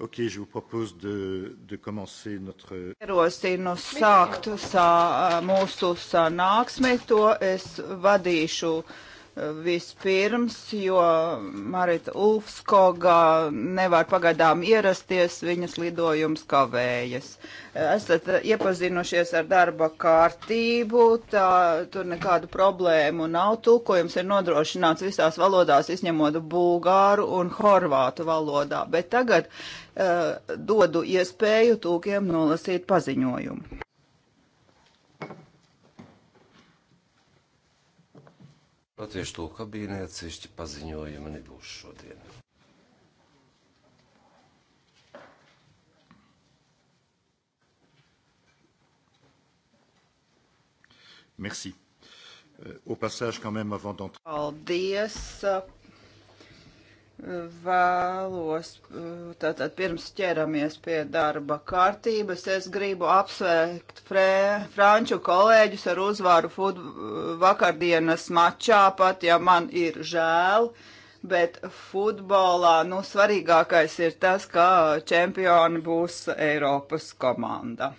Ok, je vous propose de, de commencer notre... Erosinu sākt sā, mūsu sanāksmi, to es vadīšu vispirms, jo Marita Ulfskoga nevar pagaidām ierasties, viņas lidojums kavējas. Esat iepazinušies ar darba kārtību, tā, tur nekādu problēmu nav, tulkojums ir nodrošināts visās valodās, izņemot bulgāru un horvātu valodā, bet tagad uh, dodu iespēju tūkiem nolasīt paziņojumu. Latviešu tūka bija neatsevišķi paziņojumi nebūs šodien. Merci. Euh, au passage, quand même, avant d'entrer. Paldies vēlos, tātad e, pirms ķeramies pie darba kārtības, es gribu apsveikt frē, franču kolēģus ar uzvaru fut, vakardienas mačā, pat ja man ir žēl, bet futbolā, nu, svarīgākais ir tas, ka čempioni būs Eiropas komanda.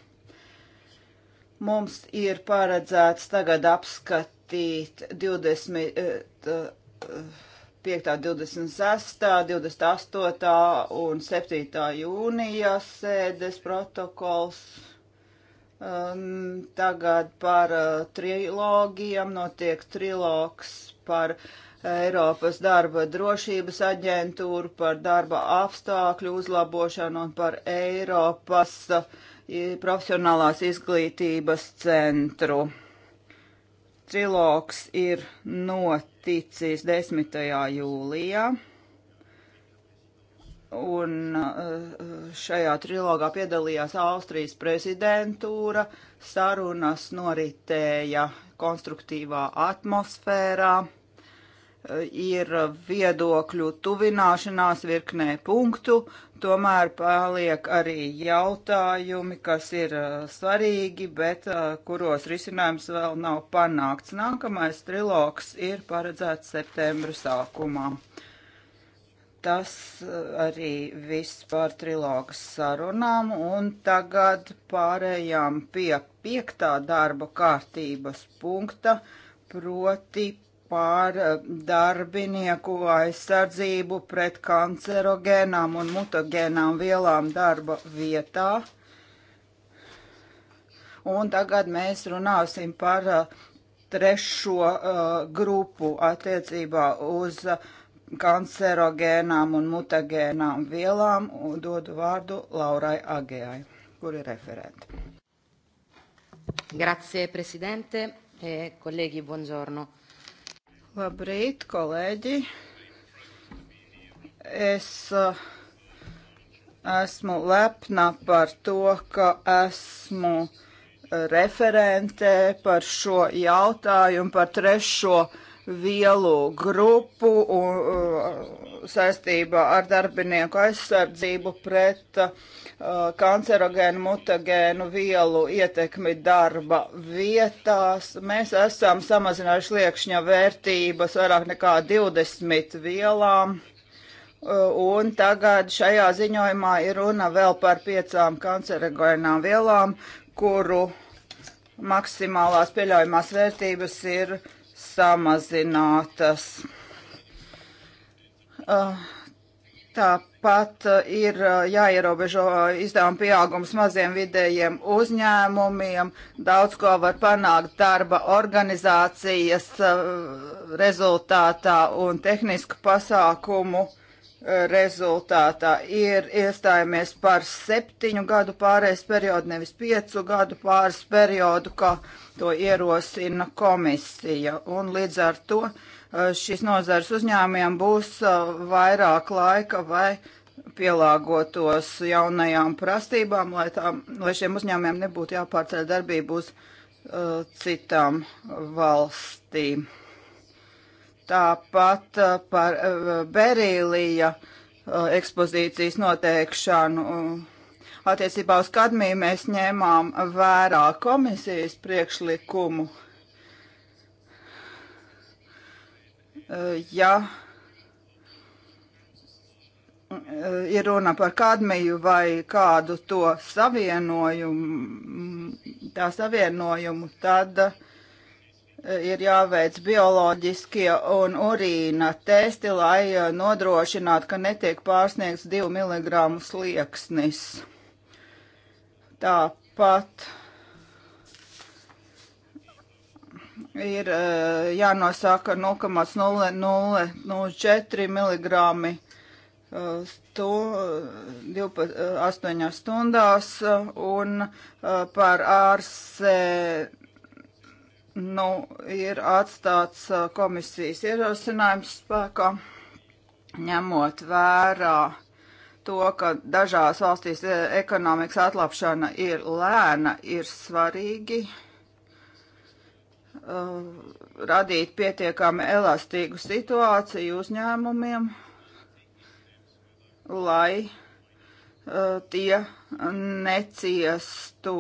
Mums ir paredzēts tagad apskatīt 20. Uh, uh, 26., 28. un 7. jūnija sēdes protokols. Um, tagad par uh, trilogiem notiek trilogs par Eiropas darba drošības aģentūru, par darba apstākļu uzlabošanu un par Eiropas uh, profesionālās izglītības centru. Trilogs ir noticis noticis 10. jūlijā. Un eh, šajā trilogā piedalījās Austrijas prezidentūra, sarunas noritēja konstruktīvā atmosfērā ir viedokļu tuvināšanās virknē punktu, tomēr paliek arī jautājumi, kas ir svarīgi, bet kuros risinājums vēl nav panākts. Nākamais trilogs ir paredzēts septembra sākumā. Tas arī viss par trilogas sarunām, un tagad pārējām pie piektā darba kārtības punkta, proti par eh, darbinieku aizsardzību pret kancerogēnām un mutagēnām vielām darba vietā. Un tagad mēs runāsim par eh, trešo uh, grupu attiecībā uz kancerogēnām un mutagēnām vielām un dodu vārdu Laurai Agējai, kur ir referente. Grazie Presidente, eh, colleghi, buongiorno. Labrīt, kolēģi! Es uh, esmu lepna par to, ka esmu referente par šo jautājumu, par trešo vielu grupu un, saistībā ar darbinieku aizsardzību pret uh, Uh, kancerogēnu, mutagēnu vielu ietekmi darba vietās. Mēs esam samazinājuši liekšņa vērtības vairāk nekā 20 vielām. Uh, un tagad šajā ziņojumā ir runa vēl par piecām kancerogēnām vielām, kuru maksimālās pieļaujamās vērtības ir samazinātas. Uh, Tāpat pat uh, ir uh, jāierobežo uh, izdevuma pieaugums maziem vidējiem uzņēmumiem. Daudz ko var panākt darba organizācijas rezultātā un tehnisku pasākumu rezultātā. Ir iestājamies par septiņu gadu pārējais periodu, nevis piecu gadu pāris periodu, kā to ierosina komisija. Un līdz ar to šīs nozares uzņēmumiem būs vairāk laika vai pielāgotos jaunajām prasībām, lai, tā, lai šiem uzņēmumiem nebūtu jāpārceļ darbību uz uh, citām valstīm. Tāpat uh, par uh, berīlija uh, ekspozīcijas noteikšanu. Uh, attiecībā uz kadmiju mēs ņēmām vērā komisijas priekšlikumu. Uh, ja Eh, ir runa par kadmiju vai kādu to savienojumu, tā savienojumu, tad eh, ir jāveic bioloģiskie un urīna testi, lai eh, nodrošinātu, ka netiek pārsniegts 2 mg slieksnis. Tāpat ir jānosaka 0,004 mg stu, 8 stundās un par ārse nu, ir atstāts komisijas ierosinājums spēkā, ņemot vērā to, ka dažās valstīs ekonomikas atlapšana ir lēna, ir svarīgi radīt pietiekami elastīgu situāciju uzņēmumiem lai uh, tie neciestu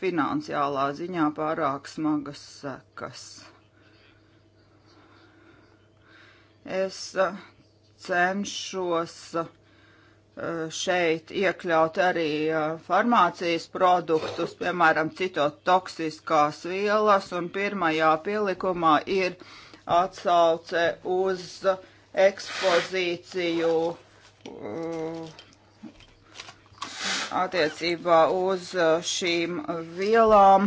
finansiālā ziņā pārāk smagas sekas. Es uh, cenšos uh, šeit iekļaut arī farmācijas produktus, piemēram, citotoksiskās vielas, un pirmajā pielikumā ir atsauce uz ekspozīciju attiecībā uz uh, šīm vielām.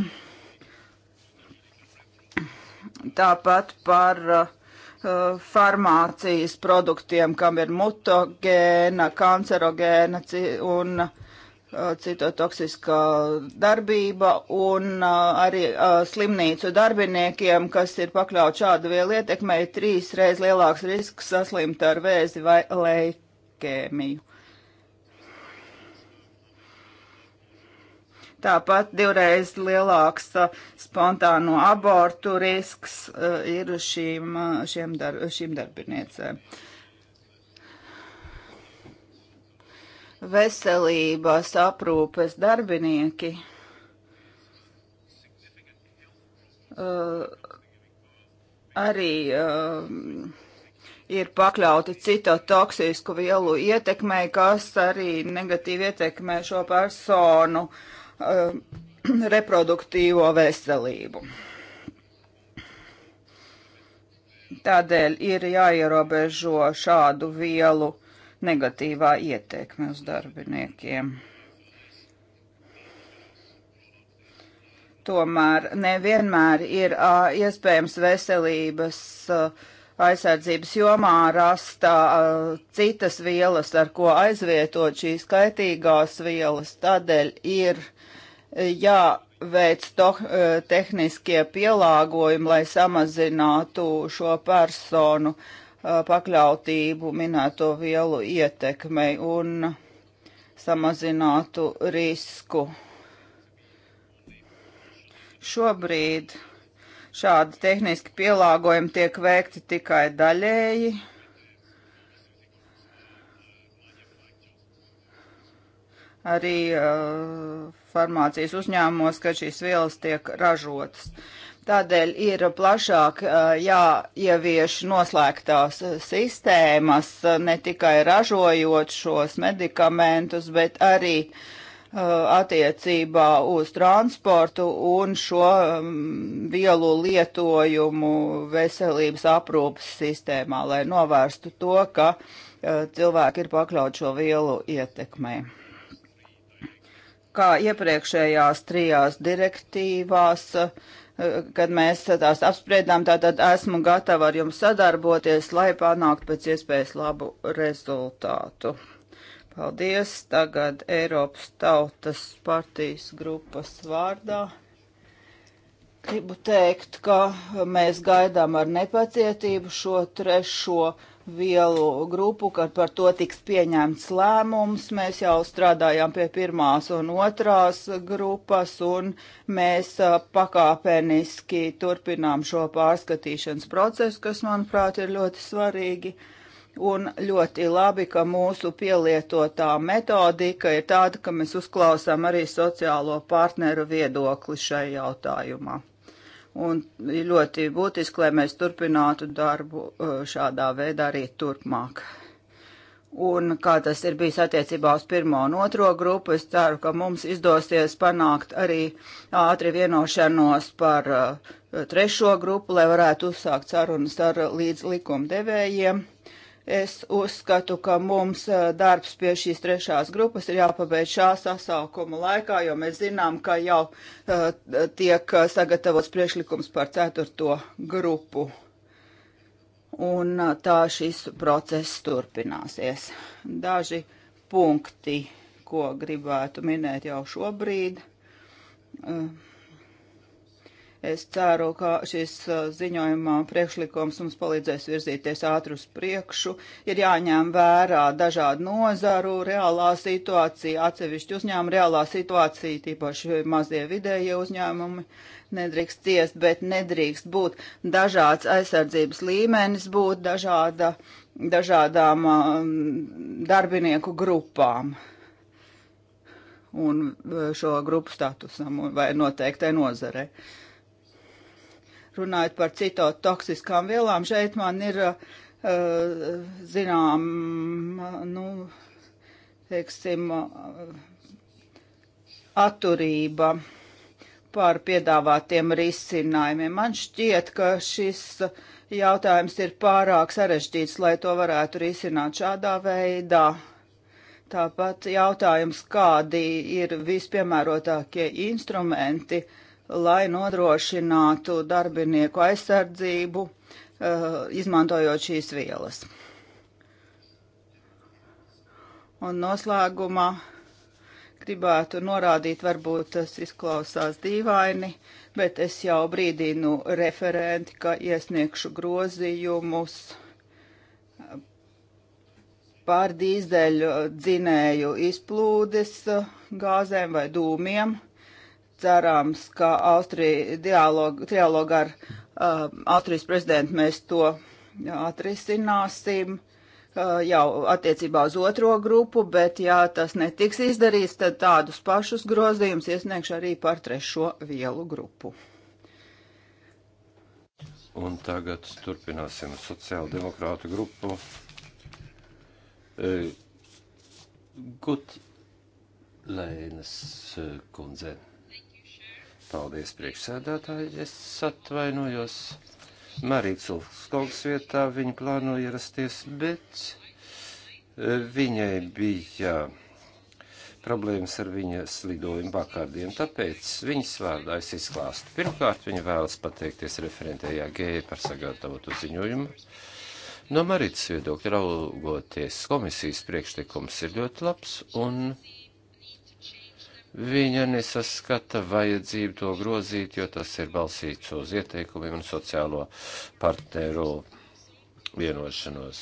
Tāpat par uh, uh, farmācijas produktiem, kam ir mutagēna, kancerogēna un uh, citotoksiskā darbība un uh, arī uh, slimnīcu darbiniekiem, kas ir pakļaut šādu vielu ietekmei, trīs reiz lielāks risks saslimt ar vēzi vai leiku leikēmiju. Tāpat divreiz lielāks uh, spontāno abortu risks uh, ir šīm, uh, šiem dar, šīm darbiniecēm. Veselības aprūpes darbinieki uh, arī uh, ir pakļauti citotoksisku vielu ietekmei, kas arī negatīvi ietekmē šo personu uh, reproduktīvo veselību. Tādēļ ir jāierobežo šādu vielu negatīvā ietekme uz darbiniekiem. Tomēr nevienmēr ir uh, iespējams veselības uh, aizsardzības jomā rasta uh, citas vielas, ar ko aizvietot šīs kaitīgās vielas. Tādēļ ir uh, jāveic to, uh, tehniskie pielāgojumi, lai samazinātu šo personu uh, pakļautību minēto vielu ietekmei un samazinātu risku. Šobrīd uh, Šādi tehniski pielāgojumi tiek veikti tikai daļēji. Arī uh, farmācijas uzņēmumos, kad šīs vielas tiek ražotas. Tādēļ ir plašāk uh, jāievieš noslēgtās uh, sistēmas, uh, ne tikai ražojot šos medikamentus, bet arī uh, Uh, attiecībā uz transportu un šo um, vielu lietojumu veselības aprūpas sistēmā, lai novērstu to, ka uh, cilvēki ir pakļaut šo vielu ietekmei. Kā iepriekšējās trijās direktīvās, uh, kad mēs tās apspriedām, tātad esmu gatava ar jums sadarboties, lai panāktu pēc iespējas labu rezultātu. Paldies tagad Eiropas tautas partijas grupas vārdā. Gribu teikt, ka mēs gaidām ar nepacietību šo trešo vielu grupu, kad par to tiks pieņemts lēmums. Mēs jau strādājām pie pirmās un otrās grupas, un mēs uh, pakāpeniski turpinām šo pārskatīšanas procesu, kas, manuprāt, ir ļoti svarīgi. Uh, Un ļoti labi, ka mūsu pielietotā metodika ir tāda, ka mēs uzklausām arī sociālo partneru viedokli šai jautājumā. Un ir ļoti būtiski, lai mēs turpinātu darbu uh, šādā veidā arī turpmāk. Un kā tas ir bijis attiecībā uz pirmo un otro grupu, es ceru, ka mums izdosies panākt arī ātri vienošanos par uh, trešo grupu, lai varētu uzsākt sarunas ar līdz likumdevējiem. Es uzskatu, ka mums eh, darbs pie šīs trešās grupas ir jāpabeidz šā sasaukuma laikā, jo mēs zinām, ka jau uh, tiek eh, sagatavots priekšlikums par ceturto grupu. Un uh, tā šis process turpināsies. Daži punkti, ko gribētu minēt jau šobrīd. Uh, Es ceru, ka šis uh, ziņojuma priekšlikums mums palīdzēs virzīties ātri uz priekšu. Ir jāņem vērā dažādu nozaru reālā situācija, atsevišķu uzņēmumu reālā situācija, tīpaši mazie vidējie uzņēmumi nedrīkst ciest, bet nedrīkst būt dažāds aizsardzības līmenis, būt dažāda, dažādām um, darbinieku grupām un uh, šo grupu statusam vai noteiktai nozarei runājot par citotoksiskām vielām, šeit man ir, uh, zinām, nu, teiksim, uh, atturība par piedāvātiem risinājumiem. Man šķiet, ka šis jautājums ir pārāk sarežģīts, lai to varētu risināt šādā veidā. Tāpat jautājums, kādi ir vispiemērotākie instrumenti uh, lai nodrošinātu darbinieku aizsardzību, eh, izmantojot šīs vielas. Un noslēgumā gribētu norādīt, varbūt tas izklausās dīvaini, bet es jau brīdinu referenti, ka iesniegšu grozījumus pār dīzeļu dzinēju izplūdes eh, gāzēm vai dūmiem cerams, ka Austrija dialogu, trialogu ar uh, Austrijas prezidentu mēs to atrisināsim uh, jau attiecībā uz otro grupu, bet ja tas netiks izdarīts, tad tādus pašus grozījumus iesniegšu arī par trešo vielu grupu. Un tagad turpināsim sociāldemokrātu grupu. E, eh, Gutlēnas eh, kundze. Paldies, priekšsēdētāji. Es atvainojos. Marija Culskogs vietā viņa plānoja ierasties, bet e, viņai bija problēmas ar viņas lidojumu vakardien, tāpēc viņas vārdā es izklāstu. Pirmkārt, viņa vēlas pateikties referentējā gēja e par sagatavotu ziņojumu. No Marītas viedokļa raugoties, komisijas priekšlikums ir ļoti labs un. Viņa nesaskata vajadzību to grozīt, jo tas ir balsīts uz ieteikumiem un sociālo partneru vienošanos.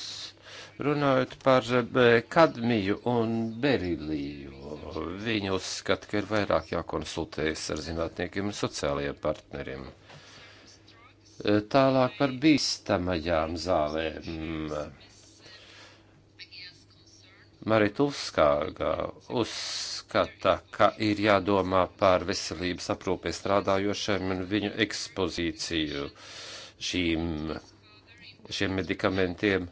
Runājot par eh, kadmiju un beriliju, viņi uzskata, ka ir vairāk jākonsultējas ar zinātniekiem un sociālajiem partneriem. Eh, tālāk par bīstamajām zālēm. Marita Ulskāga uz uzskata, ka ir jādomā par veselības aprūpē strādājošiem un viņu ekspozīciju šīm, šiem medikamentiem.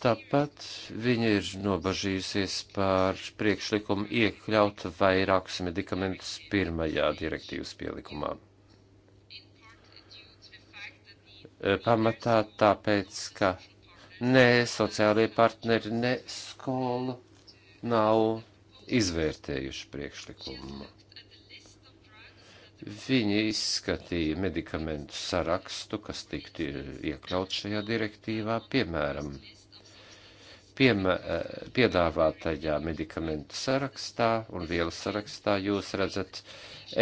Tāpat viņa ir nobažījusies par priekšlikumu iekļaut vairākus medikamentus pirmajā direktīvas pielikumā. E, pamatā tāpēc, ka ne sociālie partneri, ne skola nav izvērtējuši priekšlikumu. Viņi izskatīja medikamentu sarakstu, kas tiktu iekļaut šajā direktīvā, piemēram, piemē, piedāvātajā medikamentu sarakstā un vielu sarakstā jūs redzat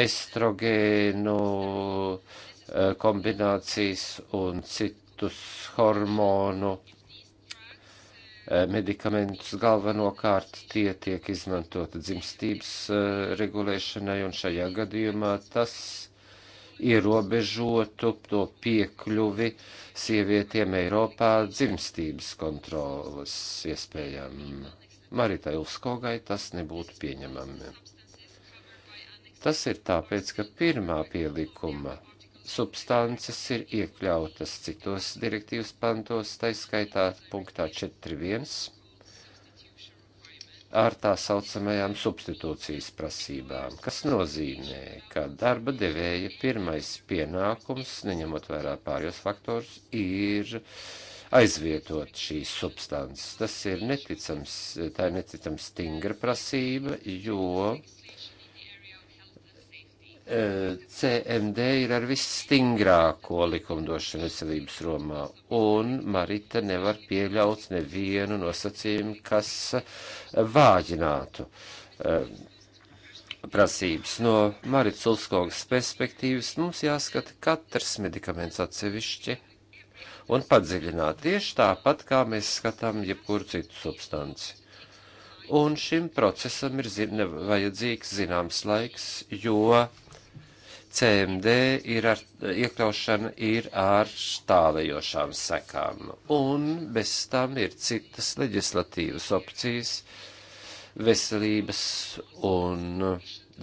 estrogēnu eh, kombinācijas un citus hormonu Eh, medikamentus galvenokārt tie tiek izmantota dzimstības eh, regulēšanai, un šajā gadījumā tas ierobežotu to piekļuvi sievietiem Eiropā dzimstības kontrolas iespējām. Maritai Ulskogai tas nebūtu pieņemami. Tas ir tāpēc, ka pirmā pielikuma substances ir iekļautas citos direktīvas pantos, taiskaitā punktā 4.1 ar tā saucamajām substitūcijas prasībām, kas nozīmē, ka darba devēja pirmais pienākums, neņemot vērā pārējos faktors, ir aizvietot šīs substances. Tas ir neticams, tā ir neticams stingra prasība, jo E, CMD ir ar visstingrāko likumdošanu veselības romā, un Marita nevar pieļaut nevienu nosacījumu, kas vāģinātu e, prasības. No Marita Ulskogas perspektīvas mums jāskata katrs medikaments atsevišķi un padziļināt tieši tāpat, kā mēs skatām jebkuru citu substanci. Un šim procesam ir zin, vajadzīgs zināms laiks, jo CMD ir ar, iekļaušana ir ar tālajošām sekām. Un bez tam ir citas leģislatīvas opcijas veselības un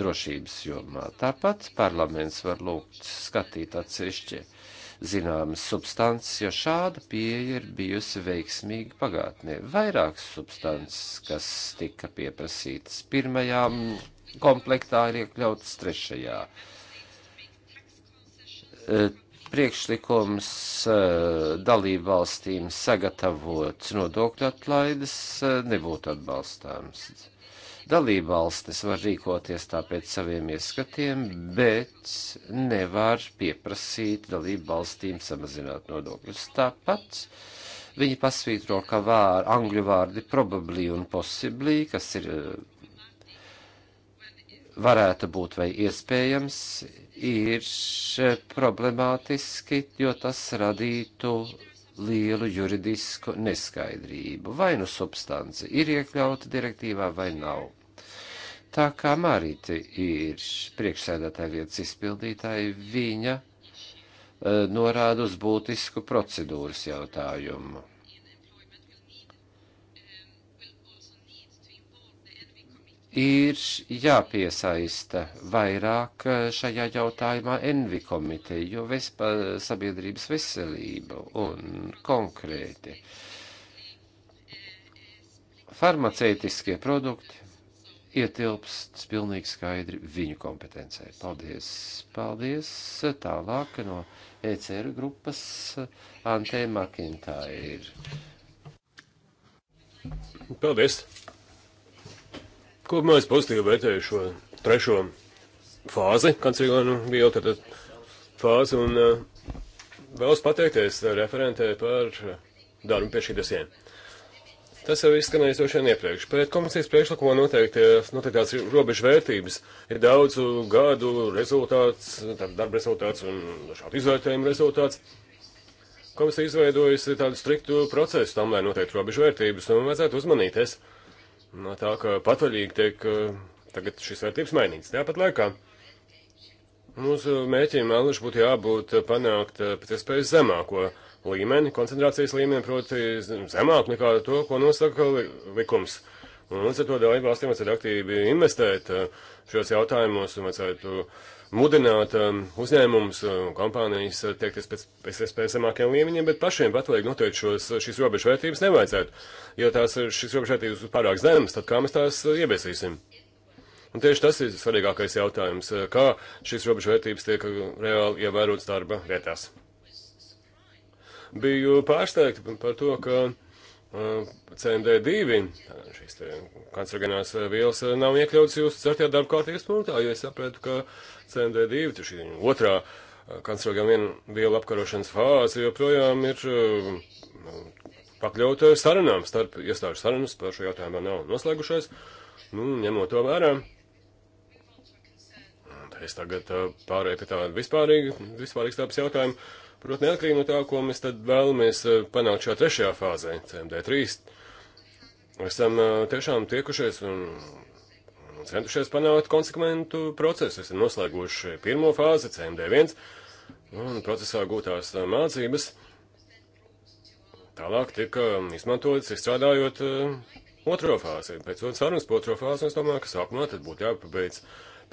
drošības jomā. Tāpat parlaments var lūgt skatīt atsevišķi zināmas substances, jo šāda pieeja ir bijusi veiksmīga pagātnē. Vairākas substances, kas tika pieprasītas pirmajām komplektā, ir iekļautas trešajā. Uh, priekšlikums eh, dalību valstīm sagatavot nodokļu atlaides eh, nebūtu atbalstāms. Dalību valstis var rīkoties tāpēc saviem ieskatiem, bet nevar pieprasīt dalību valstīm samazināt nodokļus. Tāpat viņi pasvītro, ka vār, angļu vārdi probably un possibly, kas ir eh, varētu būt vai iespējams, ir eh, problemātiski, jo tas radītu lielu juridisku neskaidrību. Vai nu substance ir iekļauta direktīvā vai nav. Tā kā Marīte ir priekšsēdētāja vietas izpildītāja, viņa e, norāda uz būtisku procedūras jautājumu. ir jāpiesaista vairāk šajā jautājumā Envi komiteja, jo vespa, sabiedrības veselība un konkrēti farmaceitiskie produkti ietilpst pilnīgi skaidri viņu kompetencē. Paldies, paldies. Tālāk no ECR grupas Antē Makintāja ir. Paldies! Kopumā es pozitīvi vērtēju šo trešo fāzi, kancelīgānu bija jau tātad fāzi, un uh, vēlos pateikties referentē par darbu pie šī desiem. Tas jau izskanējis jau šodien iepriekš. Pēc komisijas priekšlikumā noteikti, eh, noteiktās robežu vērtības ir daudzu gadu rezultāts, darba rezultāts un šādu izvērtējumu rezultāts. Komisija izveidojusi tādu striktu procesu tam, lai noteiktu robežu vērtības, un vajadzētu uzmanīties. Uh, no nu, tā, ka patvaļīgi tiek eh, tagad šis vērtības mainīts. Tāpat laikā mūsu mēķiem mēluši būtu jābūt panākt eh, pēc iespējas zemāko līmeni, koncentrācijas līmeni, proti zemāk nekā to, ko nosaka likums. Un līdz ar to dalībvalstīm vajadzētu aktīvi investēt eh, šajos jautājumos un vajadzētu uh, mudināt um, uzņēmumus, um, kompānijas uh, tiekties pēc, pēc iespējas zemākiem līmeņiem, bet pašiem pat vajag noteikt šos, uh, šīs robežvērtības nevajadzētu. Ja tās uh, šīs robežvērtības ir pārāk zemas, tad kā mēs tās iebiesīsim? Un tieši tas ir svarīgākais jautājums, kā šīs robežvērtības tiek reāli ievērotas darba vietās. Biju pārsteigta par to, ka CMD2, šīs kancergenās vielas nav iekļauts jūsu certajā darba kārtības punktā, jo es sapratu, ka CMD2, šī otrā kancerogēnu vielu apkarošanas fāze joprojām ir nu, pakļauta sarunām, starp iestāžu sarunas par šo jautājumu vēl nav noslēgušais. Nu, ņemot to vērā, es tagad pārēju pie tāda vispārīga, vispārīga stāpas jautājuma. Protams, neatkarīgi no tā, ko mēs tad vēlamies eh, panākt šajā trešajā fāzē, CMD3, esam eh, tiešām tiekušies un centušies panākt konsekventu procesu. Esam noslēguši pirmo fāzi, CMD1, un procesā gūtās eh, mācības tālāk tika mm, izmantotas, izstrādājot otro fāzi. Pēc otras sarunas par otro fāzi, es domāju, ka sākumā tad būtu jāpabeidz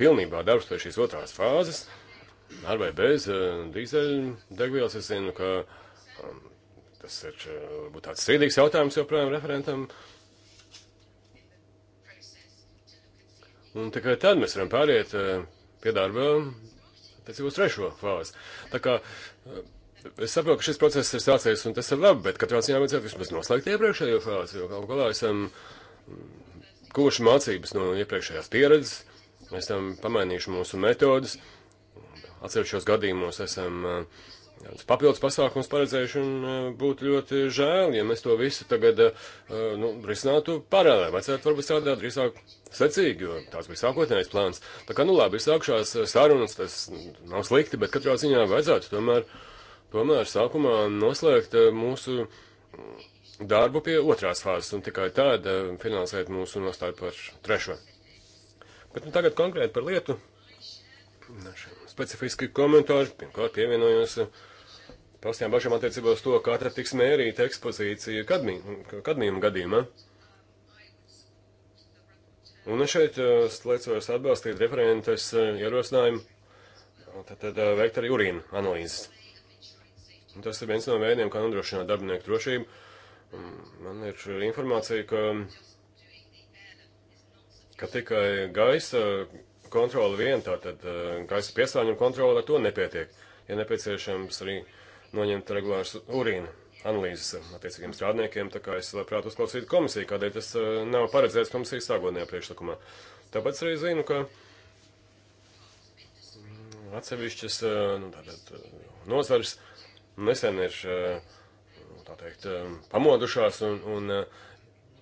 pilnībā darbs pie šīs otrās fāzes, ar vai bez e, dīzeļdegvielas. Es zinu, ka um, tas ir e, varbūt tāds strīdīgs jautājums joprojām referentam. Un tikai tad mēs varam pāriet e, pie darba, tas jau uz trešo fāzi. Tā kā es saprotu, ka šis process ir sācies un tas ir labi, bet katrā ziņā vajadzētu vismaz noslēgt iepriekšējo fāzi, jo galu galā esam mm, guvuši mācības no iepriekšējās pieredzes, mēs tam pamainījuši mūsu metodus, atsevišķos gadījumos esam eh, papildus pasākums paredzējuši, un eh, būtu ļoti žēl, ja mēs to visu tagad eh, nu, risinātu paralēli. Vajadzētu varbūt strādāt drīzāk secīgi, jo tās bija sākotnējais plāns. Tā kā, nu labi, ir sākšās sarunas, tas nav slikti, bet katrā ziņā vajadzētu tomēr, tomēr sākumā noslēgt mūsu darbu pie otrās fāzes, un tikai tāda finansēt mūsu nostāju par trešo. Bet nu, tagad konkrēti par lietu. Našiem specifiski komentāri, pirmkārt pievienojos paustiem bažām attiecībā uz to, kā tad tiks mērīta ekspozīcija kadmijuma kadmī, gadījumā. Un šeit eh, slēdzos atbalstīt referentes eh, ierosinājumu, tad, tad eh, veikt arī urīna analīzes. Un tas ir viens no veidiem, kā nodrošināt darbinieku drošību. Man ir informācija, ka, ka tikai gaisa kontrola vien, tātad eh, gaisa piesārņojuma kontrola ar to nepietiek. Ja nepieciešams arī noņemt regulārs urīna analīzes eh, attiecīgiem strādniekiem, tā kā es labprāt uzklausītu komisiju, kādēļ tas eh, nav paredzēts komisijas sākotnējā priekšlikumā. Tāpēc arī zinu, ka atsevišķas nu, tātad, nozars nesen ir, nu, tā teikt, pamodušās un, un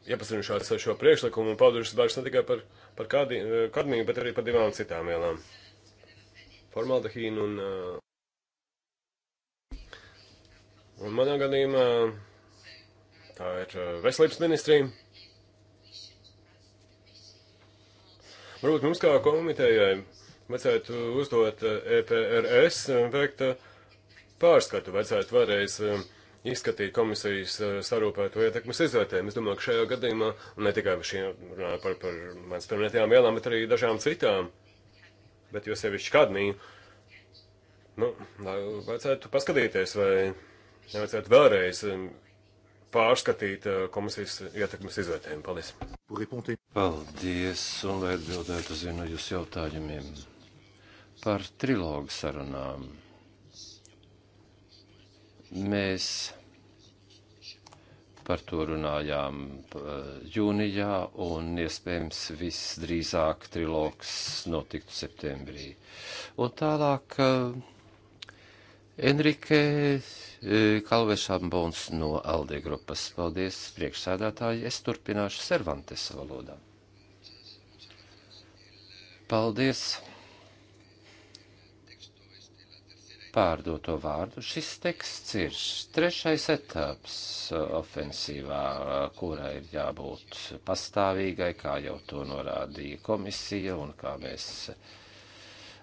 iepazinušās ar šo priekšlikumu un paudušas bažas ne tikai par, par kadmiju, eh, kadmi, bet arī par divām citām vielām. Formaldehīnu un. Eh, un manā gadījumā eh, tā ir veselības ministrija. Varbūt mums kā komitejai vajadzētu uzdot EPRS e veikt pārskatu, vajadzētu vēlreiz uh, izskatīt komisijas eh, sarūpēto ietekmes izvērtējumu. Es domāju, ka šajā gadījumā ne tikai šī runāja par, par manas pieminētajām vielām, bet arī dažām citām. Bet jo sevišķi kadmiju, nu, vajadzētu paskatīties, vai nevajadzētu vēlreiz eh, pārskatīt eh, komisijas ietekmes izvērtējumu. Paldies! Paldies, un lai atbildētu uz vienu jūsu jautājumiem par trilogu sarunām. Mēs par to runājām uh, jūnijā, un iespējams visdrīzāk trilogs notiktu septembrī. Un tālāk uh, Enrike uh, Kalvešambons no Alde grupas. Paldies, priekšsēdētāji. Es turpināšu Cervantes valodā. Paldies! pārdoto vārdu. Šis teksts ir trešais etaps ofensīvā, kurā ir jābūt pastāvīgai, kā jau to norādīja komisija un kā mēs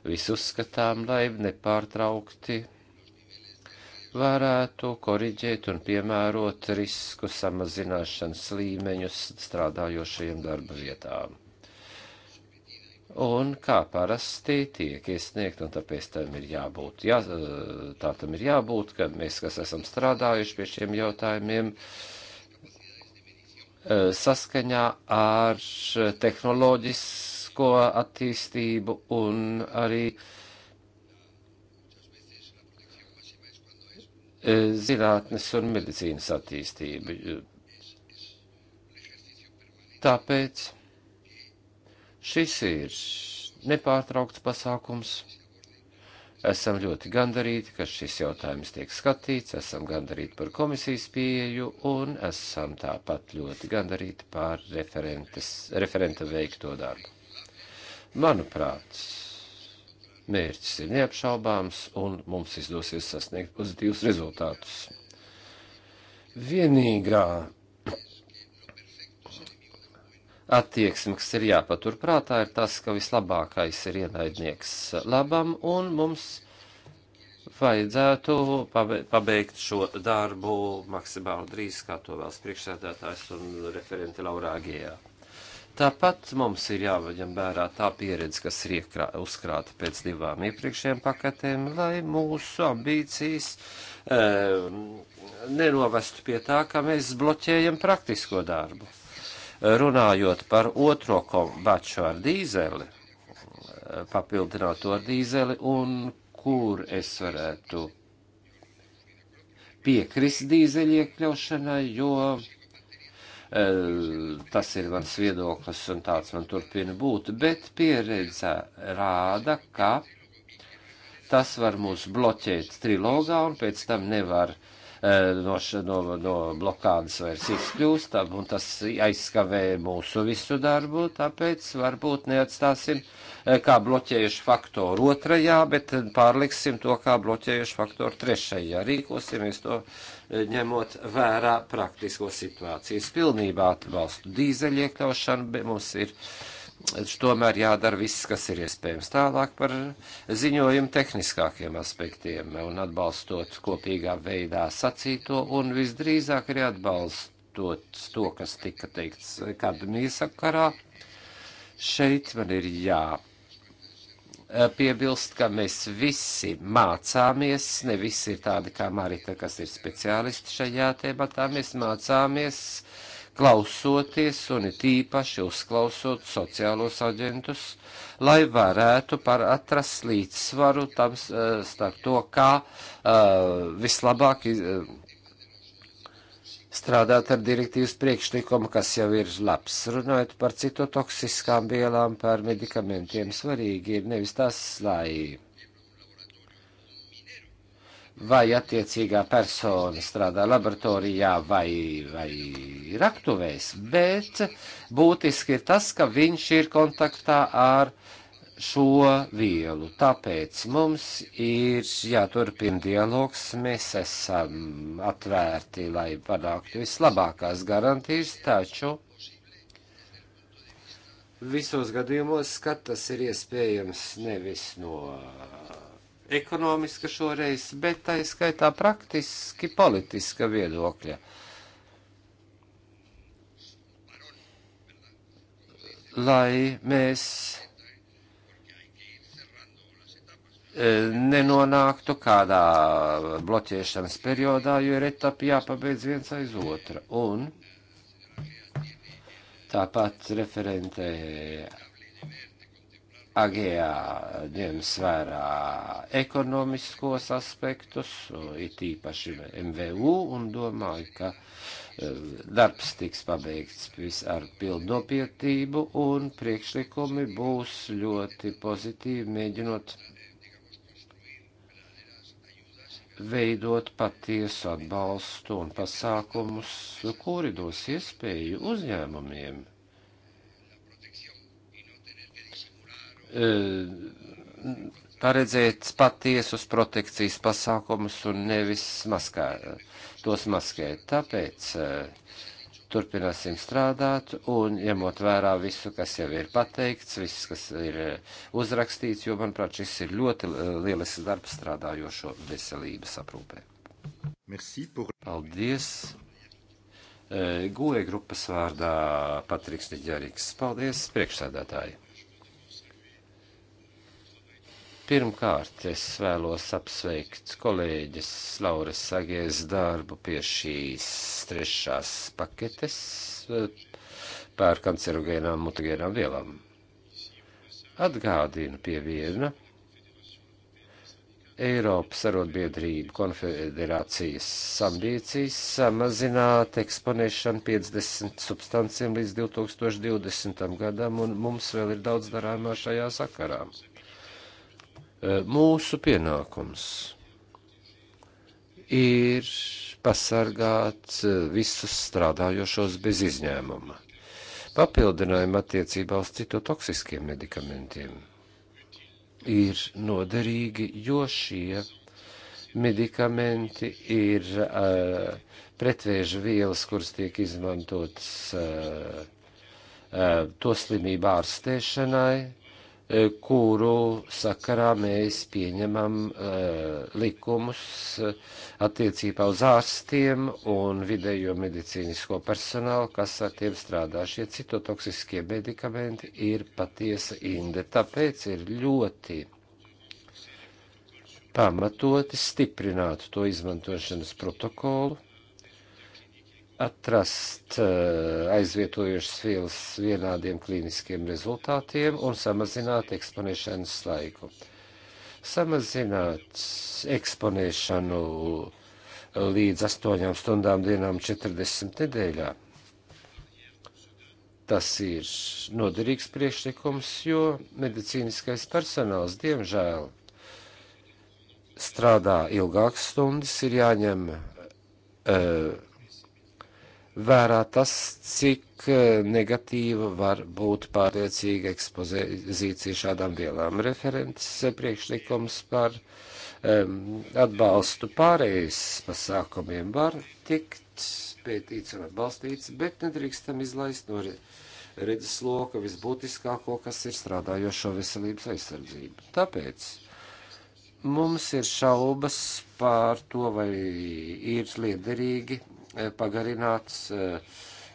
visi uzskatām, lai nepārtraukti varētu koriģēt un piemērot risku samazināšanas līmeņus strādājošajiem darba vietām. Un kā parasti tiek iesniegt, un tāpēc tam ir jābūt, jā, tā tam ir jābūt, ka mēs, kas esam strādājuši pie šiem jautājumiem, e, saskaņā ar tehnoloģisko attīstību un arī e, zinātnes un medicīnas attīstību. Tāpēc Šis ir nepārtraukts pasākums. Esam ļoti gandarīti, ka šis jautājums tiek skatīts, esam gandarīti par komisijas pieeju un esam tāpat ļoti gandarīti par referenta veikto darbu. Manuprāt, mērķis ir neapšaubāms un mums izdosies sasniegt pozitīvus rezultātus. Vienīgā attieksmes ir jāpaturprātā ir tas, ka vislabākais ir ienaidnieks labam, un mums vajadzētu pabeigt šo darbu maksimāli drīz, kā to vēlas priekšsēdētājs un referenti Laurā Gijā. Tāpat mums ir jāvaņem vērā tā pieredze, kas ir iekrā, uzkrāta pēc divām iepriekšējām paketēm, lai mūsu ambīcijas e, nenovestu pie tā, ka mēs bloķējam praktisko darbu. Runājot par otro kombaču ar dīzeli, papildinātu ar dīzeli, un kur es varētu piekrist dīzeļu iekļaušanai, jo e, tas ir mans viedoklis un tāds man turpina būt, bet pieredze rāda, ka tas var mūs bloķēt trilogā un pēc tam nevar uh, Eh, no, no, no blokādas vairs izkļūstam, un tas aizskavē mūsu visu darbu, tāpēc varbūt neatstāsim eh, kā bloķējuši faktoru otrajā, bet pārliksim to kā bloķējuši faktoru trešajā. Rīkosimies to eh, ņemot vērā praktisko situācijas. Pilnībā atbalstu dīzeļu iekļaušanu, bet mums ir tomēr jādara viss, kas ir iespējams. Tālāk par ziņojumu tehniskākiem aspektiem un atbalstot kopīgā veidā sacīto un visdrīzāk arī atbalstot to, kas tika teikts kadmija sakarā. Šeit man ir jā. Eh, piebilst, ka mēs visi mācāmies, ne visi ir tādi kā Marita, kas ir speciālisti šajā tēmatā, mēs mācāmies uh, klausoties un it īpaši uzklausot sociālos aģentus, lai varētu par atrast līdzsvaru tam e, starp to, kā uh, vislabāk uh, strādāt ar direktīvas priekšlikumu, kas jau ir labs. Runājot par citotoksiskām vielām, par medikamentiem, svarīgi ir nevis tas, lai vai attiecīgā persona strādā laboratorijā vai, vai raktuvēs, bet būtiski ir tas, ka viņš ir kontaktā ar šo vielu. Tāpēc mums ir jāturpina dialogs, mēs esam atvērti, lai panāktu vislabākās garantijas, taču visos gadījumos, kad tas ir iespējams nevis no ekonomiska šoreiz, bet tā tai skaitā praktiski politiska viedokļa. Lai mēs e, nenonāktu kādā bloķēšanas periodā, jo ir etapi jāpabeidz viens aiz otra. Un tāpat referentē Agējā dienas vērā ekonomiskos aspektus, it īpaši MVU, un domāju, ka e, darbs tiks pabeigts ar pilnu nopietību, un priekšlikumi būs ļoti pozitīvi, mēģinot veidot patiesu atbalstu un pasākumus, kuri dos iespēju uzņēmumiem paredzēt patiesus protekcijas pasākumus un nevis maskā, tos maskēt. Tāpēc turpināsim strādāt un ņemot vērā visu, kas jau ir pateikts, viss, kas ir uzrakstīts, jo, manuprāt, šis ir ļoti lielisks darbs strādājošo veselības aprūpē. Pour... Paldies! Goja grupas vārdā Patriks Neģerīgs. Paldies, priekšsēdētāji! Pirmkārt, es vēlos apsveikt kolēģis Lauras Sagies darbu pie šīs trešās paketes eh, pār kancerogēnām mutagēnām vielām. Atgādinu pie viena Eiropas arotbiedrību konfederācijas ambīcijas samazināt eksponēšanu 50 substanciem līdz 2020. gadam, un mums vēl ir daudz darāmā šajā sakarā. E, mūsu pienākums ir pasargāt visus strādājošos bez izņēmuma. Papildinājumi attiecībā uz citotoksiskiem medikamentiem ir noderīgi, jo šie medikamenti ir uh, e, pretvēža vielas, kuras tiek izmantotas uh, uh, to slimību ārstēšanai, E, kuru sakarā mēs pieņemam uh, likumus attiecībā uz ārstiem un vidējo medicīnisko personālu, kas ar tiem strādā. Šie citotoksiskie medikamenti ir patiesa inde, tāpēc ir ļoti pamatoti stiprināt to izmantošanas protokolu atrast eh, aizvietojušas vielas vienādiem klīniskiem rezultātiem un samazināt eksponēšanas laiku. Samazināt eksponēšanu eh, līdz 8 stundām dienām 40 nedēļā. Tas ir noderīgs priekšlikums, jo medicīniskais personāls, diemžēl, strādā ilgākas stundas, ir jāņem uh, vērā tas, cik e, negatīva var būt pārliecīga ekspozīcija šādām vielām. Referents priekšlikums par um, atbalstu pārējais pasākumiem var tikt pētīts un atbalstīts, bet nedrīkstam izlaist no redzes loka visbūtiskāko, kas ir strādājošo veselības aizsardzību. Tāpēc mums ir šaubas pār to, vai ir liederīgi pagarināts e,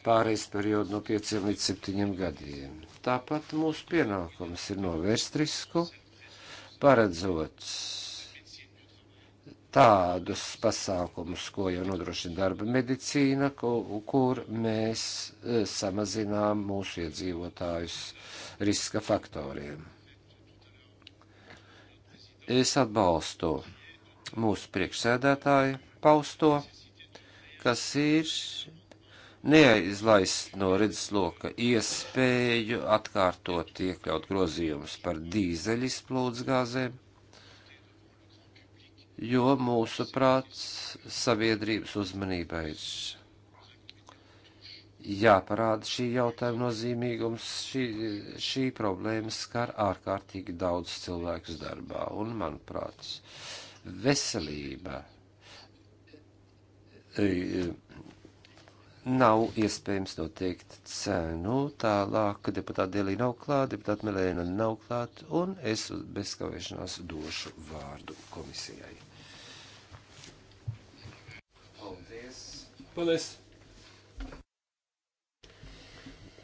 pārejas periodu no 5 līdz 7 gadiem. Tāpat mūsu pienākums ir novērst risku, paredzot tādus pasākumus, ko jau nodrošina darba medicīna, ko, kur mēs e, samazinām mūsu iedzīvotājus riska faktoriem. Es atbalstu mūsu priekšsēdētāju pausto kas ir neaizlaist no redzesloka iespēju atkārtot iekļaut grozījumus par dīzeļu izplūdes gāzēm, jo mūsu prāts sabiedrības uzmanībai ir jāparāda šī jautājuma nozīmīgums. Šī, šī problēma skar ārkārtīgi daudz cilvēkus darbā, un, manuprāt, veselība nav iespējams noteikt cenu. Tālāk deputāta Dēlī nav klāt, deputāta Melēna nav klāt, un es bez kavēšanās došu vārdu komisijai. Paldies! Paldies!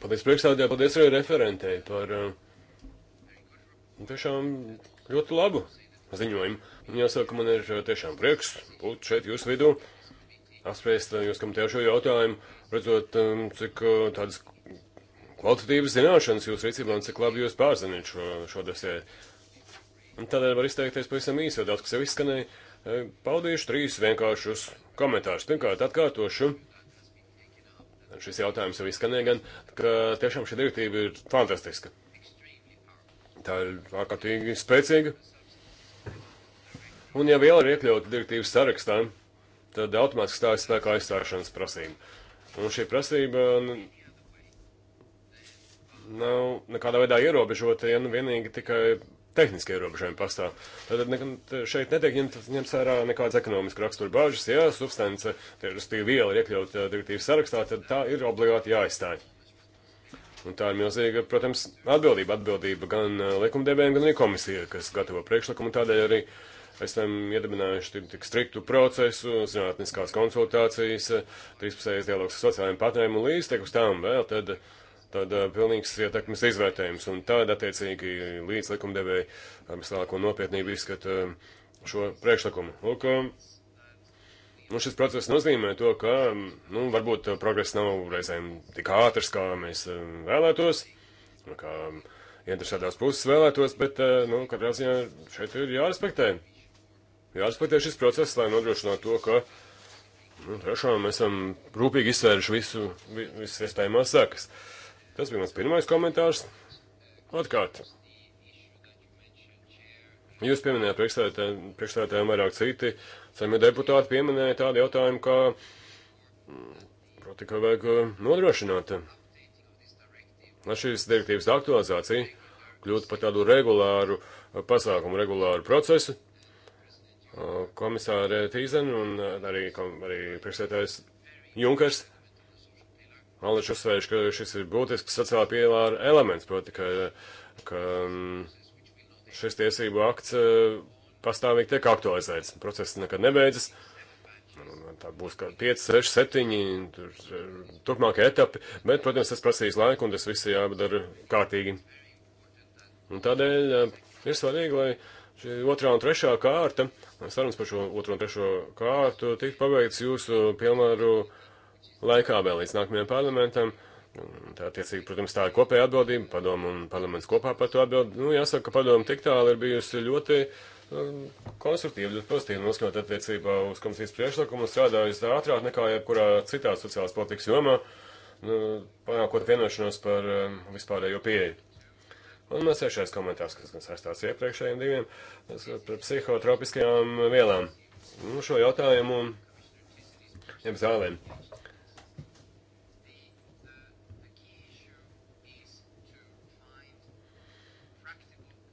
Paldies priekšstādājā, paldies arī referentei par tiešām ļoti labu ziņojumu. Un jāsaka, man ir tiešām prieks būt šeit jūsu vidū apspriest jūs komitejā šo jautājumu, redzot, um, cik uh, tādas kvalitatīvas zināšanas jūs rīcībā un cik labi jūs pārzināt šo, šo desē. Tādēļ var izteikties pavisam īsi, jo daudz, kas jau izskanēja, uh, paudīšu trīs vienkāršus komentārus. Pirmkārt, atkārtošu šis jautājums jau izskanēja, gan, ka tiešām šī direktīva ir fantastiska. Tā ir ārkārtīgi spēcīga. Un ja vēl ir iekļauta direktīvas sarakstā, tad automātiski stājas spēkā aizstāšanas prasība. Un šī prasība nav nekādā veidā ierobežota, ja nu vienīgi tikai tehniski ierobežojumi pastāv. Tad ne, šeit netiek ņemts ņemt vērā nekādas ekonomiskas rakstura bažas, ja substance, respektīvi viela ir iekļauta uh, direktīvas sarakstā, tad tā ir obligāti jāizstāj. Un tā ir milzīga, protams, atbildība, atbildība gan uh, likumdevējiem, gan arī komisija, kas gatavo priekšlikumu, tādēļ arī uh, esam iedibinājuši tik, tik striktu procesu, zinātniskās konsultācijas, trīspusējais dialogs ar sociālajiem partneriem un līdz tiek uz tām vēl tad, tad eh, pilnīgs ietekmes izvērtējums. Un tad, attiecīgi, līdz likumdevēja eh, vislāko nopietnību izskata eh, šo priekšlikumu. Lūk, Nu, šis process nozīmē to, ka mm, nu, varbūt progress nav reizēm tik ātrs, kā mēs vēlētos, kā mm, interesētās puses vēlētos, bet nu, katrā ziņā šeit ir jārespektē jāizplatē šis process, lai nodrošinātu to, ka nu, tiešām esam rūpīgi izsvēruši visu, visas iespējamās sekas. Tas bija mans pirmais komentārs. Atkārt. Jūs pieminējāt priekšstādātājiem vairāk citi, saimie deputāti pieminēja tādu jautājumu, kā, proti, ka vajag uh, nodrošināt, lai šīs direktīvas aktualizācija kļūtu par tādu regulāru uh, pasākumu, regulāru procesu, komisāre Tīzen un arī, arī priekšsētājs Junkers. Aliņš uzsvērš, ka šis ir būtisks sociāla pielāra elements, proti, ka, ka mm, šis tiesību akts eh, pastāvīgi tiek aktualizēts. Process nekad nebeidzas. Tā būs kā 5, 6, 7, turpmākie etapi, bet, protams, tas prasīs laiku un tas viss jādara kārtīgi. Un tādēļ eh, ir svarīgi, lai šī otrā un trešā kārta uh, sarunas par šo otro un trešo kārtu tik paveikts jūsu pilnvaru laikā vēl līdz nākamajam parlamentam. Tā, tiecīgi, protams, tā ir kopēja atbildība, padomu un parlaments kopā par to atbild. Nu, jāsaka, ka padomu tik tālu ir bijusi ļoti um, konstruktīvi, ļoti pozitīvi noskatot attiecībā uz komisijas priekšlikumu, strādājusi ātrāk nekā jebkurā citā sociālās politikas jomā, nu, panākot vienošanos par um, vispārējo pieeju. Un man sešais komentārs, kas gan saistās iepriekšējiem diviem, par psihotropiskajām vielām. Nu, šo jautājumu, jeb zālēm.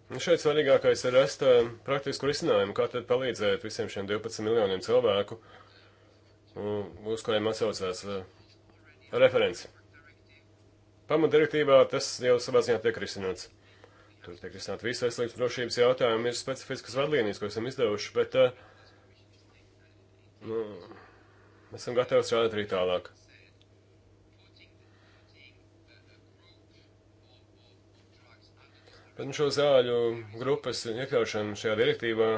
Un nu, šeit svarīgākais ir rast uh, praktisku risinājumu, kā tad palīdzēt visiem šiem 12 miljoniem cilvēku, uh, uz kuriem atsaucās uh, referenci. Pamatdirektīvā tas jau savā ziņā tiek risināts tur tiek risināt visi veselības drošības jautājumi, ir specifiskas vadlīnijas, ko esam izdevuši, bet eh, nu, esam gatavi strādāt arī tālāk. Bet nu, šo zāļu grupas iekļaušana šajā direktīvā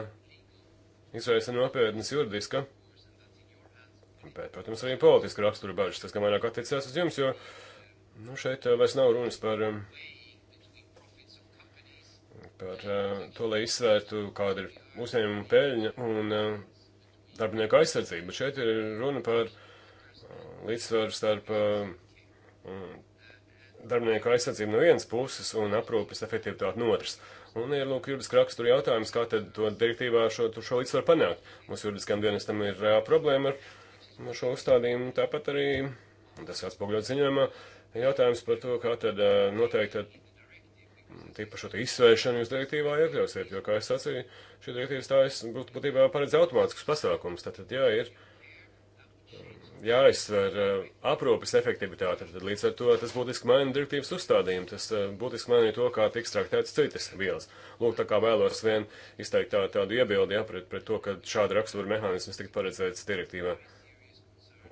izraisa nopietnas juridiska, bet, protams, arī politiska rakstura bažas. Tas, kā vairāk attiecās uz jums, jo nu, šeit eh, vairs nav runas par um, par eh, to, lai izsvērtu, kāda ir uzņēmuma peļņa un eh, darbinieku aizsardzība. Šeit ir runa par eh, līdzsvaru starp darbinieku aizsardzību no vienas puses un aprūpes efektivitāti no otras. Un ir lūk juridiski rakstura jautājums, kā tad to direktīvā šo, šo līdzsvaru panākt. Mūsu juridiskajam dienestam ir reāla problēma ar šo uzstādījumu, tāpat arī, un tas atspoguļot ziņojumā, jautājums par to, kā tad noteikti Tīpaši šo izsvēršanu jūs direktīvā iekļausiet, jo, kā es sacīju, šī direktīva stājas būtu būtībā paredz automātiskus pasākumus. Tātad, jā, ir um, jāizsver uh, aprūpes efektivitāte, tad līdz ar to tas būtiski maina direktīvas uzstādījumu, tas uh, būtiski maina to, kā tiks traktētas citas vielas. Lūk, tā kā vēlos vien izteikt tā, tādu iebildi, jā, pret, pret to, ka šāda rakstura mehānisms tikt paredzēts direktīvā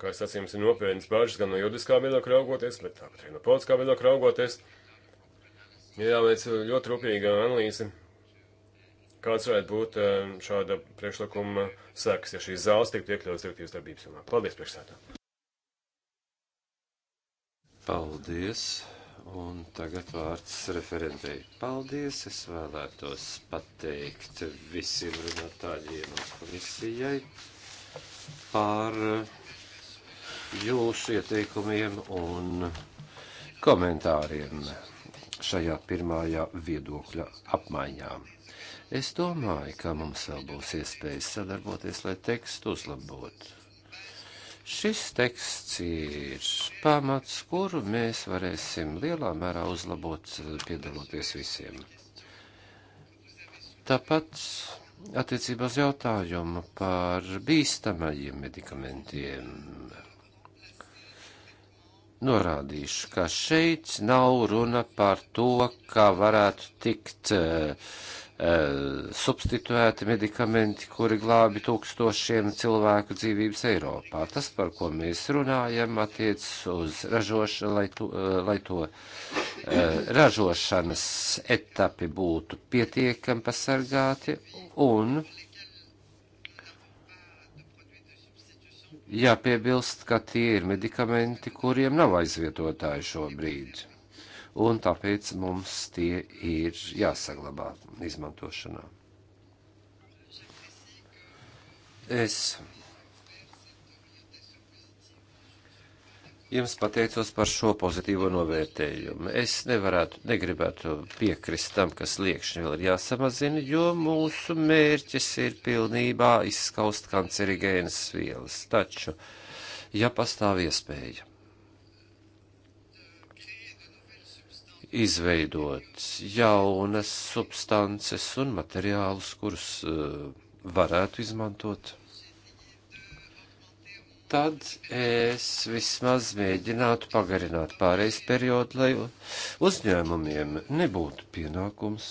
kā es sacīju, ir nopietnas bažas gan no juridiskā viedokļa raugoties, bet tāpat arī no politiskā viedokļa raugoties. Ir jāveic uh, ļoti rūpīga analīze, kāds varētu būt uh, šāda priekšlikuma sekas, ja šīs zāles tiktu iekļautas direktīvas darbības jomā. Paldies, priekšsētā! Paldies! Un tagad vārds referentei. Paldies! Es vēlētos pateikt visiem runātājiem un komisijai par uh, jūsu ieteikumiem un komentāriem šajā pirmajā viedokļa apmaiņā. Es domāju, ka mums vēl būs iespējas sadarboties, lai tekstu uzlabotu. Šis teksts ir pamats, kuru mēs varēsim lielā mērā uzlabot, piedaloties visiem. Tāpat attiecībā uz jautājumu par bīstamajiem medikamentiem norādīšu, ka šeit nav runa par to, kā varētu tikt uh, uh, substituēti medikamenti, kuri glābi tūkstošiem cilvēku dzīvības Eiropā. Tas, par ko mēs runājam, attiec uz ražošanu, lai to, uh, lai to ražošanas etapi būtu pietiekami pasargāti un Jāpiebilst, ka tie ir medikamenti, kuriem nav aizvietotāji šobrīd, un tāpēc mums tie ir jāsaglabā izmantošanā. Es Jums pateicos par šo pozitīvo novērtējumu. Es nevarētu, negribētu piekrist tam, kas liekšņi vēl ir jāsamazina, jo mūsu mērķis ir pilnībā izskaust kancerigēnas vielas. Taču, ja pastāv iespēja izveidot jaunas substances un materiālus, kurus uh, varētu izmantot tad es vismaz mēģinātu pagarināt pārejas periodu, lai uzņēmumiem nebūtu pienākums.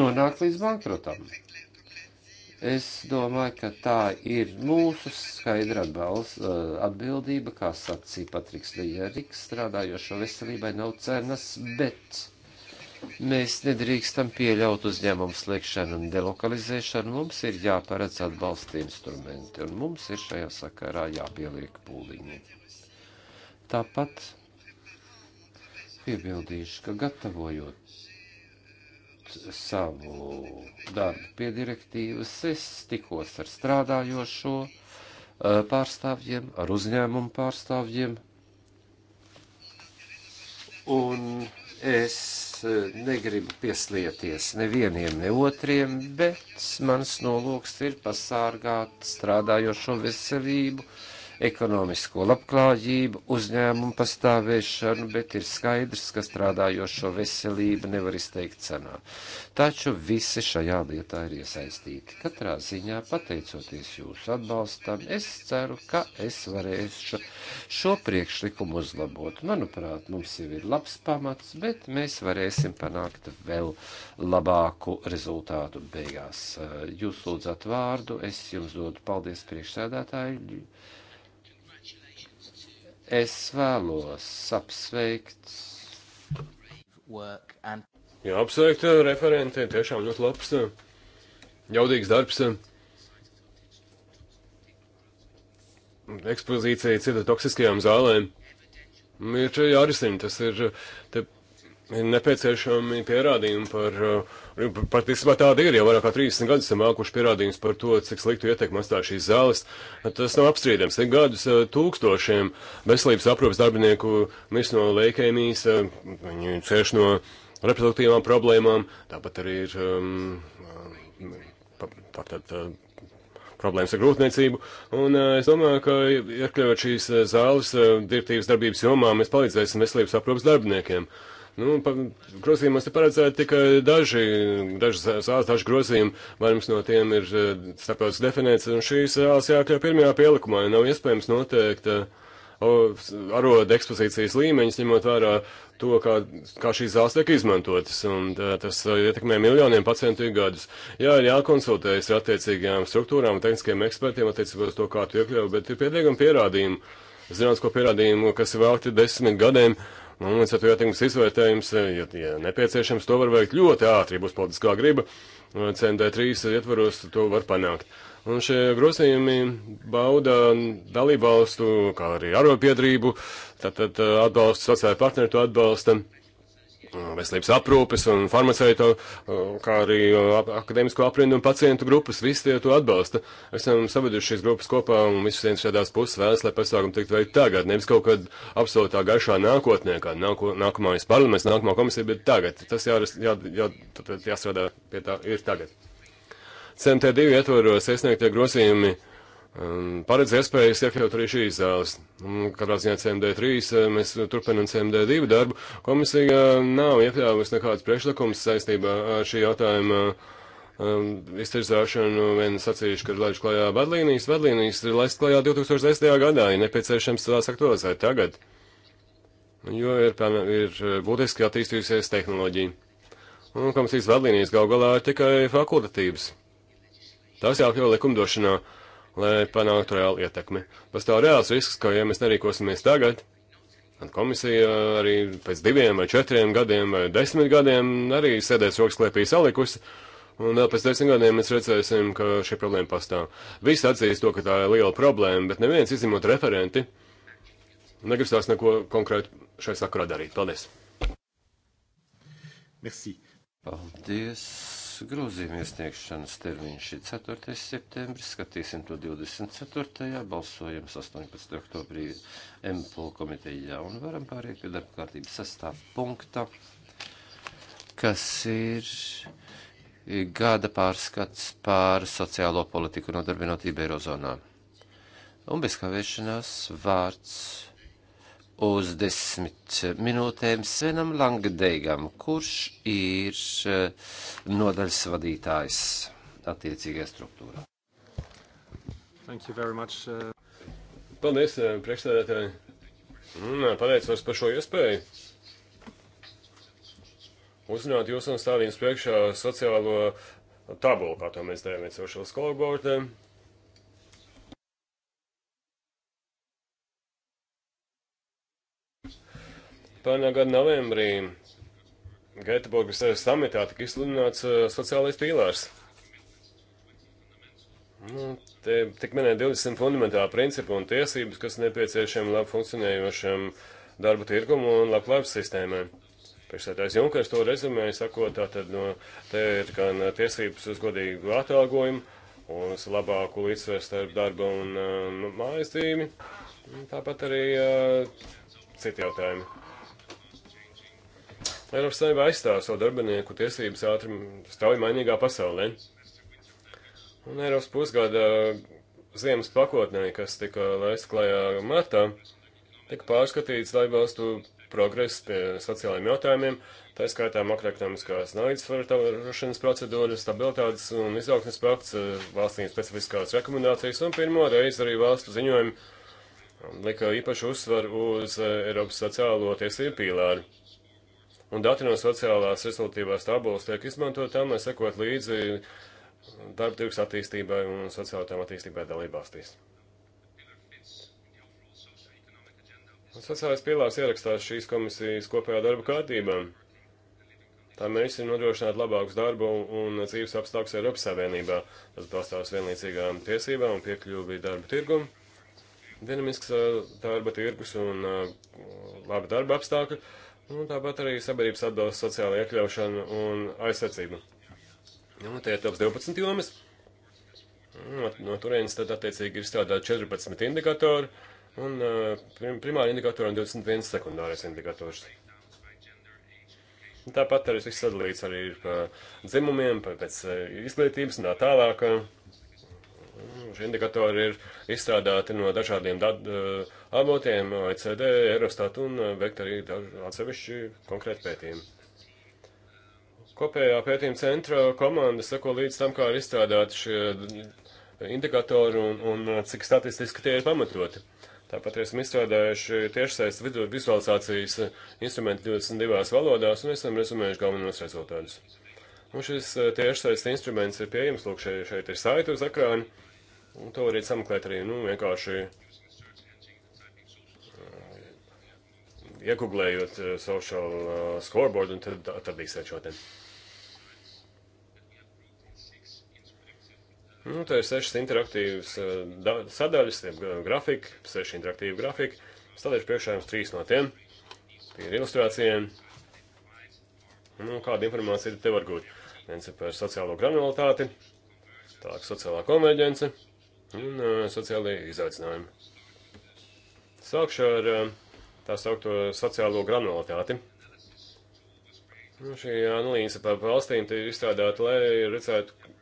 Nonākt līdz bankrotam. Es domāju, ka tā ir mūsu skaidra atbalsts, eh, atbildība, kā sacīja Patriks Līja Riks, strādājošo veselībai nav cenas, bet Mēs nedrīkstam pieļaut uzņēmumu slēgšanu un delokalizēšanu. Mums ir jāparedz atbalsta instrumenti, un mums ir šajā sakarā jāpieliek pūliņi. Tāpat piebildīšu, ka gatavojot savu darbu pie direktīvas, es tikos ar strādājošo eh, pārstāvjiem, ar uzņēmumu pārstāvjiem, un es negribu pieslieties nevieniem, ne otriem, bet mans nolūks ir pasargāt strādājošo veselību ekonomisko labklājību, uzņēmumu pastāvēšanu, bet ir skaidrs, ka strādājošo veselību nevar izteikt cenā. Taču visi šajā lietā ir iesaistīti. Katrā ziņā, pateicoties jūsu atbalstam, es ceru, ka es varēšu šo priekšlikumu uzlabot. Manuprāt, mums jau ir labs pamats, bet mēs varēsim panākt vēl labāku rezultātu beigās. Jūs lūdzat vārdu, es jums dodu paldies priekšsēdētāju. Es vēlos apsveikt. And... Jā, apsveikt eh, referentiem, tiešām ļoti labs, eh, jaudīgs darbs. Eh. Ekspozīcija cita toksiskajām zālēm. Ir jārisina, tas ir te nepieciešami pierādījumi par, uh, patiesībā tāda ir, jau vairāk kā 30 gadus esam mākuši pierādījumus par to, cik sliktu ietekmi atstāja šīs zāles. Tas nav apstrīdams. Ik gadus uh, tūkstošiem veselības aprūpas darbinieku mirst no leikēmijas, uh, viņi cieš no reproduktīvām problēmām, tāpat arī ir um, tātad, problēmas ar grūtniecību. Un uh, es domāju, ka iekļaujot šīs zāles uh, direktīvas darbības jomā, mēs palīdzēsim veselības aprūpas darbiniekiem. Uh, Nu, grozījumos ir paredzēti tikai daži, daži sāls, daži grozījumi, vairums no tiem ir eh, starptautis definēts, un šīs sāls jākļauj pirmajā pielikumā, ja nav iespējams noteikt eh, arodu ekspozīcijas līmeņus, ņemot vērā to, kā, kā šīs zāles tiek izmantotas, un tā, eh, tas ietekmē miljoniem pacientu ik gadus. Jā, ir jākonsultējas ar attiecīgajām struktūrām un tehniskajiem ekspertiem attiecībā uz to, kā tu iekļauj, bet ir pietiekami pierādījumi, zinātnisko pierādījumu, kas ir vēlti desmit gadiem, uh, Nu, un līdz ar to jātiekums izvērtējums, ja, ja nepieciešams, to var veikt ļoti ātri, ja būs politiskā griba. CND3 ietvaros to var panākt. Un šie grozījumi bauda dalībvalstu, kā arī arotbiedrību, tātad atbalstu sociālai partneri to atbalsta. Uh, Mm, veselības aprūpes un farmaceitu, mm, kā arī uh, akadēmisko aprindu un pacientu grupas, visi tie to atbalsta. Esam savaduši šīs grupas kopā un visus viens šādās puses vēlas, lai pasākumu tiktu veikt tagad, nevis kaut kad absolūtā gaišā nākotnē, kā nāko, nākamais parlaments, nākamā komisija, bet tagad. Tas jā, jā, jā, jāstrādā pie tā ir tagad. CMT2 ietvaros iesniegtie grozījumi um, paredz iespējas iekļaut arī šīs zāles. Katrā ziņā CMD3 ehm, mēs turpinam CMD2 darbu. Komisija nav iekļāvusi nekādas priekšlikumas saistībā ar šī jautājuma um, iztirzāšanu. Vien sacījuši, ka laiž klajā vadlīnijas. Vadlīnijas ir laist klajā 2010. gadā, ja nepieciešams tās aktualizēt tagad, jo ir, ir eh, būtiski attīstījusies tehnoloģija. Un komisijas vadlīnijas gal galā ir tikai fakultatīvas. Tās jākļauj likumdošanā. Uh, lai panāktu reāli ietekmi. Pastāv reāls risks, ka, ja mēs nerīkosimies tagad, Un komisija arī pēc diviem vai četriem gadiem vai desmit gadiem arī sēdēs rokas klēpī salikusi. Un vēl pēc desmit gadiem mēs redzēsim, ka šī problēma pastāv. Visi atzīst to, ka tā ir liela problēma, bet neviens, izņemot referenti, negrasās neko konkrētu šai sakarā darīt. Paldies! Merci. Paldies! grozījuma iesniegšanas termiņš ir 4. septembris, skatīsim to 24. balsojam 18. oktobrī MPL komitejā un varam pāriet pie darba kārtības sastāv punkta, kas ir gada pārskats pār sociālo politiku nodarbinotību Eirozonā. Un bez kavēšanās vārds uz desmit minūtēm Svenam Langdeigam, kurš ir eh, nodaļas vadītājs attiecīgajā struktūrā. Much, uh... Paldies, eh, priekšstādātāji! Mm, pateicos par šo iespēju. Uzzināt jūs un stādījums priekšā sociālo tabulu, kā to mēs dēvēm, sociālo scoreboardiem. Pērnā gada novembrī Gēteburgas eh, samitā tika izsludināts eh, sociālais pīlārs. Nu, te tik minēja 20 fundamentāli principi un tiesības, kas nepieciešami labi funkcionējošam darba tirgumu un labklājības sistēmai. Priekšsētājs Junkers to rezumēja, sakot, tātad no nu, te ir gan nu, tiesības uz godīgu atalgojumu, uz labāku līdzsveru starp darba un uh, mājas dzīvi, tāpat arī uh, citi jautājumi. Eiropas Savienība aizstāv savu darbinieku tiesības ātri strauji mainīgā pasaulē. Un Eiropas pusgada ziemas pakotnē, kas tika laista klajā martā, tika pārskatīts, lai balstu progresu pie sociālajiem jautājumiem, tā skaitā makroekonomiskās naudas pārtaušanas procedūras, stabilitātes un izaugsmes pakts, valstīm specifiskās rekomendācijas un pirmo reizi arī valstu ziņojumi lika īpašu uzsvaru uz Eiropas sociālo tiesību pīlāru. Un dati no sociālās rezultīvās tabulas tiek izmantot tam, lai sekot līdzi darba tirgus attīstībai un sociālajām attīstībai dalībvalstīs. Sociālais pilārs ierakstās šīs komisijas kopējā darba kārtībā. Tā mērķis ir nodrošināt labākus darbu un dzīves apstākļus Eiropas Savienībā. Tas balstās vienlīdzīgām tiesībām un piekļuvi darba tirgumu. Dinamisks eh, darba tirgus un eh, labi darba apstākļi Un nu, tāpat arī sabiedrības atbalsts sociālajai iekļaušanu un aizsardzību. Nu, te ietilps 12 jomas. Nu, no, no turienes tad attiecīgi ir strādāt 14 indikatori un eh, prim, primāri indikatori un 21 sekundārais indikators. Tāpat arī viss sadalīts arī ir pa dzimumiem, pa, pēc eh, izglītības un tā tālāk. Nu, šie indikatori ir izstrādāti no dažādiem datiem eh, avotiem, OECD, Eurostat un veikt arī atsevišķi konkrēti pētījumi. Kopējā pētījuma centra komanda sako līdz tam, kā ir izstrādāti šie indikatori un, un cik statistiski tie ir pamatoti. Tāpat esam izstrādājuši tiešsaistes vizualizācijas instrumentu 22 valodās un esam rezumējuši galvenos rezultātus. Un nu, šis eh, tiešsaistes instruments ir pieejams, lūk, šeit, šeit ir saiti uz ekrāna, un to varat sameklēt arī, nu, vienkārši iegūglējot eh, social eh, scoreboard un tad atradīsiet šo te. Nu, tā ir sešas interaktīvas eh, sadaļas, jeb grafika, seši interaktīvi grafiki. Sadaļas priekšā jums trīs no tiem. Tie ir ilustrācijiem. Nu, kāda informācija te var būt? Viens ir par sociālo granulitāti, tālāk sociālā konverģence un uh, sociālie izaicinājumi. Sākšu ar uh, tā saukto sociālo granulitāti. Nu, šī analīze par valstīm ir izstrādāta, lai redzētu,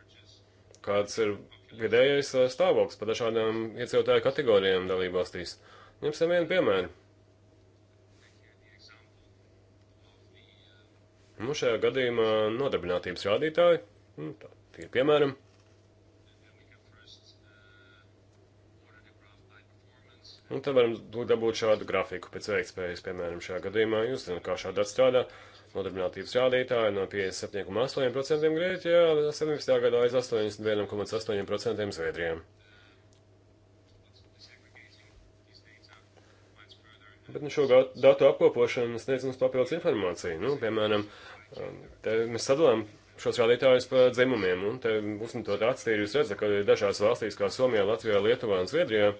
kāds ir vidējais uh, stāvoklis par dažādām iedzīvotāju kategorijām dalībvalstīs. Ņemsim vienu piemēru. Nu, šajā gadījumā nodarbinātības rādītāji, nu, tā ir piemēram, 0,5 Nu, tad varam dabūt šādu grafiku pēc veiktspējas, piemēram, šajā gadījumā. Jūs zināt, kā šādā strādā nodarbinātības rādītāji no 57,8% Grieķijā, 17. gadā aiz 81,8% Zviedrijām. Bet nu, šo datu apkopošana sniedz mums papildus informāciju. Nu, piemēram, um, mēs sadalām šos rādītājus pa dzimumiem, un te uzmetot atstīri, jūs redzat, ka dažās valstīs, kā Somijā, Latvijā, Lietuvā un Zviedrijā,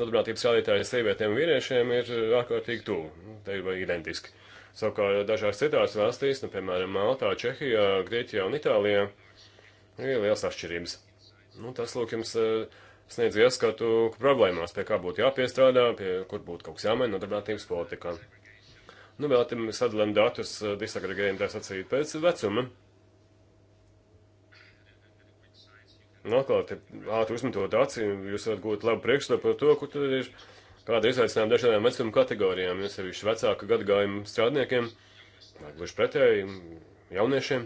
nodarbinātības rādītājs sievietēm un vīriešiem ir eh, ārkārtīgi tuvu, te ir identiski. Savukārt dažās citās valstīs, nu, piemēram, Maltā, Čehijā, Grieķijā un Itālijā, ir liels atšķirības. Nu, tas, lūk, jums eh, sniedz ieskatu problēmās, pie kā būtu jāpiestrādā, pie kur būtu kaut kas jāmaina nodarbinātības politikā. Nu, vēl tam sadalām datus, eh, disagregējam tā sacīt pēc vecuma. Noklāt, nu, ātri uzmetot acīm, jūs varat gūt labu priekšstatu par to, kur tad ir kāda izaicinājuma dažādām vecuma kategorijām, jo sevišķi vecāka gadagājuma strādniekiem, vai gluži pretēji, jauniešiem.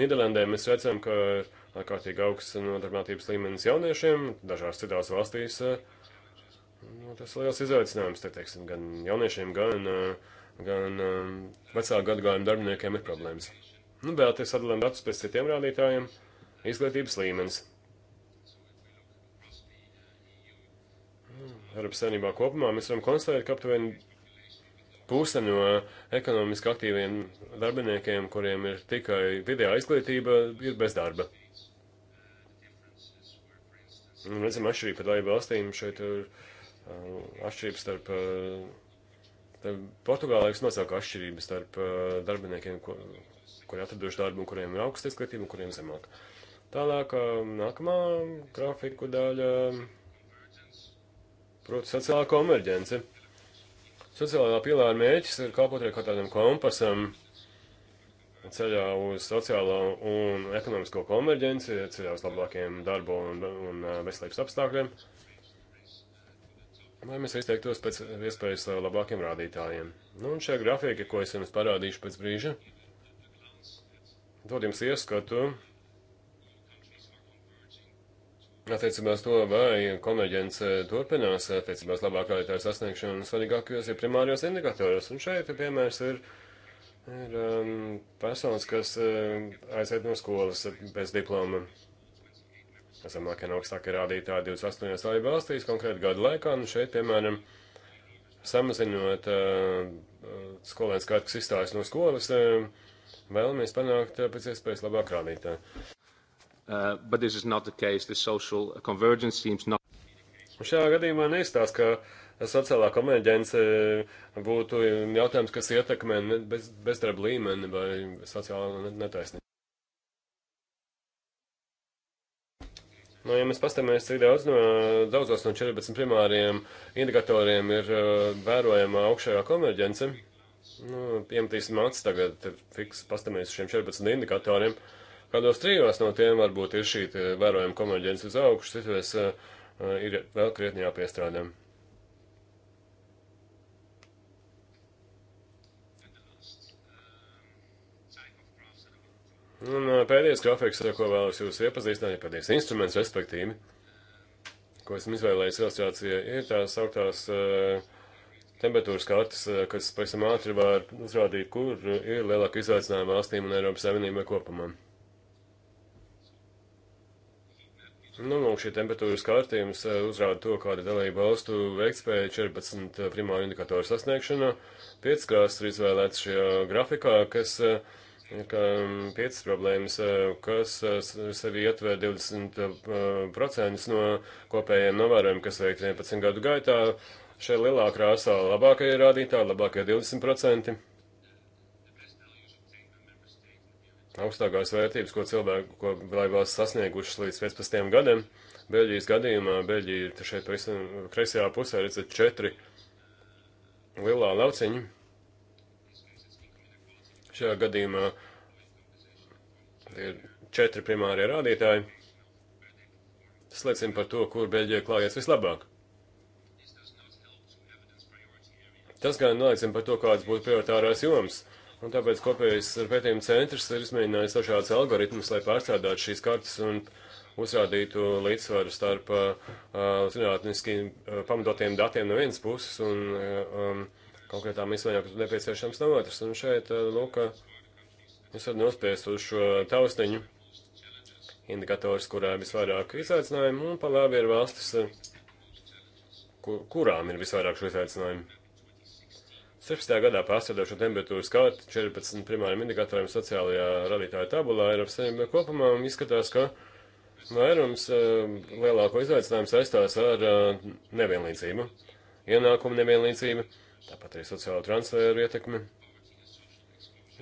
Nīderlandē mēs redzam, ka ir ārkārtīgi augsts nodarbinātības līmenis jauniešiem, dažās citās valstīs. Eh, nu, tas ir liels izaicinājums, te, teiksim, gan jauniešiem, gan, eh, gan eh, vecāku gadagājumu darbiniekiem ir problēmas. Nu, vēl te sadalām datus pēc citiem rādītājiem. Uh, izglītības līmenis. Hmm, Eiropas Savienībā kopumā mēs varam konstatēt, ka aptuveni puse no ekonomiski aktīviem darbiniekiem, kuriem ir tikai vidējā izglītība, ir bez darba. Un redzam, atšķirība par dalību valstīm šeit ir uh, atšķirības starp, uh, starp Portugālē, kas nosaka atšķirības starp uh, darbiniekiem, kur, kuri atraduši darbu un kuriem ir augsta izglītība un kuriem zemāka. Tālāk, um, nākamā grafiku daļa, protams, sociālā konverģence. Sociālā pilāra mērķis ir kalpot kā tādam kompasam ceļā uz sociālo un ekonomisko konverģenci, ceļā uz labākiem darbu un, un uh, veselības apstākļiem. Lai mēs izteiktos pēc iespējas uh, labākiem rādītājiem. Nu, un šie grafiki, ko es jums parādīšu pēc brīža, dod jums ieskatu Attiecībās to, vai konverģence turpinās, attiecībās labākā ir tā sasniegšana svarīgākajos ir primārijos indikatoros. Un šeit piemērs ir, ir um, personas, kas uh, aiziet no skolas bez diploma. Esam nākie no augstākie rādītāji 28 vai valstīs konkrēti gadu laikā, un šeit, piemēram, samazinot uh, skolēnu skaitu, kas izstājas no skolas, uh, vēlamies panākt uh, pēc iespējas labāk rādītāju. Uh, but this is not the case. The social convergence seems not. Šajā gadījumā neizstās, ka sociālā konverģence uh, būtu jautājums, kas ietekmē bez, bezdarba līmeni vai sociālo netaisnību. Nu, ja mēs paskatāmies, cik daudz no, daudzos no 14 primāriem indikatoriem ir uh, vērojama augšējā konverģence, nu, piemetīsim acis tagad, fiks paskatāmies uz šiem 14 indikatoriem. Uh, Kādos trijos no tiem varbūt ir šī vērojama konverģence uz augšu, citos uh, ir vēl krietni jāpiestrādā. Un eh, pēdējais grafiks, ar ko vēlos jūs iepazīstināt, ir pēdējais instruments, respektīvi, ko esmu izvēlējis ilustrācijā, ir tās augtās uh, temperatūras kartas, kas pavisam ātri var uzrādīt, kur ir lielāka izaicinājuma valstīm un Eiropas Savienībai kopumā. Nu, lūk, šie temperatūras kārtījums eh, uzrāda to, kāda dalība valstu veiktspēja 14 primāru indikatoru sasniegšanā. 5 krāsas ir izvēlēts šajā grafikā, kas eh, mm, ir 5 problēmas, eh, kas sevi ietver 20% no kopējiem novērojumiem, kas veikti 11 gadu gaitā. Šajā lielā krāsā labākie rādītāji, labākie 20%. augstākās vērtības, ko cilvēki, ko valsts sasniegušas līdz 15 gadiem. Beļģijas gadījumā, Beļģija ir šeit pavisam kreisajā pusē, redzat, četri lielā lauciņa. Šajā gadījumā ir četri primārie rādītāji. Tas liecina par to, kur Beļģija klājies vislabāk. Tas gan liecina par to, kādas būtu prioritārās jomas Un tāpēc kopējais pētījuma centrs ir izmēģinājis dažādas algoritmus, lai pārstrādātu šīs kartas un uzrādītu līdzsvaru starp uh, zinātniski uh, pamatotiem datiem no vienas puses un uh, um, konkrētām izmaiņām, nepieciešams no otras. Un šeit, uh, lūk, jūs uh, varat nospiest uz šo taustiņu indikators, kurā ir visvairāk izaicinājumu, un pa labi ir valstis, uh, kur, kurām ir visvairāk šo izaicinājumu. 16. gadā pārstrādājušo temperatūru skatu 14 primāriem indikatoriem sociālajā radītāja tabulā Eiropas Savienībā kopumā izskatās, ka vairums ehm, lielāko izaicinājumu saistās ar ehm, nevienlīdzību, ienākumu nevienlīdzību, tāpat arī sociālo transferu ietekmi,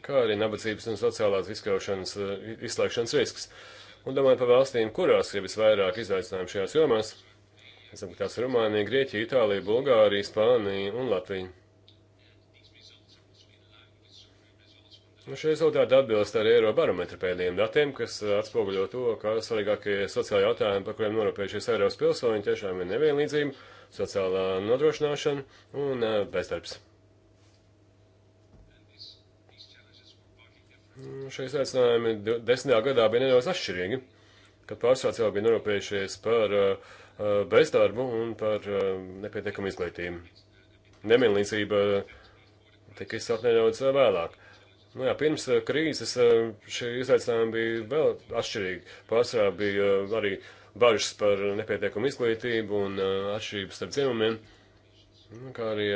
kā arī nabadzības un sociālās izskaušanas, e, izslēgšanas risks. Un domājot par valstīm, kurās ir visvairāk izaicinājumu šajās jomās, esam tās Rumānija, Grieķija, Itālija, Bulgārija, Spānija un Latvija. Nu, šie rezultāti atbilst arī Eirobarometra pēdējiem datiem, kas uh, atspoguļo to, ka svarīgākie sociālai jautājumi, par kuriem norūpējušies Eiropas pilsoņi, tiešām ir nevienlīdzība, sociālā nodrošināšana un uh, bezdarbs. Nu, šie izaicinājumi desmitā gadā bija nedaudz atšķirīgi, kad pārsvarā cilvēki bija norūpējušies par uh, bezdarbu un par nepietiekamu izglītību. Nevienlīdzība tika izsākt nedaudz vēlāk. Nu, jā, pirms eh, krīzes eh, šie izaicinājumi bija vēl atšķirīgi. Pārsvarā bija eh, arī bažas par nepietiekumu izglītību un atšķirības starp dzimumiem, nu, kā arī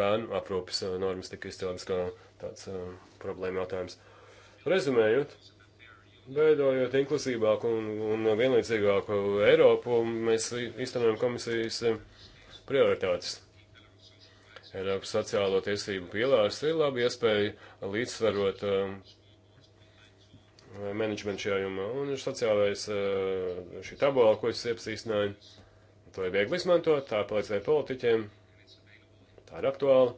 bērnu aprūpes normas tika izcēlētas kā tāds problēma jautājums. Rezumējot, Veidojot inklusīvāku un, un vienlīdzīgāku Eiropu, mēs īstenojam komisijas prioritātes. Eiropas sociālo tiesību pīlārs ir laba iespēja līdzsvarot menedžmentu um, šajā jomā. Un ir sociālais uh, šī tabula, ko es iepazīstināju. To ir viegli izmantot, tā palīdzēja politiķiem. Tā ir aktuāla.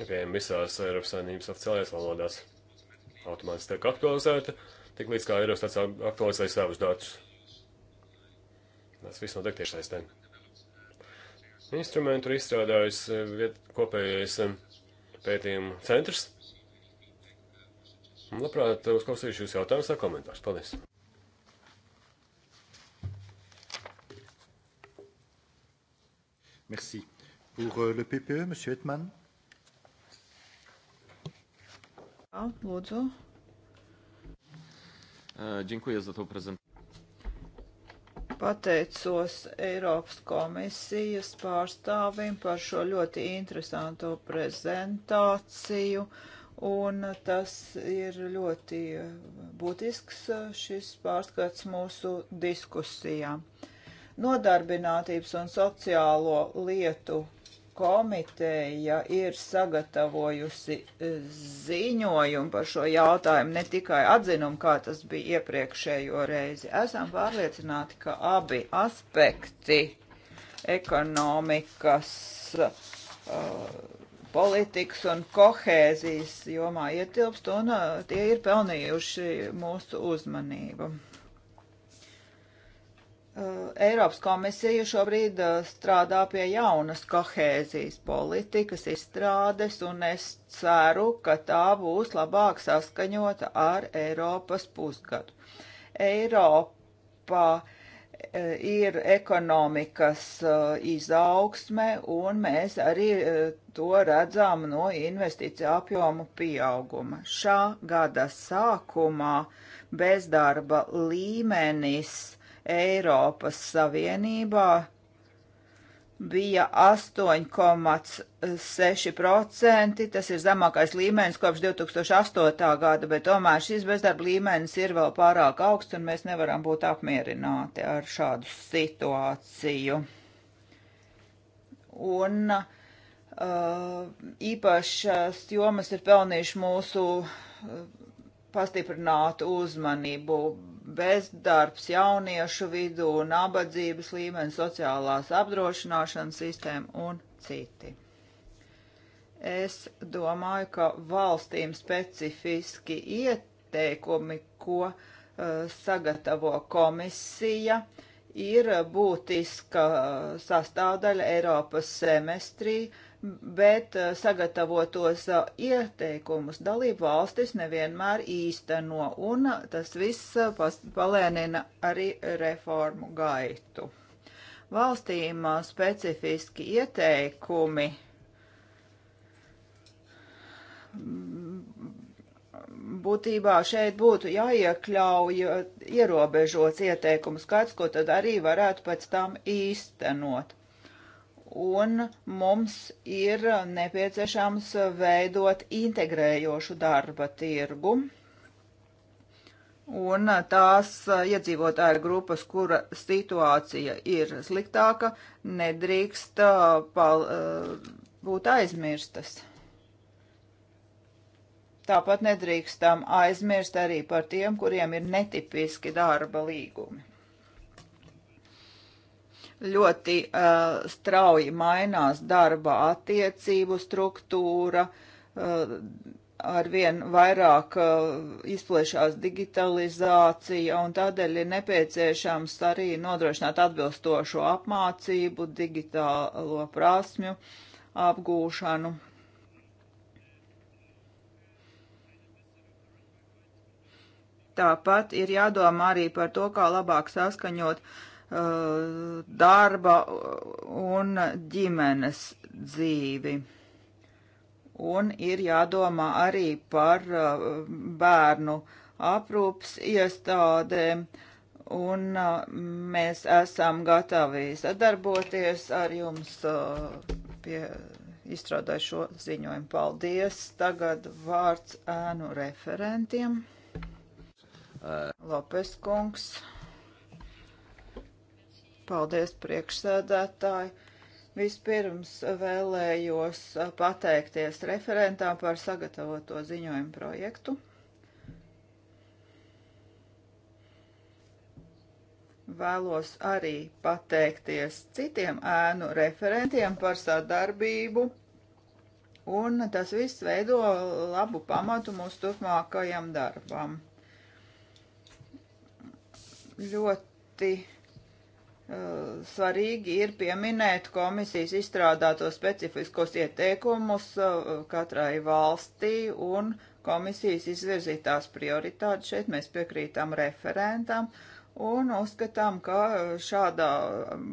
Pieejam visās Eiropas saimnības oficiālajās valodās. Automātiski tiek aktualizēta, tik līdz kā Eiropas tāds aktualizēja savus datus. Tas viss notiek tiešsaistē. Instrumentu ir izstrādājis eh, viet, kopējais eh, pētījumu centrs. Un, labprāt, eh, uzklausīšu jūs jautājumus vai komentārus. Paldies! Merci. Pour euh, le PPE, Monsieur Hetman. Ah, Lūdzu. Dziękuję za tą prezentację. Pateicos Eiropas komisijas pārstāvim par šo ļoti interesanto prezentāciju, un tas ir ļoti būtisks šis pārskats mūsu diskusijām. Nodarbinātības un sociālo lietu komiteja ir sagatavojusi e, ziņojumu par šo jautājumu, ne tikai atzinumu, kā tas bija iepriekšējo reizi. Esam pārliecināti, ka abi aspekti ekonomikas, uh, politikas un kohēzijas jomā ietilpst, un uh, tie ir pelnījuši mūsu uzmanību. Eh, Eiropas komisija šobrīd eh, strādā pie jaunas kohēzijas politikas izstrādes, un es ceru, ka tā būs labāk saskaņota ar Eiropas pusgadu. Eiropā eh, ir ekonomikas izaugsme, un mēs arī to redzam no investīciju apjomu pieauguma. Šā gada sākumā bezdarba līmenis Eiropas Savienībā bija 8,6%. Tas ir zemākais līmenis kopš 2008. gada, bet tomēr šis bezdarba līmenis ir vēl pārāk augsts, un mēs nevaram būt apmierināti ar šādu situāciju. Un uh, īpašas jomas ir pelnījuši mūsu uh, pastiprināt uzmanību. Bezdarbs jauniešu vidū, nabadzības līmenis, sociālās apdrošināšanas sistēma un citi. Es domāju, ka valstīm specifiski ieteikumi, ko uh, sagatavo komisija, ir būtiska sastāvdaļa Eiropas semestrī, uh, bet eh, sagatavotos eh, ieteikumus dalību valstis nevienmēr īsteno, un tas viss eh, palēnina arī reformu gaitu. Valstīm specifiski ieteikumi mm, būtībā šeit būtu jāiekļauj ierobežots ieteikumu skaits, ko tad arī varētu pēc tam īstenot un mums ir nepieciešams veidot integrējošu darba tirgu. Un tās iedzīvotāju grupas, kura situācija ir sliktāka, nedrīkst uh, pal, uh, būt aizmirstas. Tāpat nedrīkstam aizmirst arī par tiem, kuriem ir netipiski darba līgumi. Ļoti uh, strauji mainās darba attiecību struktūra, uh, arvien vairāk uh, izplešās digitalizācija, un tādēļ ir nepieciešams arī nodrošināt atbilstošo apmācību, digitālo prasmju apgūšanu. Tāpat ir jādomā arī par to, kā labāk saskaņot uh, Eh, darba un ģimenes dzīvi. Un ir jādomā arī par eh, bērnu aprūpas iestādēm, un eh, mēs esam gatavi sadarboties ar jums pie izstrādāju šo ziņojumu. Paldies! Tagad vārds ēnu referentiem. Lopes kungs. Paldies, priekšsēdētāji! Vispirms vēlējos uh, pateikties referentām par sagatavoto ziņojumu projektu. Vēlos arī pateikties citiem ēnu referentiem par sadarbību, un tas viss veido labu pamatu mūsu turpmākajam darbam. Ļoti Eh, svarīgi ir pieminēt komisijas izstrādāto specifiskos ieteikumus eh, katrai valstī un komisijas izvirzītās prioritātes. Šeit mēs piekrītam referentam un uzskatām, ka šādā,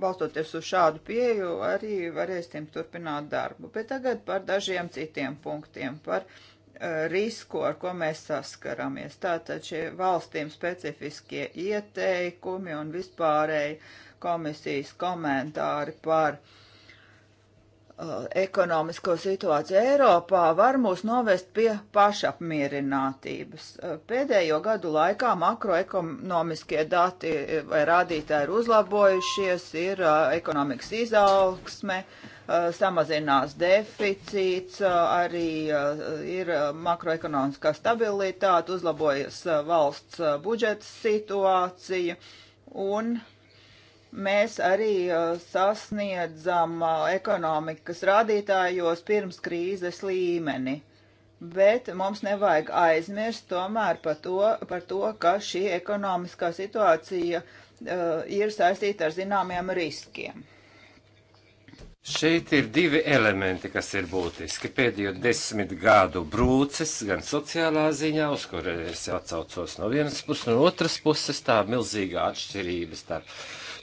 balstoties uz šādu pieju, arī varēsim turpināt darbu. Bet tagad par dažiem citiem punktiem, par eh, risku, ar ko mēs saskaramies. Tātad šie valstīm specifiskie ieteikumi un vispārēji uh, komisijas komentāri par uh, ekonomisko situāciju Eiropā var mūs novest pie pašapmierinātības. Uh, pēdējo gadu laikā makroekonomiskie dati uh, vai rādītāji ir uzlabojušies, ir uh, ekonomikas izaugsme, uh, samazinās deficīts, arī ir makroekonomiskā stabilitāte, uzlabojas valsts budžeta situācija un mēs arī sasniedzam ekonomikas rādītājos pirms krīzes līmeni. Bet mums nevajag aizmirst tomēr par to, par to ka šī ekonomiskā situācija uh, ir saistīta ar zināmiem riskiem. Šeit ir divi elementi, kas ir būtiski. Pēdējo desmit gadu brūces, gan sociālā ziņā, uz kur es atcaucos no vienas puses, no otras puses tā milzīgā atšķirība starp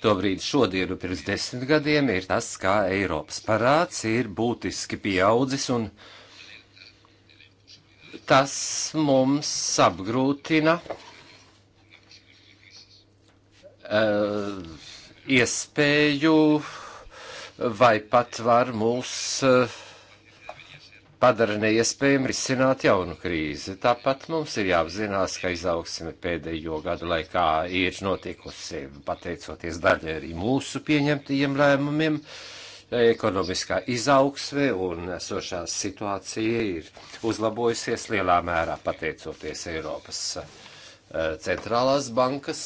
tobrīd šodienu pirms desmit gadiem, ir tas, kā Eiropas parāds ir būtiski pieaudzis un tas mums apgrūtina uh, iespēju vai pat var mūs uh, padara neiespējami risināt jaunu krīzi. Tāpat mums ir jāapzinās, ka izaugsme pēdējo gadu laikā ir notikusi pateicoties daļai arī mūsu pieņemtajiem lēmumiem. Ekonomiskā izaugsme un esošā situācija ir uzlabojusies lielā mērā pateicoties Eiropas eh, centrālās bankas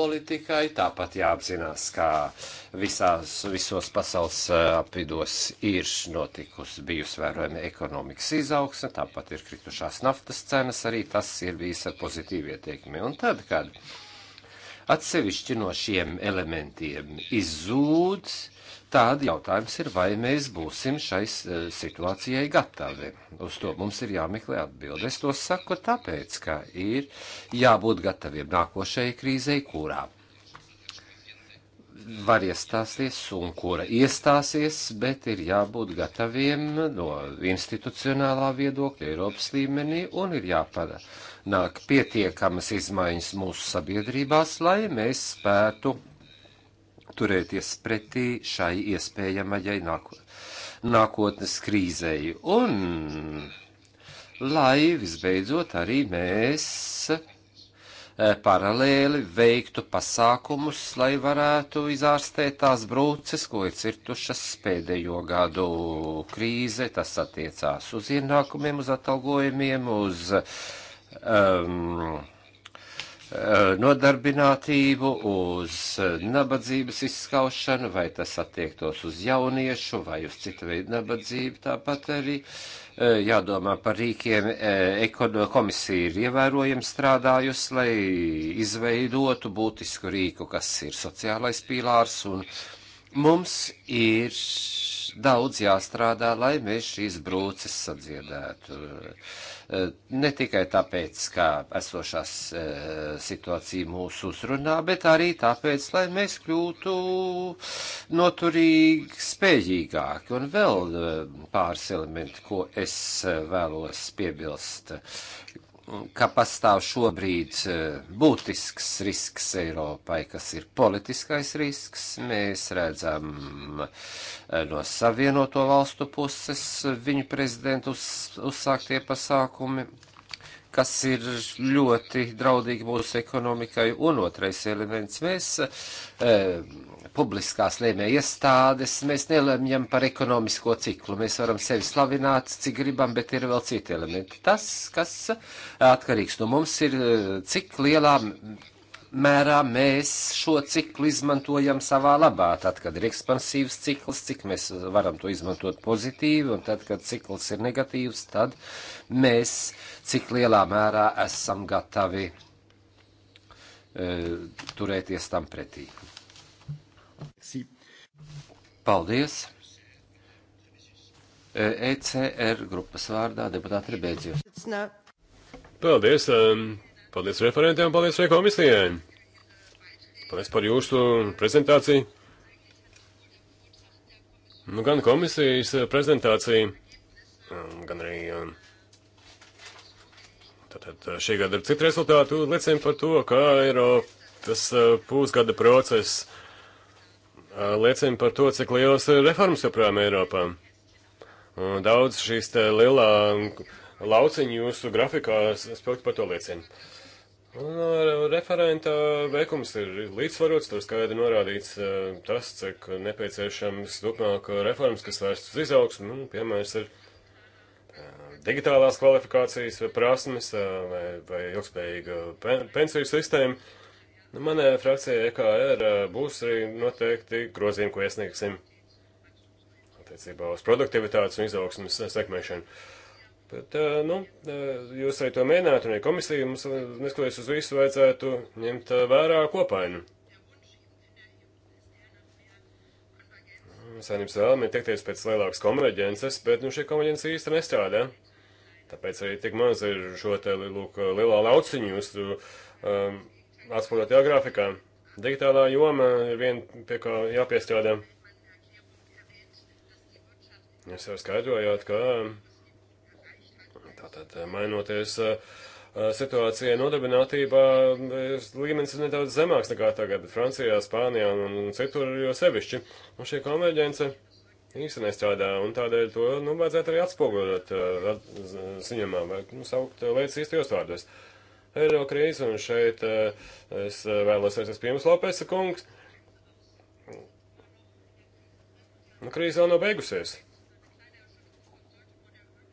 politikai, tāpat jāapzinās, kā visās, visos pasaules apvidos ir notikusi bijusi vērojama ekonomikas izaugsme, tāpat ir kritušās naftas cenas, arī tas ir bijis ar pozitīvu ieteikumu. Un tad, kad atsevišķi no šiem elementiem izzūd, Tad jautājums ir, vai mēs būsim šai eh, situācijai gatavi. Uz to mums ir jāmeklē atbildi. Es to saku tāpēc, ka ir jābūt gataviem nākošajai krīzei, kurā var iestāties un kura iestāsies, bet ir jābūt gataviem no institucionālā viedokļa Eiropas līmenī un ir jāpanāk pietiekamas izmaiņas mūsu sabiedrībās, lai mēs spētu turēties pretī šai iespējamajai nākotnes krīzei. Un lai visbeidzot arī mēs eh, paralēli veiktu pasākumus, lai varētu izārstēt tās brūces, ko ir cirtušas pēdējo gadu krīze. Tas attiecās uz ienākumiem, uz atalgojumiem, uz um, Eh, nodarbinātību, uz eh, nabadzības izskaušanu, vai tas attiektos uz jauniešu vai uz citu veidu nabadzību. Tāpat arī eh, jādomā par rīkiem. Komisija ir ievērojami strādājusi, lai izveidotu būtisku rīku, kas ir sociālais pīlārs, un mums ir daudz jāstrādā, lai mēs šīs brūces sadziedētu. E, ne tikai tāpēc, ka esošās e, situācija mūs uzrunā, bet arī tāpēc, lai mēs kļūtu noturīgi spējīgāki. Un vēl e, pāris elementi, ko es vēlos piebilst, ka pastāv šobrīd e, būtisks risks Eiropai, kas ir politiskais risks. Mēs redzam e, no Savienoto valstu puses viņu prezidentu uz, uzsāktie pasākumi, kas ir ļoti draudīgi mūsu ekonomikai. Un otrais elements mēs. E, eh, publiskās lēmēja iestādes, mēs nelemjam par ekonomisko ciklu. Mēs varam sevi slavināt, cik gribam, bet ir vēl citi elementi. Tas, kas atkarīgs no mums, ir cik lielā mērā mēs šo ciklu izmantojam savā labā. Tad, kad ir ekspansīvs cikls, cik mēs varam to izmantot pozitīvi, un tad, kad cikls ir negatīvs, tad mēs cik lielā mērā esam gatavi e, turēties tam pretī. Paldies! ECR grupas vārdā deputāti Rebēdzijos. Paldies! Um, paldies referentiem, paldies komisijai! Paldies par jūsu prezentāciju. Nu, gan komisijas prezentācija, um, gan arī um, tātad, uh, šī gada citu rezultātu liecina par to, ka Eiropas uh, pusgada process liecina par to, cik liels ir reformas joprojām Eiropā. Un daudz šīs te lielā lauciņa jūsu grafikā spilgti par to liecina. Un ar referenta veikums ir līdzsvarots, tur skaidri norādīts tas, cik nepieciešams turpmāk reformas, kas vērsts uz izaugsmu, un piemērs ir digitālās kvalifikācijas vai prasmes vai, vai ilgspējīga pensiju sistēma. Nu, Manā frakcijā e EKR būs arī noteikti grozījumi, ko iesniegsim attiecībā uz produktivitātes un izaugsmas sekmēšanu. Bet, nu, jūs arī to mēģināt, un arī komisija mums, neskatoties uz visu, vajadzētu ņemt vērā kopainu. Saimnības vēlme ir tiekties pēc lielākas konverģences, bet, nu, šī konverģence īsti nestrādā. Tāpēc arī tik maz ir šo te, lūk, lielā lauciņu uz um, atspoguļot jau grafikā. Digitālā joma ir viena, pie kā jāpiestrādā. Jūs jau skaidrojāt, ka tātad mainoties eh, situācija nodarbinātībā eh, līmenis ir nedaudz zemāks nekā tagad Francijā, Spānijā un citur jo sevišķi. Un šī konverģence īsti nestrādā, un tādēļ to, nu, vajadzētu arī atspoguļot eh, ziņamā vai, nu, saukt lietas īstajos vārdos. Uh, eiro krīzi, un šeit eh, es eh, vēlos aizies pie jums, Lopesa kungs. Nu, krīze vēl nav beigusies.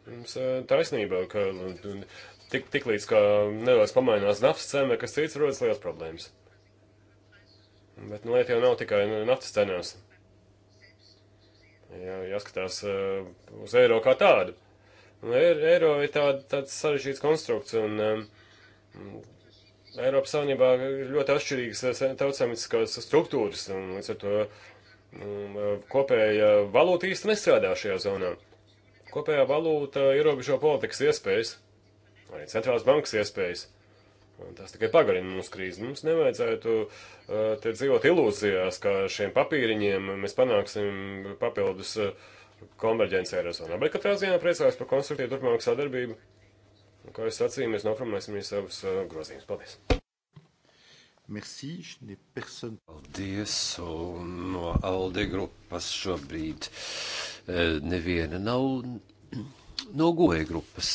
Mums eh, taisnība, ka nu, tik, tik līdz kā nedaudz pamainās naftas cena, kas cits rodas liels problēmas. Bet nu, lieta jau nav tikai nu, naftas cenās. Jā, jāskatās uh, uz eiro kā tādu. Un nu, eiro ir tāda, tāds sarežģīts konstrukts, un um, Mm. Eiropas Savienībā ir ļoti atšķirīgas eh, tautsamiskās struktūras, un līdz ar to mm, eh, kopēja valūta īsti nestrādā šajā zonā. Kopējā valūta ierobežo politikas iespējas, arī centrālās bankas iespējas. Un tas tikai pagarina mūsu krīzi. Mums nevajadzētu uh, te dzīvot ilūzijās, ka šiem papīriņiem mēs panāksim papildus uh, konverģenci Eirozonā. Bet katrā ziņā priecājos par konstruktīvu turpmāku sadarbību. Kā es sacīju, mēs noformulēsim arī savus uh, grozījumus. Paldies! Merci, je n'ai personne. Paldies, un no Alde grupas šobrīd uh, neviena nav no goja grupas.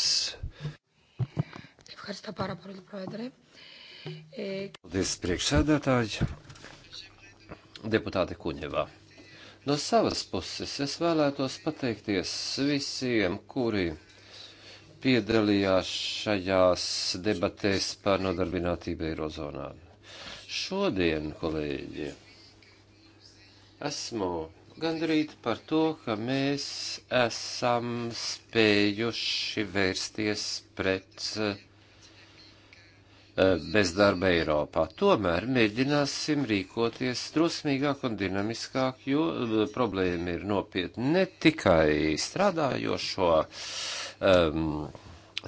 Ευχαριστώ πάρα πολύ, Πρόεδρε. Paldies, priekšsēdētāji, deputāte Kuņevā. No savas puses es vēlētos pateikties visiem, kuri piedalījās šajās debatēs par nodarbinātību Eirozonā. Šodien, kolēģi, esmu gandrīt par to, ka mēs esam spējuši vērsties pret eh, bezdarba Eiropā. Tomēr mēģināsim rīkoties drosmīgāk un dinamiskāk, jo eh, problēma ir nopietna ne tikai strādājošo um,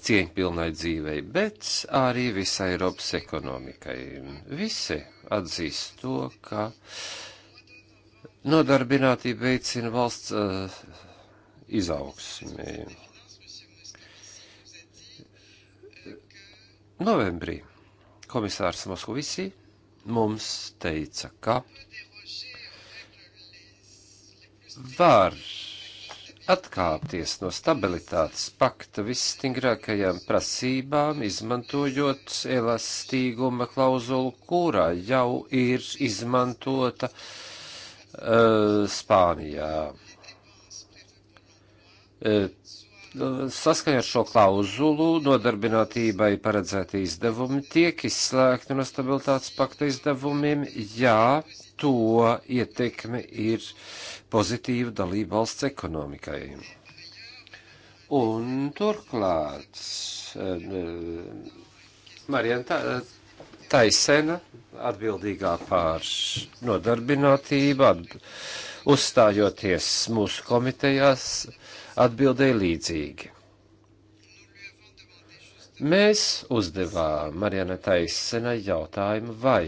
cieņpilnai dzīvei, bet arī visai Eiropas ekonomikai. Visi atzīst to, ka nodarbinātība veicina valsts uh, izaugsmi. Novembrī komisārs Moskovisī mums teica, ka var atkāpties no stabilitātes pakta visstingrākajām prasībām, izmantojot elastīguma klauzulu, kurā jau ir izmantota uh, Spānijā. Uh, Saskaņā ar šo klauzulu nodarbinātībai paredzēti izdevumi tiek izslēgti no stabilitātes pakta izdevumiem, ja to ietekme ir pozitīvu dalību valsts ekonomikai. Un turklāt eh, Marijana Taisena, atbildīgā pār nodarbinātību, atb uzstājoties mūsu komitejās, atbildēja līdzīgi. Mēs uzdevām Marijanai Taisenai jautājumu, vai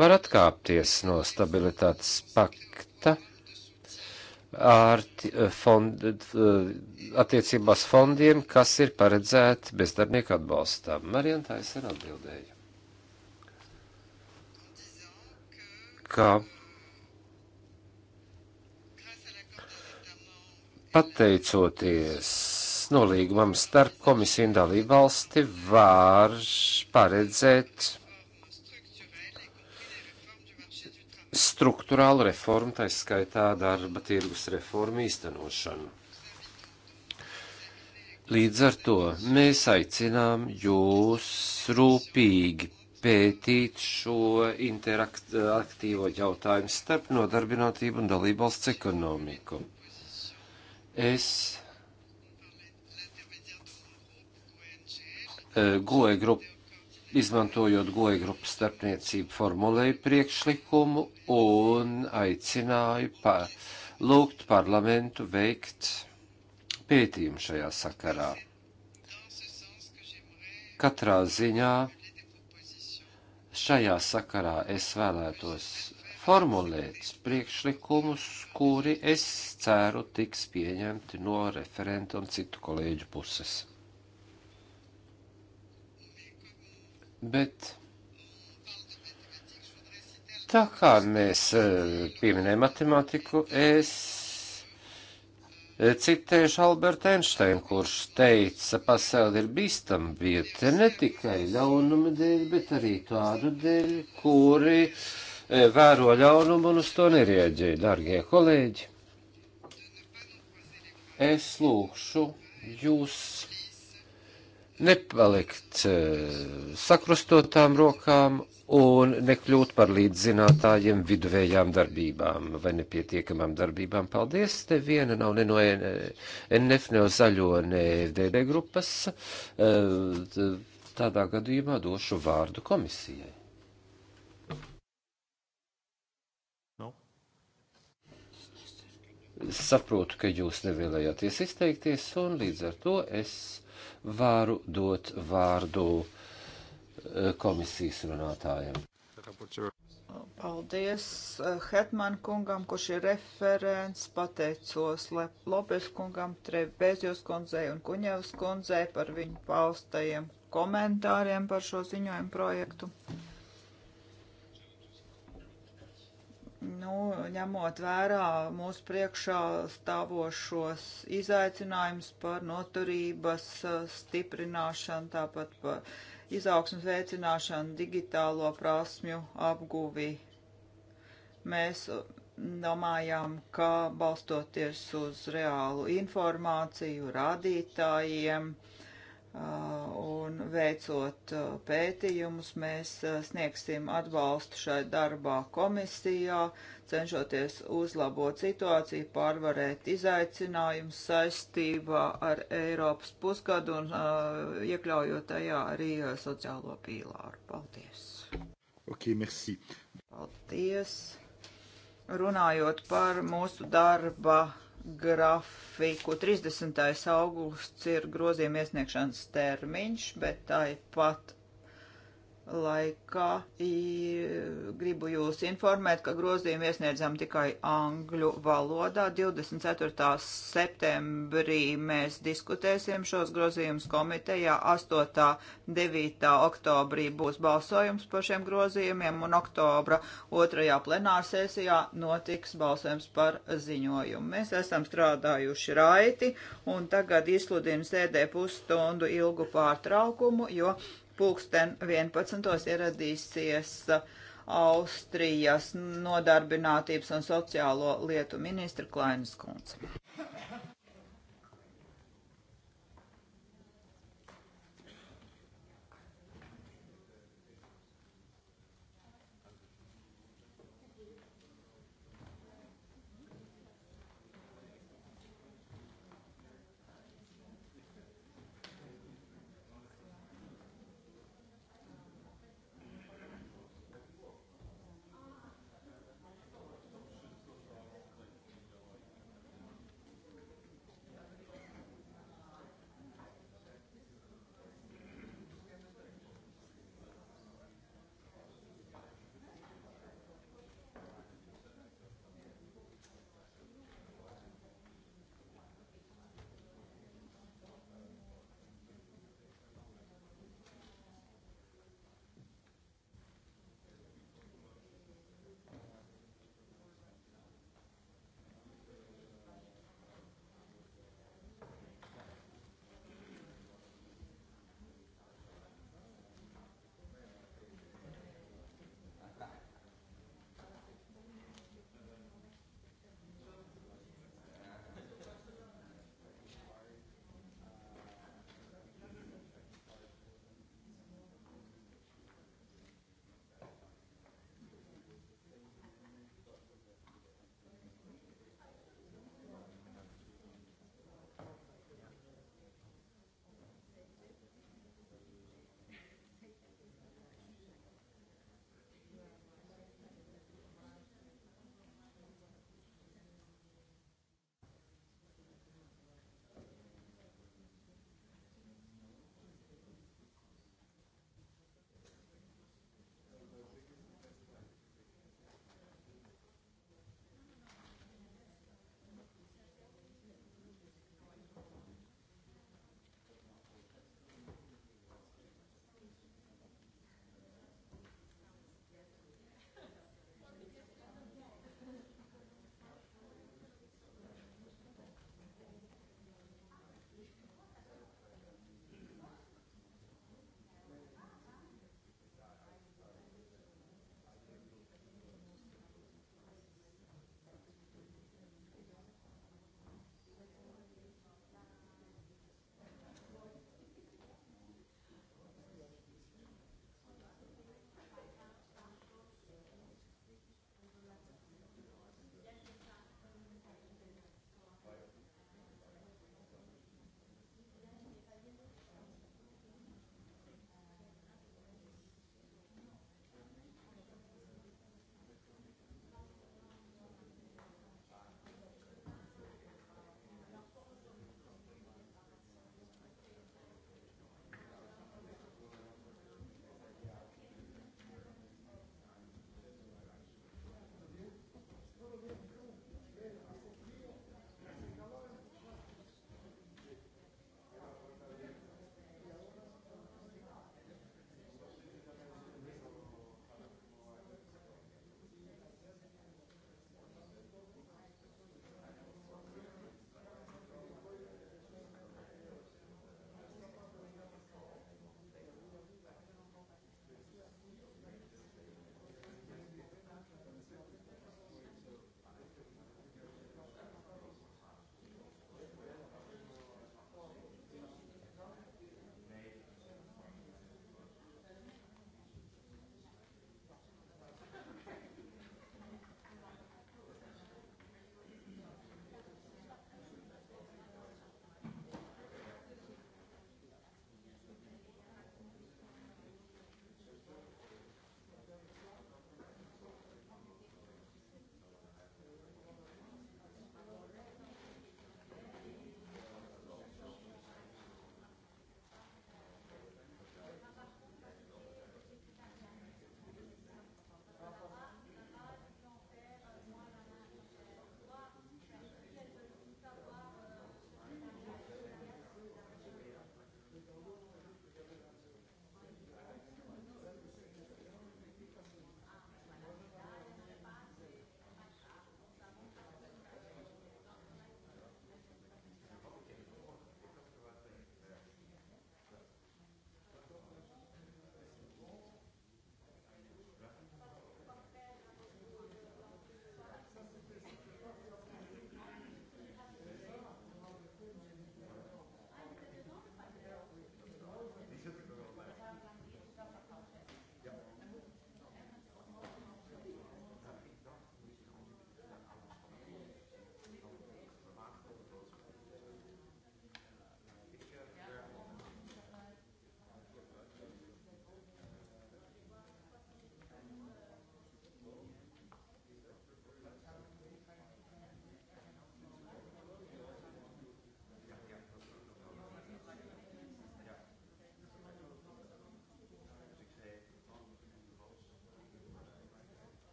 var atkāpties no stabilitātes pakta ar e, fond, e, e, attiecībās fondiem, kas ir paredzēti bezdarbnieku atbalstam. Marijana Taisen atbildēja. Kā pateicoties nolīgumam starp komisiju un dalību valsti, var paredzēt struktūrālu reformu, tā skaitā darba tirgus reformu īstenošanu. Līdz ar to mēs aicinām jūs rūpīgi pētīt šo interaktīvo jautājumu starp nodarbinātību un dalībvalsts ekonomiku. Es eh, GOE grupu izmantojot goja grupas starpniecību formulēju priekšlikumu un aicināju pa, lūgt parlamentu veikt pētījumu šajā sakarā. Katrā ziņā šajā sakarā es vēlētos formulēt priekšlikumus, kuri es ceru tiks pieņemti no referenta un citu kolēģu puses. Bet tā kā mēs e, pieminējam matemātiku, es e, citēšu Albertu Einsteinu, kurš teica, pasauli ir bīstama vieta ne tikai ļaunuma dēļ, bet arī tādu dēļ, kuri e, vēro ļaunumu un uz to nerieģē, dārgie kolēģi. Es lūkšu jūs nepalikt eh, sakrustotām rokām un nekļūt par līdzzinātājiem viduvējām darbībām vai nepietiekamām darbībām. Paldies! Te viena nav ne no NF, eh, ne no zaļo, ne FDD grupas. Eh, tādā gadījumā došu vārdu komisijai. No. Saprotu, ka jūs nevēlējāties izteikties, un līdz ar to es varu dot vārdu e, komisijas runātājiem. Paldies e, Hetman kungam, kurš ir referents, pateicos Lopes kungam, Trebezjos kundzei un Kuņevs kundzei par viņu paustajiem komentāriem par šo ziņojumu projektu. nu, ņemot vērā mūsu priekšā stāvošos izaicinājumus par noturības eh, stiprināšanu, tāpat par izaugsmas veicināšanu, digitālo prasmju apguvi. Mēs eh, domājām, ka balstoties uz reālu informāciju, rādītājiem, uh, un veicot pētījumus, mēs sniegsim atbalstu šai darbā komisijā, cenšoties uzlabot situāciju, pārvarēt izaicinājumus saistībā ar Eiropas pusgadu un uh, iekļaujot tajā arī sociālo pīlāru. Paldies! Ok, merci! Paldies! Runājot par mūsu darba grafiku. 30. augusts ir grozījuma iesniegšanas termiņš, bet tāpat laikā. Gribu jūs informēt, ka grozījumi iesniedzam tikai angļu valodā. 24. septembrī mēs diskutēsim šos grozījumus komitejā. 8. 9. oktobrī būs balsojums par šiem grozījumiem un oktobra 2. plenārsēsijā notiks balsojums par ziņojumu. Mēs esam strādājuši raiti un tagad izsludinu sēdē pusstundu ilgu pārtraukumu, jo pulksten 11. ieradīsies uh, Austrijas nodarbinātības un sociālo lietu ministra Klainas kundze.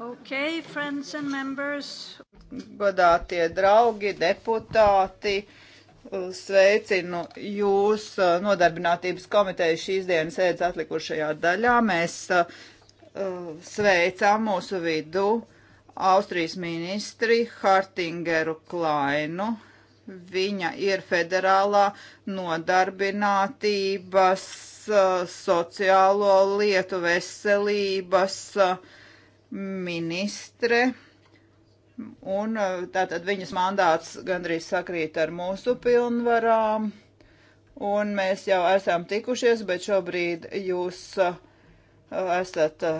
Okay, friends and members. Godātie draugi, deputāti, sveicinu jūs uh, nodarbinātības komiteju šīs dienas sēdes atlikušajā daļā. Mēs uh, uh sveicām mūsu vidu Austrijas ministri Hartingeru Klainu. Viņa ir federālā nodarbinātības sociālo lietu veselības ministre. Un tātad viņas mandāts gandrīz sakrīt ar mūsu pilnvarām. Un mēs jau esam tikušies, bet šobrīd jūs esat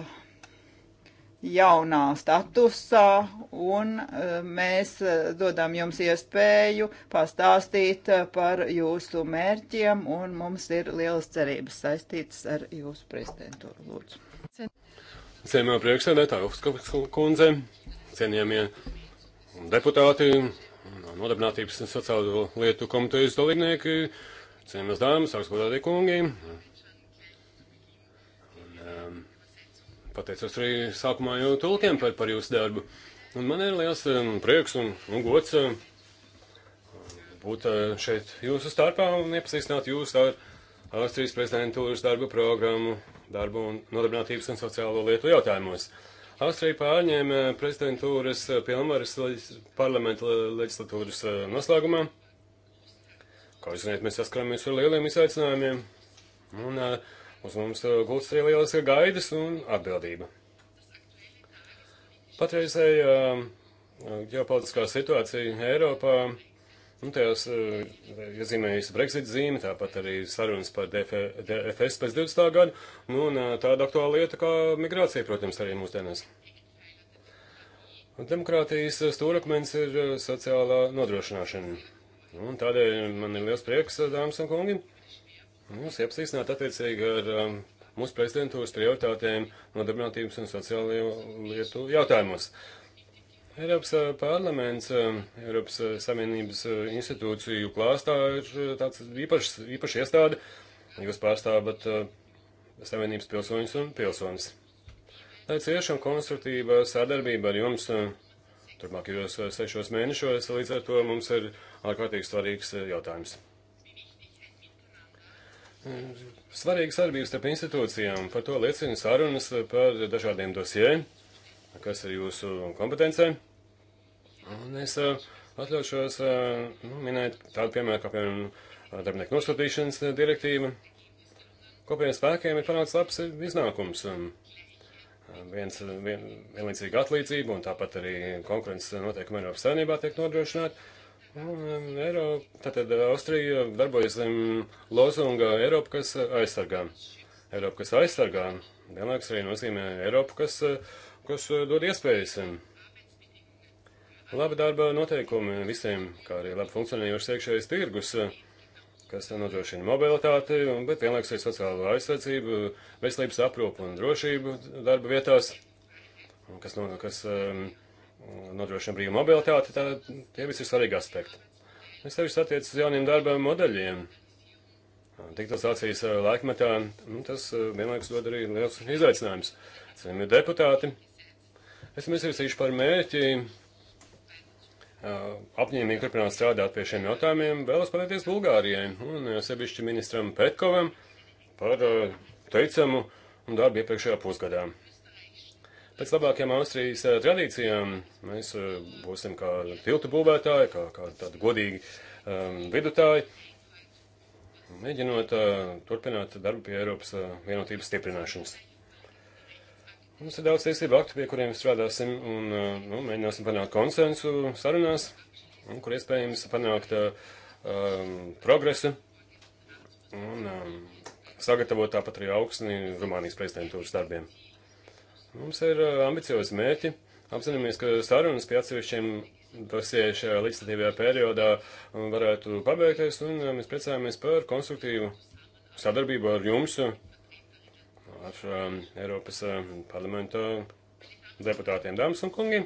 jaunā statusā, un eh, mēs eh, dodam jums iespēju pastāstīt eh, par jūsu mērķiem, un mums ir lielas cerības saistītas ar jūsu prezidentūru. Lūdzu. Cienījamā priekšsēdētāja Uzskavis kundze, cienījamie deputāti, nodarbinātības sociālo lietu komitejas dalībnieki, cienījamas dāmas, augstgadātie kungi, pateicos arī sākumā jau tulkiem par, par jūsu darbu. Un man ir liels um, prieks un, un gods uh, būt uh, šeit jūsu starpā un iepazīstināt jūs ar Austrijas prezidentūras darba programmu, darbu un nodarbinātības un sociālo lietu jautājumos. Austrija pārņēma prezidentūras uh, pilnvaras parlamenta leģislatūras noslēgumā. Kā jūs zināt, mēs saskaramies ar lieliem izaicinājumiem. Un, uh, Uz mums uh, gults arī lieliska gaidas un atbildība. Patreizēja uh, ģeopolitiskā situācija Eiropā, nu, tajās iezīmējas uh, Brexit zīme, tāpat arī sarunas par DF, DFS pēc 20. gada, nu, un tāda aktuāla lieta kā migrācija, protams, arī mūsdienās. Demokrātijas stūrakmens ir sociālā nodrošināšana. Un tādēļ man ir liels prieks, dāmas un kungi, Jūs nu, iepazīstināt attiecīgi ar um, mūsu prezidentūras prioritātēm nodarbinātības un sociālajo lietu jautājumos. Eiropas uh, parlaments, um, Eiropas uh, Savienības uh, institūciju klāstā ir tāds īpašs, īpaši iestāde. Jūs pārstāvat Savienības pilsoņus un pilsonis. Lai cieša un konstruktīva sadarbība ar jums turpmākajos sešos mēnešos, līdz ar to mums ir ārkārtīgi svarīgs jautājums. Svarīga sadarbība starp institūcijām. Par to liecina sarunas par dažādiem dosieriem, kas ir jūsu kompetencē. Un es eh, atļaušos eh, nu, minēt tādu piemēru, kā piemēram darbinieku nosūtīšanas direktīva. Kopējiem spēkiem ir panācis labs iznākums. Viens, vien, vienlīdzīga atlīdzība un tāpat arī konkurences noteikumi Eiropas saimnībā tiek nodrošināti. Eiropa, tātad eh, Austrija darbojas zem lozunga Eiropa, kas eh, aizsargā. Eiropa, kas aizsargā. Vienlaiks arī nozīmē Eiropu, kas, eh, kas dod iespējas. Labi darba noteikumi visiem, kā arī labi funkcionējošs iekšējais tirgus, kas nodrošina mobilitāti, bet vienlaiks arī sociālo aizsardzību, veselības aprūpu un drošību darba vietās, kas, no, kas um, nodrošina brīvu mobilitāti, tā, tie visi ir svarīgi aspekti. Es sevišķi attiecas uz jauniem darba modeļiem. Digitalizācijas eh, laikmetā nu, tas eh, vienlaikus dod arī liels izaicinājums. Esam ir deputāti. Esam izvirzījuši par mērķi eh, apņēmīgi turpināt strādāt pie šiem jautājumiem. Vēlos pateikties Bulgārijai un sevišķi ministram Petkovam par teicamu un darbu iepriekšējā pusgadā. Pēc labākajām Austrijas eh, tradīcijām mēs eh, būsim kā tiltu būvētāji, kā, kā tādi godīgi um, vidutāji, mēģinot uh, turpināt darbu pie Eiropas uh, vienotības stiprināšanas. Mums ir daudz tiesību aktu, pie kuriem strādāsim un uh, nu, mēģināsim panākt konsensu sarunās, un kur iespējams panākt uh, progresu un um, sagatavot tāpat arī augstni Rumānijas prezidentūras darbiem. Mums ir uh, ambiciozi mērķi. Apzināmies, ka sarunas pie atsevišķiem dosie šajā līdzstatīvajā periodā um, varētu pabeigties, un uh, mēs priecājamies par konstruktīvu sadarbību ar jums, ar um, Eiropas um, parlamenta deputātiem, dāmas un kungi.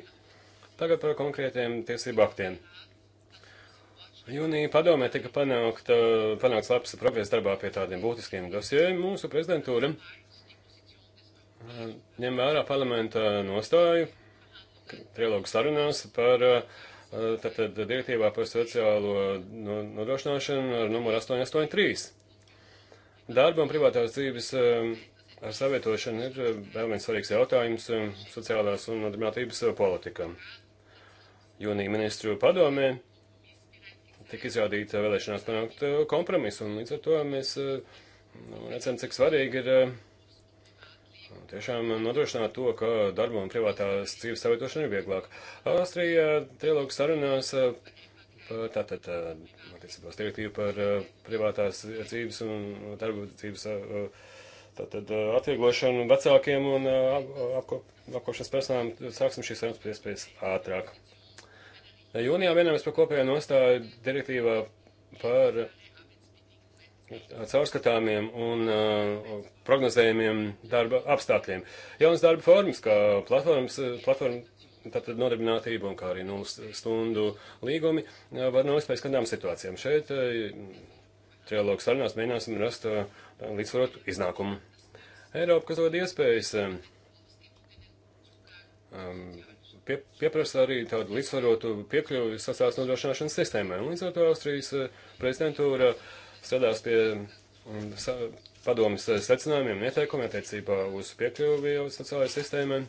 Tagad par konkrētiem tiesību aktiem. Jūnija padomē tika panākt, panākts labs progress darbā pie tādiem būtiskiem dosiem. Mūsu prezidentūra ņem vērā parlamenta nostāju trilogu sarunās par eh, tātad direktīvā par sociālo nodrošināšanu ar numuru 883. Darba un privātās dzīves eh, ar savietošanu ir eh, vēl viens svarīgs jautājums sociālās un nodarbinātības politikā. Jūnija ministru padomē tika izrādīta vēlēšanās panākt kompromisu, un līdz ar to mēs nu, redzam, cik svarīgi ir uh, Tiešām nodrošināt to, ka darba un privātās dzīves savietošana ir vieglāk. Austrija eh, trilogu sarunās eh, tātad eh, attiecībās direktīvu par privātās dzīves un darba dzīves tātad atvieglošanu vecākiem un apko, apkošanas personām sāksim šīs sarunas pēc iespējas ātrāk. Jūnijā vienojums par kopējo nostāju direktīvā par caurskatāmiem un uh, prognozējumiem darba apstākļiem. Jaunas darba formas, kā platformas, uh, platforma tātad nodarbinātība un kā arī nulles stundu līgumi uh, var novest pēc kādām situācijām. Šeit uh, trialogu sarunās mēģināsim rast uh, līdzsvarotu iznākumu. Eiropa, kas dod iespējas um, um, pie, pieprasa arī tādu līdzsvarotu piekļuvi sasās nodrošināšanas sistēmai. Un līdz ar to Austrijas uh, prezidentūra uh, strādās pie um, padomas eh, secinājumiem, ieteikumiem attiecībā uz piekļuvi sociālajai sistēmai.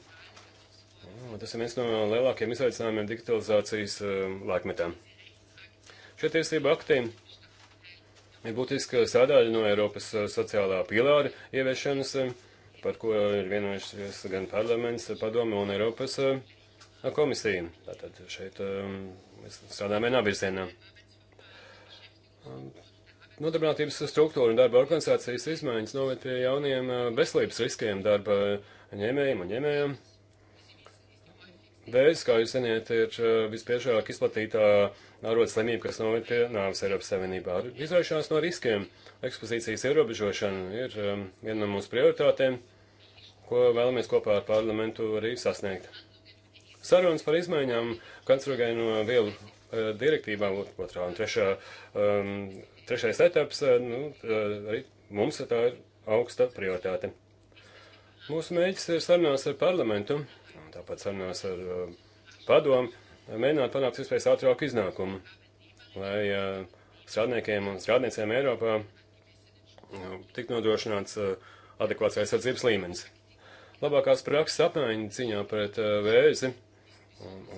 Tas ir viens no lielākiem izaicinājumiem digitalizācijas um, laikmetā. Šie tiesība akti ir būtiska sadaļa no Eiropas eh, sociālā pīlāra ieviešanas, eh, par ko ir vienojušies gan parlaments, padome un Eiropas komisija. Tātad šeit um, mēs strādājam vienā virzienā. Nodarbinātības struktūra un darba organizācijas izmaiņas noved pie jauniem veselības riskiem darba ņēmējiem un ņēmējiem. Vēzis, kā jūs ziniet, ir vispiešāk izplatītā ārot slimība, kas noved pie nāves Eiropas Savienībā. Izraišanās no riskiem, ekspozīcijas ierobežošana ir viena no mūsu prioritātēm, ko vēlamies kopā ar parlamentu arī sasniegt. Sarunas par izmaiņām kancerogēno vielu direktīvām otrā un trešā um, Trešais etaps, eh, nu, arī eh, mums tā ir augsta prioritāte. Mūsu mēģis ir sarunās ar parlamentu, tāpat sarunās ar eh, padomu, mēģināt panākt vispēc ātrāku iznākumu, lai strādniekiem un strādniecēm Eiropā tik nodrošināts adekvāts aizsardzības līmenis. Labākās prakses apmaiņa ciņā pret vēzi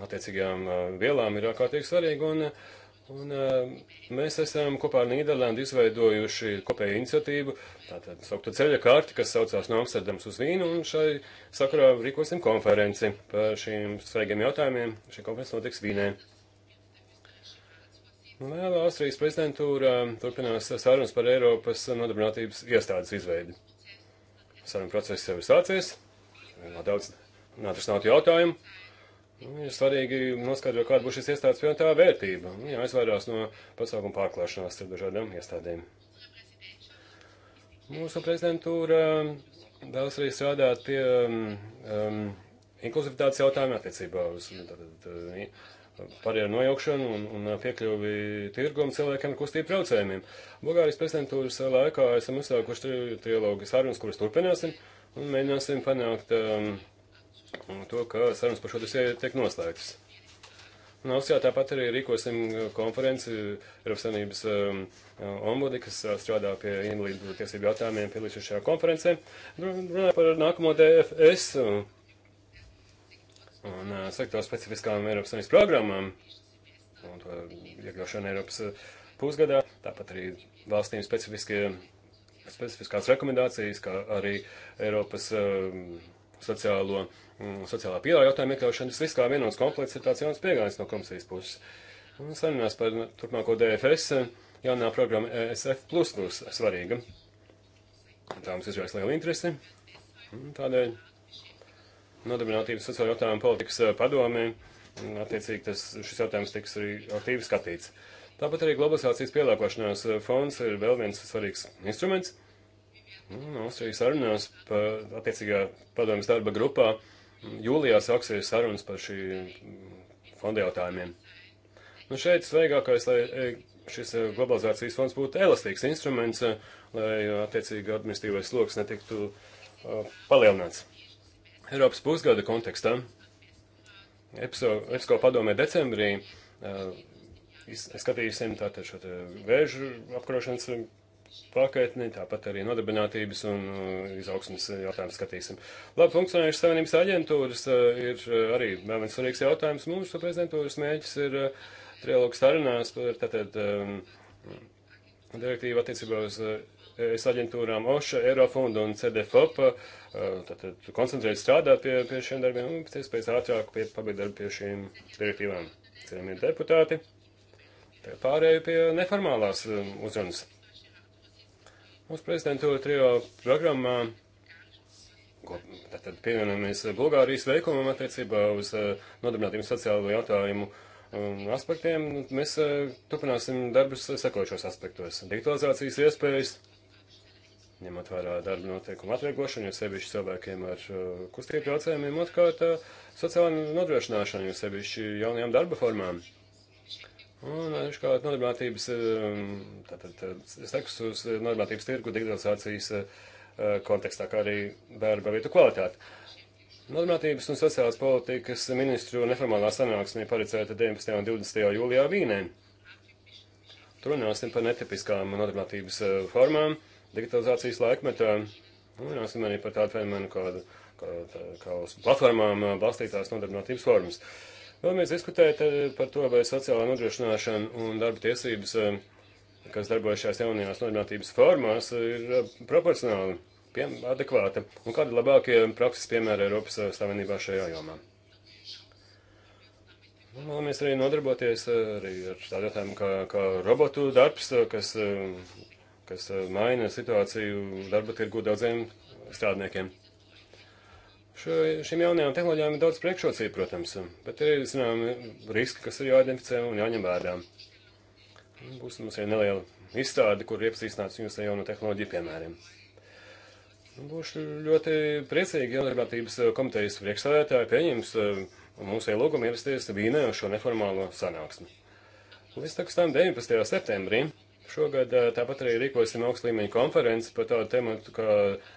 attiecīgām vielām ir ārkārtīgi svarīga, un Un e, mēs esam kopā ar Nīderlandi izveidojuši kopēju iniciatīvu, tātad sauktu ceļa karti, kas saucās no Amsterdams uz Vīnu, un šai sakarā rīkosim konferenci par šīm svaigiem jautājumiem. Šī konferences notiks Vīnē. Vēl Austrijas prezidentūra turpinās sarunas par Eiropas nodarbinātības iestādes izveidi. Saruna process jau ir sācies, vēl daudz nātrasnātu jautājumu. Nu, ir svarīgi noskaidrot, kāda būs šīs iestādes pievienotā vērtība. Jāizvairās no pasākuma pārklāšanās ar dažādām iestādēm. Mūsu prezidentūra um, vēlas arī strādāt pie um, um inkluzivitātes jautājumiem attiecībā uz nu, uh, barjeru nojaukšanu un, un uh, piekļuvi tirgumu cilvēkiem ar kustību traucējumiem. Bulgārijas prezidentūras laikā esam uzsākuši trilogu sarunas, kuras turpināsim un mēģināsim panākt um, un to, ka sarunas par šo dosēju tiek noslēgtas. Un nu, Austrijā tāpat arī rīkosim konferenci Eiropas Savienības um, ombudi, kas uh, strādā pie invalīdu tiesību jautājumiem piedalīšos šajā konferencē. Nu, runāju par nākamo DFS un, un uh, sektoru specifiskām Eiropas Savienības programmām un to iekļaušanu Eiropas uh, pusgadā. Tāpat arī valstīm specifiskie, specifiskās rekomendācijas, kā arī Eiropas um, sociālo, mm, sociālā pīlā jautājumu iekļaušanu. Tas viss kā vienots komplekts ir tāds jauns pieejams no komisijas puses. Un sarunās par turpmāko DFS eh, jaunā programma ESF plus būs svarīga. Tā mums izraisa lielu interesi. Un tādēļ nodarbinātības sociālo jautājumu politikas eh, padomē, attiecīgi tas, šis jautājums tiks arī aktīvi skatīts. Tāpat arī globalizācijas pielāgošanās eh, fonds ir vēl viens svarīgs instruments. Mm, Austrijas sarunās attiecīgā padomjas darba grupā. Jūlijā sāksies sarunas par šī fonda jautājumiem. Nu, šeit svaigākais, lai e, šis e, globalizācijas fonds būtu elastīgs instruments, e, lai attiecīgi administratīvais sloks netiktu palielināts. Eiropas pusgada kontekstā EPSO, EPSCO padomē decembrī skatīsim tātad šo vēžu apkarošanas pakaitni, tāpat arī nodarbinātības un uh, izaugsmas jautājumus skatīsim. Labi, funkcionējušas savienības aģentūras uh, ir uh, arī vēl viens svarīgs jautājums. Mūsu prezidentūras mēģis ir trialogu sarunās par tātad um, direktīvu attiecībā uz es aģentūrām OŠA, Eurofonda un CDFOP, tātad koncentrēt strādāt pie, pie šiem darbiem un pēc iespējas ātrāk pie, pabeigt darbu pie šīm direktīvām. Cienījamie deputāti, pārēju pie neformālās um, uzrunas. Um, Mūsu prezidentūra trijo programmā, ko tātad pievienojamies Bulgārijas veikumam attiecībā uz eh, nodarbinātību sociālo jautājumu um, aspektiem, nu, mēs eh, turpināsim darbus sekojušos aspektos. Digitalizācijas iespējas, ņemot vērā darba noteikumu atvieglošanu, jo sevišķi cilvēkiem ar eh, kustību traucējumiem, otrkārt sociālā nodrošināšana, jo sevišķi jaunajām darba formām. Un, aišku, nu, kā nodarbinātības, ehm, tātad eh, seksus eh, nodarbinātības tirgu digitalizācijas eh, kontekstā, kā arī darba vietu kvalitāti. Nodarbinātības un sociālās politikas ministru neformālā sanāksmē paredzēta 19. un 20. jūlijā Vīnē. Tur runāsim par netipiskām nodarbinātības formām digitalizācijas laikmetā. Runāsim arī par tādu fenomenu, kādu kā, kā uz platformām balstītās nodarbinātības formas. Uh, Vēlamies diskutēt par to, vai sociālā nodrošināšana un darba tiesības, eh, kas darbojas šajās jaunajās nodarbinātības formās, ir eh, proporcionāli piem, adekvāta un kādi labākie prakses piemēri Eiropas eh, Savienībā šajā jomā. Nu, mēs arī nodarboties arī ar tādām kā, kā robotu darbs, kas, kas maina situāciju darba tirgu daudziem strādniekiem. Šo, šiem jaunajām tehnoloģijām ir daudz priekšrocību, protams, bet ir, zinām, riski, kas ir jāidentificē un jāņem vērā. Būs mums arī neliela izstāde, kur iepazīstināts jūs ar jaunu tehnoloģiju piemēriem. Nu, būšu ļoti priecīgi, ja Nodarbinātības komitejas priekšsādātāji pieņems uh, mūsu ielūgumu ierasties Vīnē uz šo neformālo sanāksmi. Līdz tā kustām 19. septembrī Šogad tāpat arī rīkosim augstu līmeņu konferenci par tādu tematu kā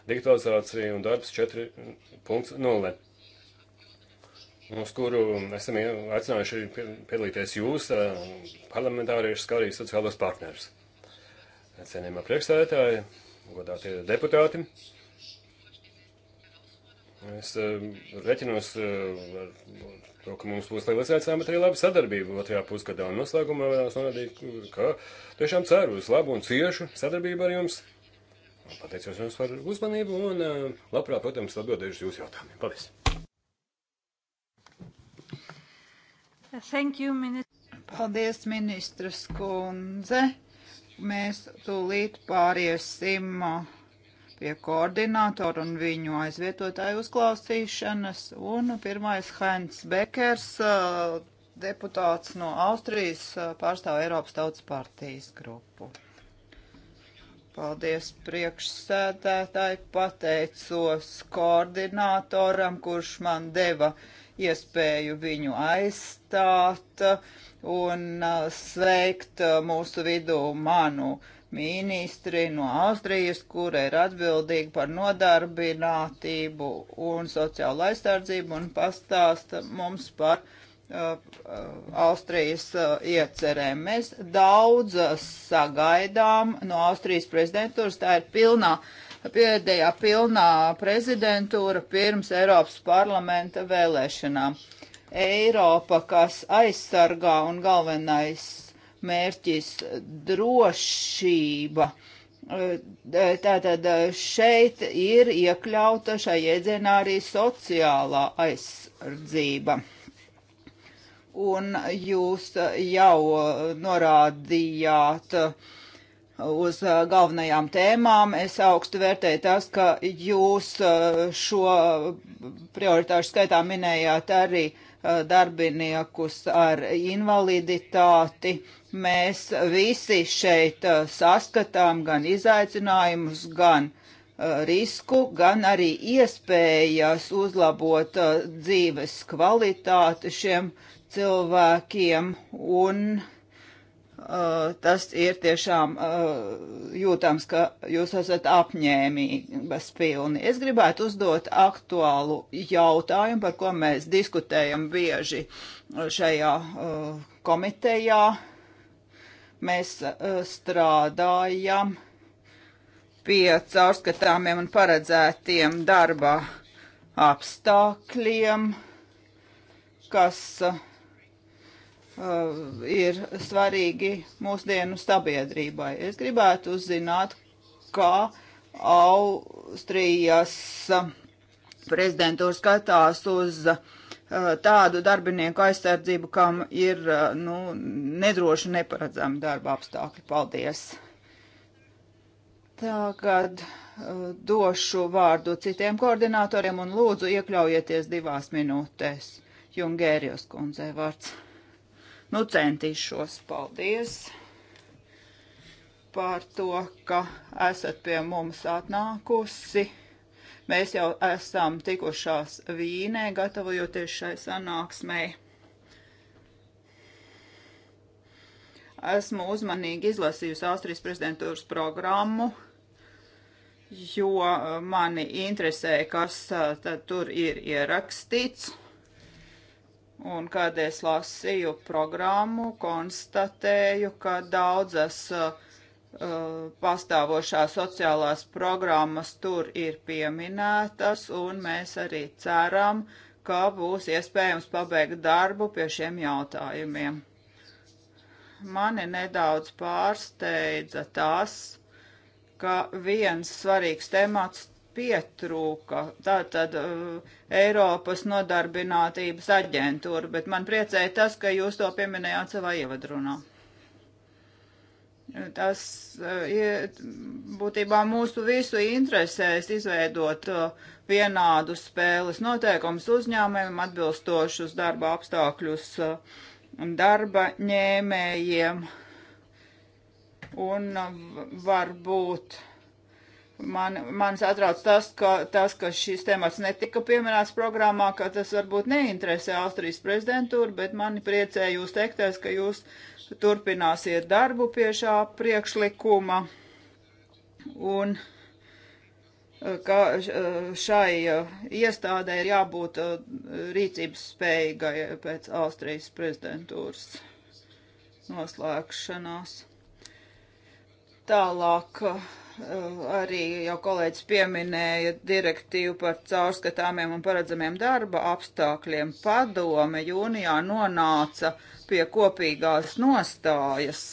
digitalizācija un darbs 4.0, uz kuru esam aicinājuši piedalīties jūs, parlamentārieši, kā arī sociālos partnerus. Cienījumā priekšstādētāji, godātie deputāti. Es uh, reķinos uh, ar to, ka mums būs liels aicinājums arī laba sadarbība otrajā pusgadā. Un noslēgumā vēlos norādīt, ka tiešām ceru uz labu un ciešu sadarbību ar jums. Un pateicos jums par uzmanību un labprāt, protams, atbildēšu jūsu jautājumiem. Paldies! Thank you, ministr. Paldies, ministras kundze. Mēs tūlīt pāriesim. Uh, pie koordinātoru un viņu aizvietotāju uzklausīšanas. Un pirmais Heinz Bekers, deputāts no Austrijas, pārstāv Eiropas Tautas partijas grupu. Paldies priekšsēdētāji, pateicos koordinātoram, kurš man deva iespēju viņu aizstāt un sveikt mūsu vidū manu ministri no Austrijas, kura ir atbildīga par nodarbinātību un sociālo aizsardzību un pastāsta mums par uh, uh Austrijas uh, iecerēm. Mēs daudz uh, sagaidām no Austrijas prezidentūras. Tā ir pilnā, pēdējā pilnā prezidentūra pirms Eiropas parlamenta vēlēšanām. Eiropa, kas aizsargā un galvenais mērķis drošība. E, tātad šeit ir iekļauta šai jēdzienā arī sociālā aizsardzība. Un jūs jau norādījāt uz galvenajām tēmām. Es augstu vērtēju tas, ka jūs šo prioritāšu skaitā minējāt arī darbiniekus ar invaliditāti, Mēs visi šeit uh, saskatām gan izaicinājumus, gan uh, risku, gan arī iespējas uzlabot uh, dzīves kvalitāti šiem cilvēkiem, un uh, tas ir tiešām uh, jūtams, ka jūs esat apņēmības pilni. Es gribētu uzdot aktuālu jautājumu, par ko mēs diskutējam bieži šajā uh, komitejā. Uh, Mēs e, strādājam pie caurskatāmiem un paredzētiem darba apstākļiem, kas uh, ir svarīgi mūsdienu sabiedrībai. Es gribētu uzzināt, kā Austrijas prezidentūra skatās uz uh, E, tādu darbinieku aizsardzību, kam ir e, nu, nedroši neparedzami darba apstākļi. Paldies! Tagad e, došu vārdu citiem koordinatoriem un lūdzu iekļaujieties divās minūtēs. Jungērijos kundzei vārds. Nu, centīšos. Paldies par to, ka esat pie mums atnākusi. Mēs jau esam tikušās Vīnē, gatavojoties šai sanāksmei. Esmu uzmanīgi izlasījusi Austrijas prezidentūras programmu jo uh, mani interesē, kas uh, tad tur ir ierakstīts. Un, kad es lasīju programmu, konstatēju, ka daudzas uh, pastāvošās sociālās programmas tur ir pieminētas, un mēs arī ceram, ka būs iespējams pabeigt darbu pie šiem jautājumiem. Mani nedaudz pārsteidza tas, ka viens svarīgs temats pietrūka. Tātad uh, Eiropas nodarbinātības aģentūra, bet man priecēja tas, ka jūs to pieminējāt savā ievadrunā. Tas eh, būtībā mūsu visu interesēs izveidot eh, vienādus spēles noteikumus uzņēmējiem, atbilstošus darba apstākļus eh, darba ņēmējiem. Un varbūt man, man satrauc tas ka, tas, ka šis temats netika pieminēts programmā, ka tas varbūt neinteresē Austrijas prezidentūru, bet mani priecē jūs teiktais, ka jūs turpināsiet darbu pie šā priekšlikuma un eh, ka eh, šai eh, iestādē ir jābūt rīcības spējīgai pēc Austrijas prezidentūras noslēgšanās. Tālāk arī jau kolēģis pieminēja direktīvu par caurskatāmiem un paredzamiem darba apstākļiem. Padome jūnijā nonāca pie kopīgās nostājas,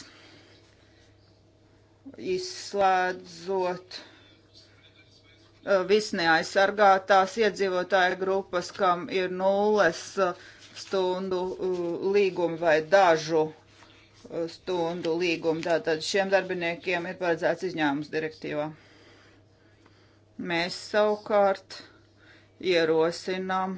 izslēdzot uh, visneaizsargātās iedzīvotāju grupas, kam ir nulles uh, stundu uh, līgumi vai dažu stundu līgumu. Tātad šiem darbiniekiem ir paredzēts izņēmums direktīvā. Mēs savukārt ierosinām,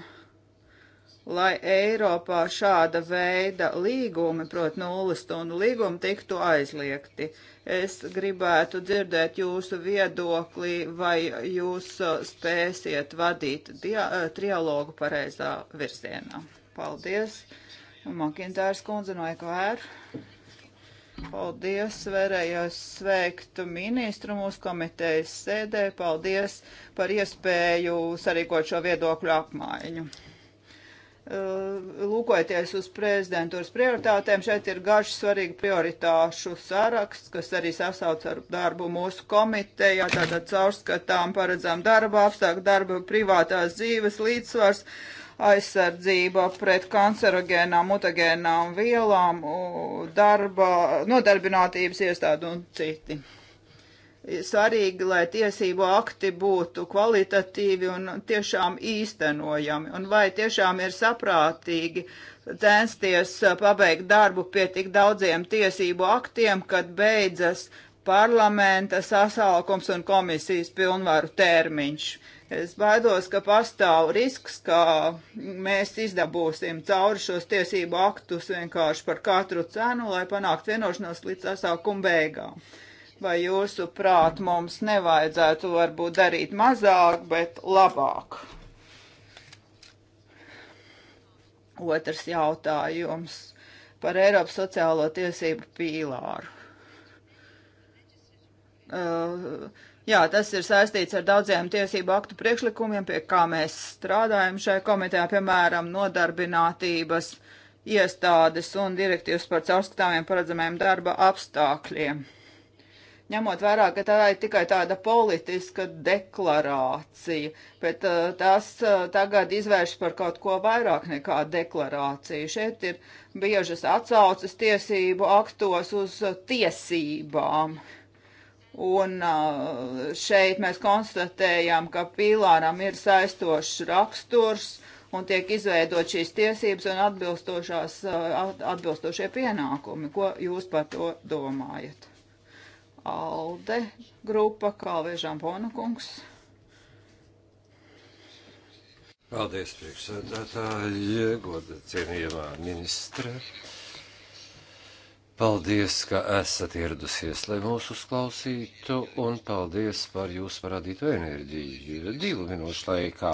lai Eiropā šāda veida līgumi, proti, nulles stundu līgumi, tiktu aizliegti. Es gribētu dzirdēt jūsu viedokli, vai jūs uh, spēsiet vadīt uh, trialogu pareizā virzienā. Paldies! Makintārs kundze no EKR. Paldies, varējos sveikt ministru mūsu komitejas sēdē. Paldies par iespēju sarīkot šo viedokļu apmaiņu. Uh, lūkojoties uz prezidentūras prioritātēm, šeit ir garš svarīgi prioritāšu saraksts, kas arī sasauc ar darbu mūsu komitejā, tātad caurskatām paredzām darba apstākļu, darba privātās dzīves līdzsvars. Uh, aizsardzība pret kancerogēnām, mutagēnām vielām, darba, nodarbinātības iestādi un citi. Svarīgi, lai tiesību akti būtu kvalitatīvi un tiešām īstenojami, un vai tiešām ir saprātīgi censties uh, pabeigt darbu pie tik daudziem tiesību aktiem, kad beidzas parlamenta sasaukums un komisijas pilnvaru termiņš. Uh, Es baidos, ka pastāv risks, ka mēs izdabūsim cauri šos tiesību aktus vienkārši par katru cenu, lai panāktu vienošanos līdz sasaukuma beigām. Vai jūsu prāt mums nevajadzētu varbūt darīt mazāk, bet labāk? Otrs jautājums par Eiropas sociālo tiesību pīlāru. Uh, Jā, tas ir saistīts ar daudziem tiesību aktu priekšlikumiem, pie kā mēs strādājam šai komitejā, piemēram, nodarbinātības iestādes un direktīvas par caurskatāmiem paredzamiem darba apstākļiem. Ņemot vērā, ka tā ir tikai tāda politiska deklarācija, bet uh, tas uh, tagad izvēršas par kaut ko vairāk nekā deklarāciju. Šeit ir biežas atsaucas tiesību aktos uz uh, tiesībām. Uh, Un uh, šeit mēs konstatējām, ka pīlāram ir saistošs raksturs un tiek izveidot šīs tiesības un atbilstošās, uh, atbilstošie pienākumi. Ko jūs par to domājat? Alde grupa, Kalviežām Ponakungs. Paldies, priekšsēdētāji, goda cienījumā ministre. Paldies, ka esat ieradusies, lai mūsu uzklausītu, un paldies par jūsu parādīto enerģiju. Divu minūšu laikā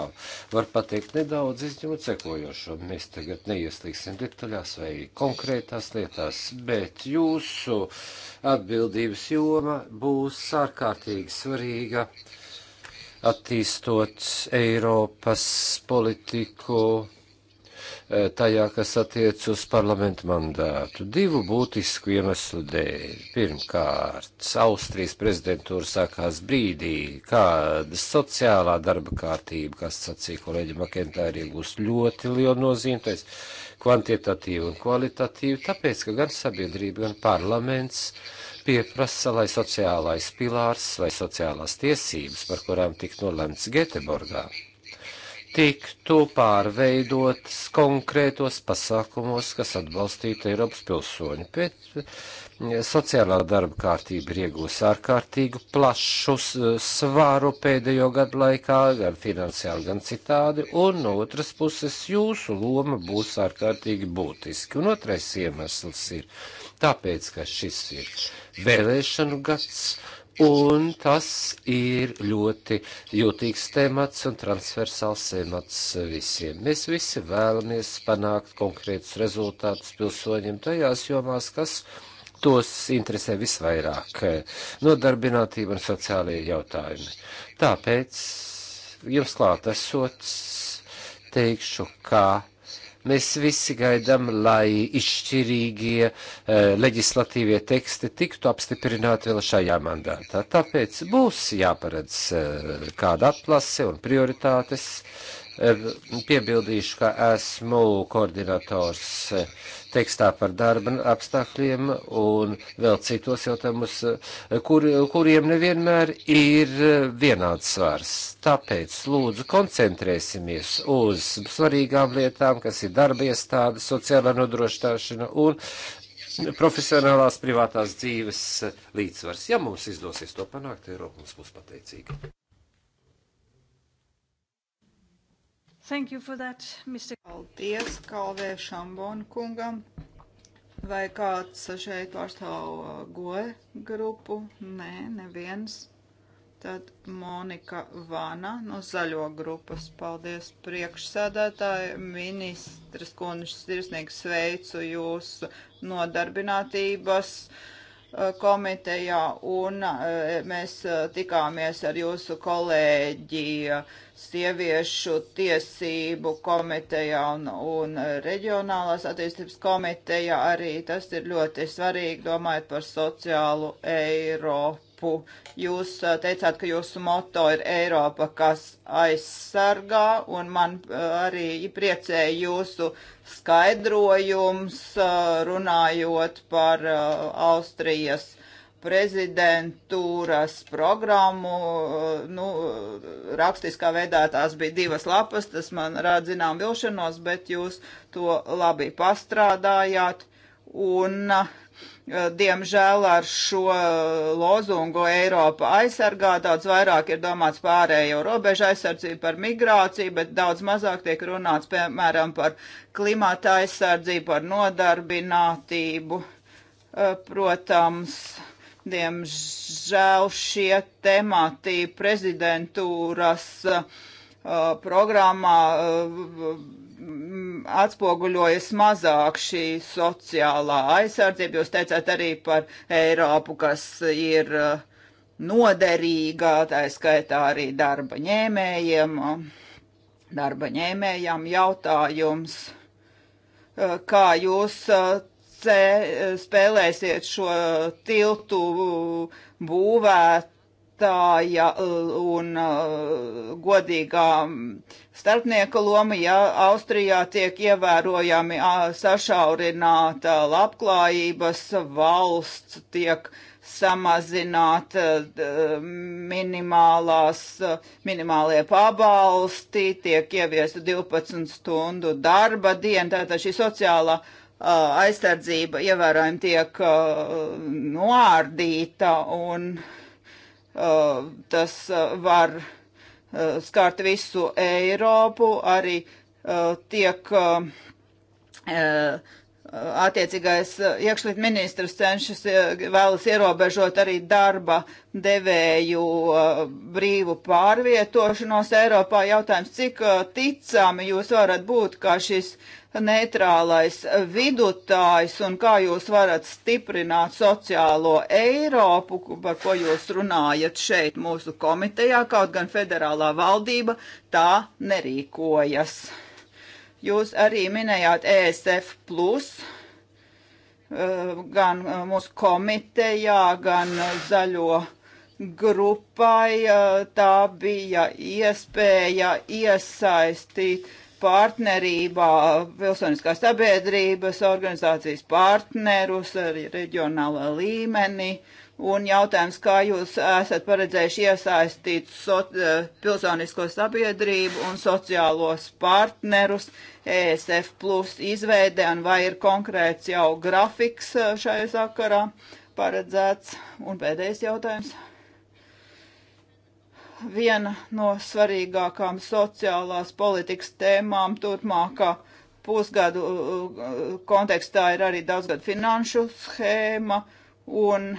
var pateikt nedaudz izņemot sekojošo. Mēs tagad neieslīgsim detaļās vai konkrētās lietās, bet jūsu atbildības joma būs ārkārtīgi svarīga attīstot Eiropas politiku tajā, kas attiec uz parlamentu mandātu, divu būtisku iemeslu dēļ. Pirmkārt, Austrijas prezidentūra sākās brīdī, kad sociālā darba kārtība, kas sacīja kolēģi Makentēri, iegūs ļoti lielu nozīmi, tas kvantitatīvi un kvalitatīvi, tāpēc, ka gan sabiedrība, gan parlaments pieprasa, lai sociālais pilārs vai sociālās tiesības, par kurām tik nolemts Geteborgā, tiktu pārveidotas konkrētos pasākumos, kas atbalstītu Eiropas pilsoņu. Pēc eh, sociālā darba kārtība ir iegūs ārkārtīgu plašu eh, svāru pēdējo gadu laikā, gan finansiāli, gan citādi, un no otras puses jūsu loma būs ārkārtīgi būtiski. Un otrais iemesls ir tāpēc, ka šis ir vēlēšanu gads un tas ir ļoti jūtīgs temats un transversāls temats visiem. Mēs visi vēlamies panākt konkrētus rezultātus pilsoņiem tajās jomās, kas tos interesē visvairāk - nodarbinātība un sociālie jautājumi. Tāpēc jums klāt esot teikšu, kā Mēs visi gaidām, lai izšķirīgie e, leģislatīvie teksti tiktu apstiprināti vēl šajā mandātā. Tāpēc būs jāparedz e, kāda atlase un prioritātes. E, piebildīšu, ka esmu koordinators. E, tekstā par darba apstākļiem un vēl citos jautājumus, kur, kuriem nevienmēr ir vienāds svars. Tāpēc lūdzu koncentrēsimies uz svarīgām lietām, kas ir darba iestāde, sociālā nodrošināšana un profesionālās privātās dzīves līdzsvars. Ja mums izdosies to panākt, Eiropa mums būs pateicīga. Thank you for that, Mr. Paldies Kalvē Šambon kungam. Vai kāds šeit pārstāv uh, goe grupu? Nē, neviens. Tad Monika Vana no zaļo grupas. Paldies priekšsēdētāji, ministras kundzes sirsnīgi sveicu jūsu nodarbinātības. Uh, komitejā, un e, mēs e, tikāmies ar jūsu kolēģi e, sieviešu tiesību komitejā un, un reģionālās attīstības komitejā arī. Tas ir ļoti svarīgi, domājot par sociālu Eiropu Eiropu. Jūs eh, teicāt, ka jūsu moto ir Eiropa, kas aizsargā, un man eh, arī priecēja jūsu skaidrojums eh, runājot par Austrijas prezidentūras programmu. Nu, rakstiskā veidā tās bija divas lapas, tas man rāda zinām vilšanos, bet jūs to labi pastrādājāt. Un Eh, diemžēl ar šo eh, lozungu Eiropa aizsargā daudz vairāk ir domāts pārējo robežu aizsardzību par migrāciju, bet daudz mazāk tiek runāts, piemēram, par klimata aizsardzību, par nodarbinātību. Eh, protams, diemžēl šie temati prezidentūras programmā atspoguļojas mazāk šī sociālā aizsardzība. Jūs teicāt arī par Eiropu, kas ir uh, noderīga, tā skaitā arī darba ņēmējiem, uh, darba ņēmējām jautājums, uh, kā jūs spēlēsiet šo tiltu būvēt vadītāja eh, un eh, godīgā starpnieka loma, ja Austrijā tiek ievērojami sašaurināta labklājības valsts, tiek samazināt eh, minimālās, minimālie pabalsti, tiek ieviesta 12 stundu darba diena, tātad šī sociālā aizsardzība ievērojami tiek noārdīta un Eh, tas eh, var eh, skārt visu Eiropu, arī tiek attiecīgais eh, iekšliet ministrs cenšas eh, vēlas ierobežot arī darba devēju eh, brīvu pārvietošanos Eiropā. Jautājums, cik ticami jūs varat būt kā šis neitrālais vidutājs un kā jūs varat stiprināt sociālo Eiropu, par ko jūs runājat šeit mūsu komitejā, kaut gan federālā valdība tā nerīkojas. Jūs arī minējāt ESF, e, gan e, mūsu komitejā, gan zaļo grupai. E, tā bija iespēja iesaistīt partnerībā pilsoniskās sabiedrības organizācijas partnerus arī reģionālā līmenī. Uh, Un jautājums, kā jūs esat paredzējuši iesaistīt so, eh, pilsonisko sabiedrību un sociālos partnerus ESF plus izveidē, un vai ir konkrēts jau grafiks eh, šai sakarā paredzēts? Un pēdējais jautājums. Viena no svarīgākām sociālās politikas tēmām turpmākā pusgadu eh, kontekstā ir arī daudzgad finanšu schēma un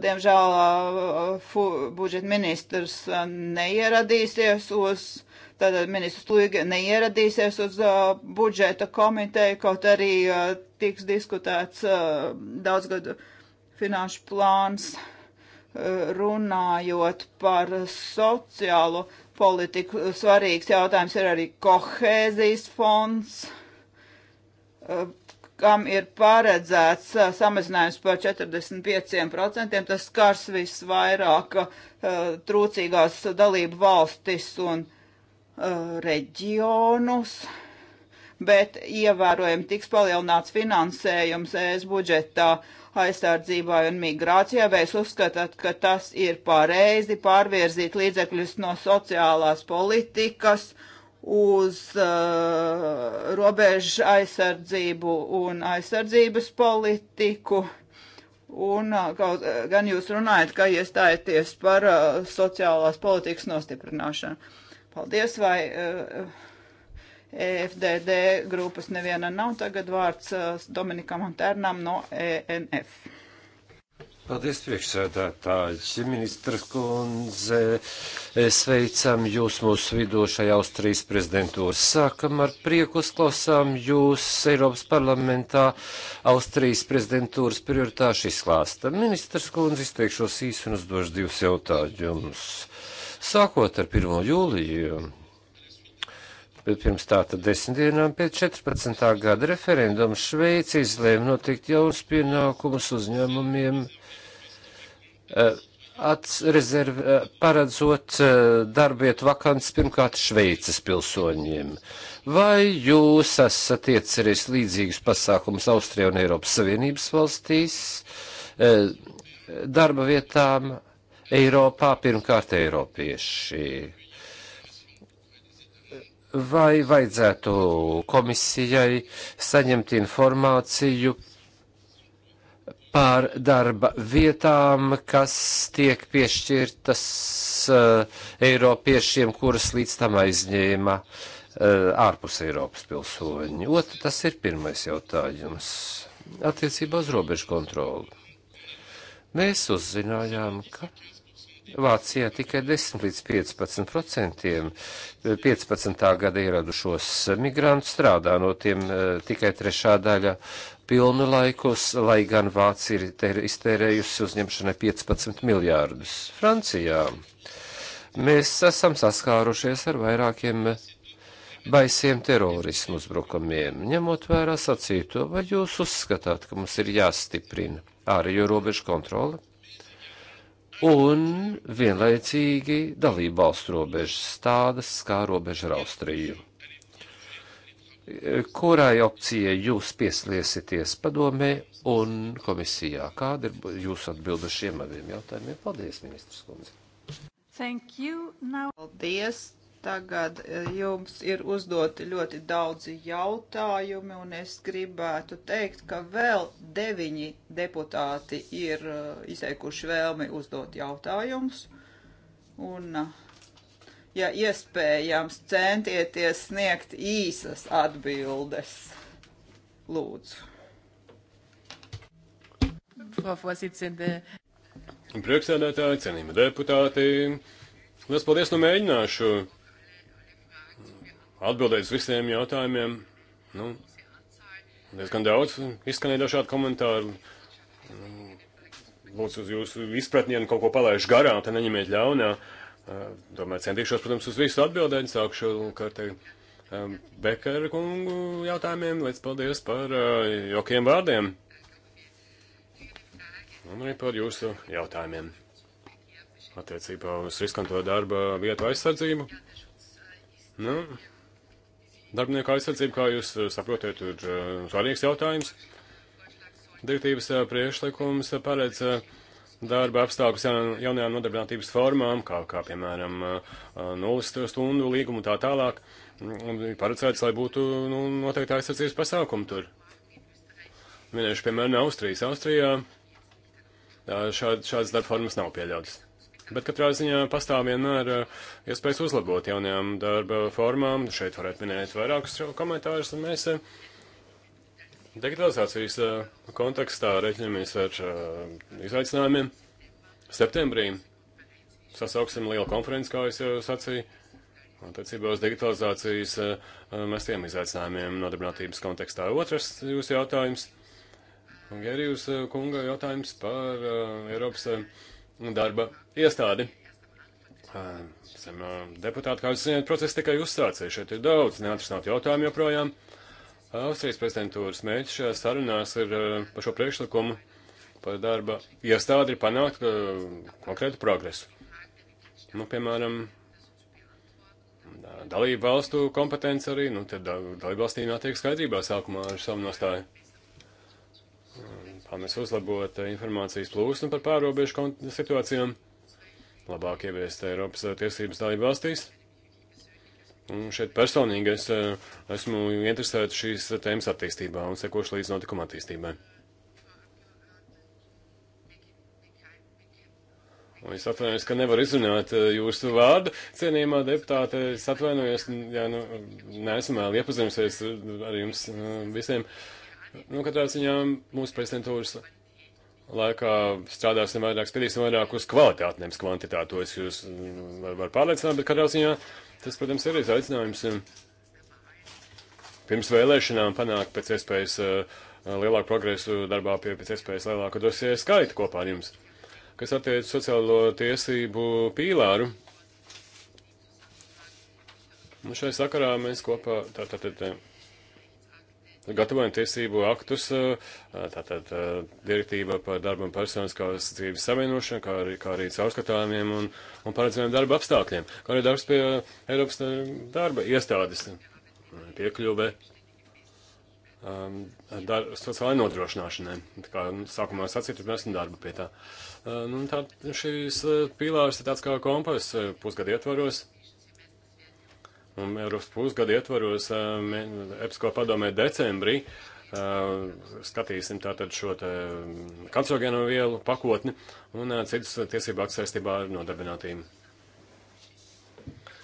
diemžēl budžeta ministrs neieradīsies uz. Tātad ministrs Lūga neieradīsies uz uh, budžeta komiteju, kaut arī uh, tiks diskutēts uh, daudzgadu finanšu plāns, runājot par sociālo politiku. Svarīgs jautājums ir arī kohēzijas fonds kam ir paredzēts uh, samazinājums par 45%, tas skars visvairāk uh, trūcīgās dalību valstis un uh, reģionus, bet ievērojami tiks palielināts finansējums ES budžetā aizsardzībai un migrācijai, vai es uzskatāt, ka tas ir pareizi pārvirzīt līdzekļus no sociālās politikas uh, uz uh, robežu aizsardzību un aizsardzības politiku. Un uh, kaut, uh, gan jūs runājat, ka iestājaties par uh, sociālās politikas nostiprināšanu. Paldies, vai uh, EFDD grupas neviena nav. Tagad vārds uh, Dominikam Anternam no ENF. Paldies, priekšsēdētāji. Ministrs kundze, e, sveicam jūs mūsu vidū šajā Austrijas prezidentūras. Sākam ar prieku uzklausām jūs Eiropas parlamentā Austrijas prezidentūras prioritāšu izklāsta. Ministrs kundze, izteikšos īsi un uzdošu divus jautājumus. Sākot ar 1. jūliju. Pirms tātad desmit dienām pēc 14. gada referenduma Šveici izlēma notikt jaunus pienākumus uzņēmumiem atsrezerv, eh, paredzot eh, darbietu vakants pirmkārt Šveices pilsoņiem. Vai jūs esat iecerējis līdzīgus pasākumus Austrijā un Eiropas Savienības valstīs eh, darba vietām Eiropā, pirmkārt Eiropieši? Vai vajadzētu komisijai saņemt informāciju par darba vietām, kas tiek piešķirtas uh, Eiropiešiem, kuras līdz tam aizņēma uh, ārpus Eiropas pilsoņi. Otra, tas ir pirmais jautājums attiecībā uz robežu kontroli. Mēs uzzinājām, ka Vācijā tikai 10 līdz 15 procentiem 15. Eh, gada ieradušos migrantu strādā, no tiem tikai trešā daļa pilnu laikus, lai gan Vācija ir iztērējusi uzņemšanai 15 miljārdus. Francijā mēs esam saskārušies ar vairākiem baisiem terorismu uzbrukumiem. Ņemot vērā sacīto, vai jūs uzskatāt, ka mums ir jāstiprina ārējo robežu kontrole un vienlaicīgi dalībvalstu robežas tādas kā robeža ar Austriju? Kurai opcijai jūs piesliesieties padomē un komisijā? Kāda ir jūsu atbilda šiem abiem jautājumiem? Paldies, ministrs Kundze. Thank you. Now... Paldies. Tagad eh, jums ir uzdoti ļoti daudzi jautājumi, un es gribētu teikt, ka vēl deviņi deputāti ir eh, izteikuši vēlmi uzdot jautājumus. Un uh, ja iespējams, centieties sniegt īsas atbildes. Lūdzu. Priekšsēdētāji, cienījami deputāti, liels paldies, nu mēģināšu atbildēt uz visiem jautājumiem. Nu, diezgan daudz izskanēja dažādi komentāri. Nu, lūdzu, uz jūsu izpratni, ja nu kaut ko palaišu garām, tad neņemiet ļaunā. Uh, Domāju, centīšos, protams, uz visu atbildēt, sākšu kārtēji. Um, Bekara kungu jautājumiem, līdz paldies par uh, jokiem vārdiem. Un arī par jūsu jautājumiem. Attiecībā uz riskanto darba vietu aizsardzību. Nu, darbinieku aizsardzība, kā jūs uh, saprotiet, ir uh, svarīgs jautājums. Direktīvas uh, priekšlikums paredz. Uh, darba apstākļus jaun, jaunajām nodarbinātības formām, kā, kā piemēram, nulles stundu līgumu tā tālāk, paredzēts, lai būtu nu, noteikti aizsardzības pasākumi tur. Minēšu, piemēram, Austrijas. Austrijā šād, šādas darba formas nav pieļautas. Bet katrā ziņā pastāv vienmēr iespējas uzlabot jaunajām darba formām. Šeit varētu minēt vairākus komentārus, un mēs Digitalizācijas uh, kontekstā reiķinamies ar uh, izaicinājumiem. Septembrī sasauksim lielu konferenci, kā es jau uh, sacīju, attiecībā uz digitalizācijas mestiem izaicinājumiem nodarbinātības kontekstā. Otrs jūsu jautājums, Gerijus kunga jautājums par Eiropas darba iestādi. Esam deputāti, kā jūs zināt, process tikai uzsācēja. Šeit ir daudz neatrisinātu jautājumu joprojām. Austrijas prezidentūras mērķis šajās sarunās ir eh, par šo priekšlikumu par darba iestādi ir panākt eh, konkrētu progresu. Nu, piemēram, dalību valstu kompetence arī, nu, tad dalību valstī nātiek skaidrībā sākumā ar savu nostāju. Pamēs uzlabot eh, informācijas plūsmu par pārobežu situācijām, labāk ieviest Eiropas tiesības dalību valstīs. Un šeit personīgi es eh, esmu interesēts šīs tēmas attīstībā un sekošu līdz notikuma attīstībai. Un es atvainojos, ka nevaru izrunāt eh, jūsu vārdu, cienījumā deputāte. Es atvainojos, ja nu, neesam vēl iepazinusies eh, ar jums visiem. Nu, katrā ziņā mūsu prezidentūras laikā strādāsim vairāk, skatīsim vairāk uz kvalitāti, nevis kvantitāti. To es jūs mm, varu var pārliecināt, bet katrā ziņā. Uh, Tas, protams, ir izaicinājums pirms vēlēšanām panākt pēc iespējas eh, lielāku progresu darbā pie pēc iespējas lielāka dosie skaita kopā ar jums. Kas attiec sociālo tiesību pīlāru, nu šai sakarā mēs kopā, tātad, tā, tā, tā, gatavojam tiesību aktus, tātad direktīva par darbu un personiskās dzīves savienošanu, kā arī, kā arī caurskatāmiem un, un paredzējumiem darba apstākļiem, kā arī darbs pie Eiropas darba iestādes piekļuve dar, sociālai nodrošināšanai. Tā kā nu, sākumā sacīju, tur mēs darbu pie tā. Nu, tā šīs pīlārs ir tāds kā kompas pusgadu ietvaros. Un Eiropas pusgada ietvaros eh, EPSCO padomē decembrī eh, skatīsim tātad šo te mm, kancerogēno vielu pakotni un eh, citas tiesību aktu saistībā ar nodarbinātību.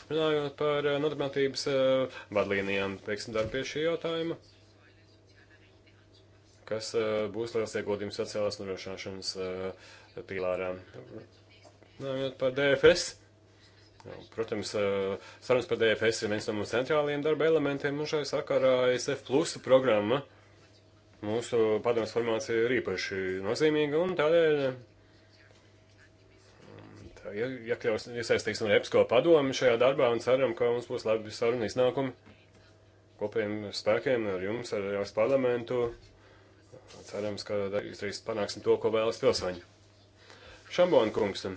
Runājot par nodarbinātības vadlīnijām, teiksim, darbu pie šī jautājuma kas būs liels ieguldījums sociālās nodrošināšanas pīlārā. Nāmjot par DFS, Protams, sarunas par DFS ir viens no mūsu centrālajiem darba elementiem, un šai sakarā SF plus programma mūsu padomas formācija ir īpaši nozīmīga, un tādēļ um, tā, iekļaus, iesaistīsim arī EPSCO padomu šajā darbā, un ceram, ka mums būs labi sarunu iznākumi kopējiem spēkiem ar jums, ar jūsu parlamentu. Cerams, ka drīz panāksim to, ko vēlas pilsoņi. Šambona kungsam.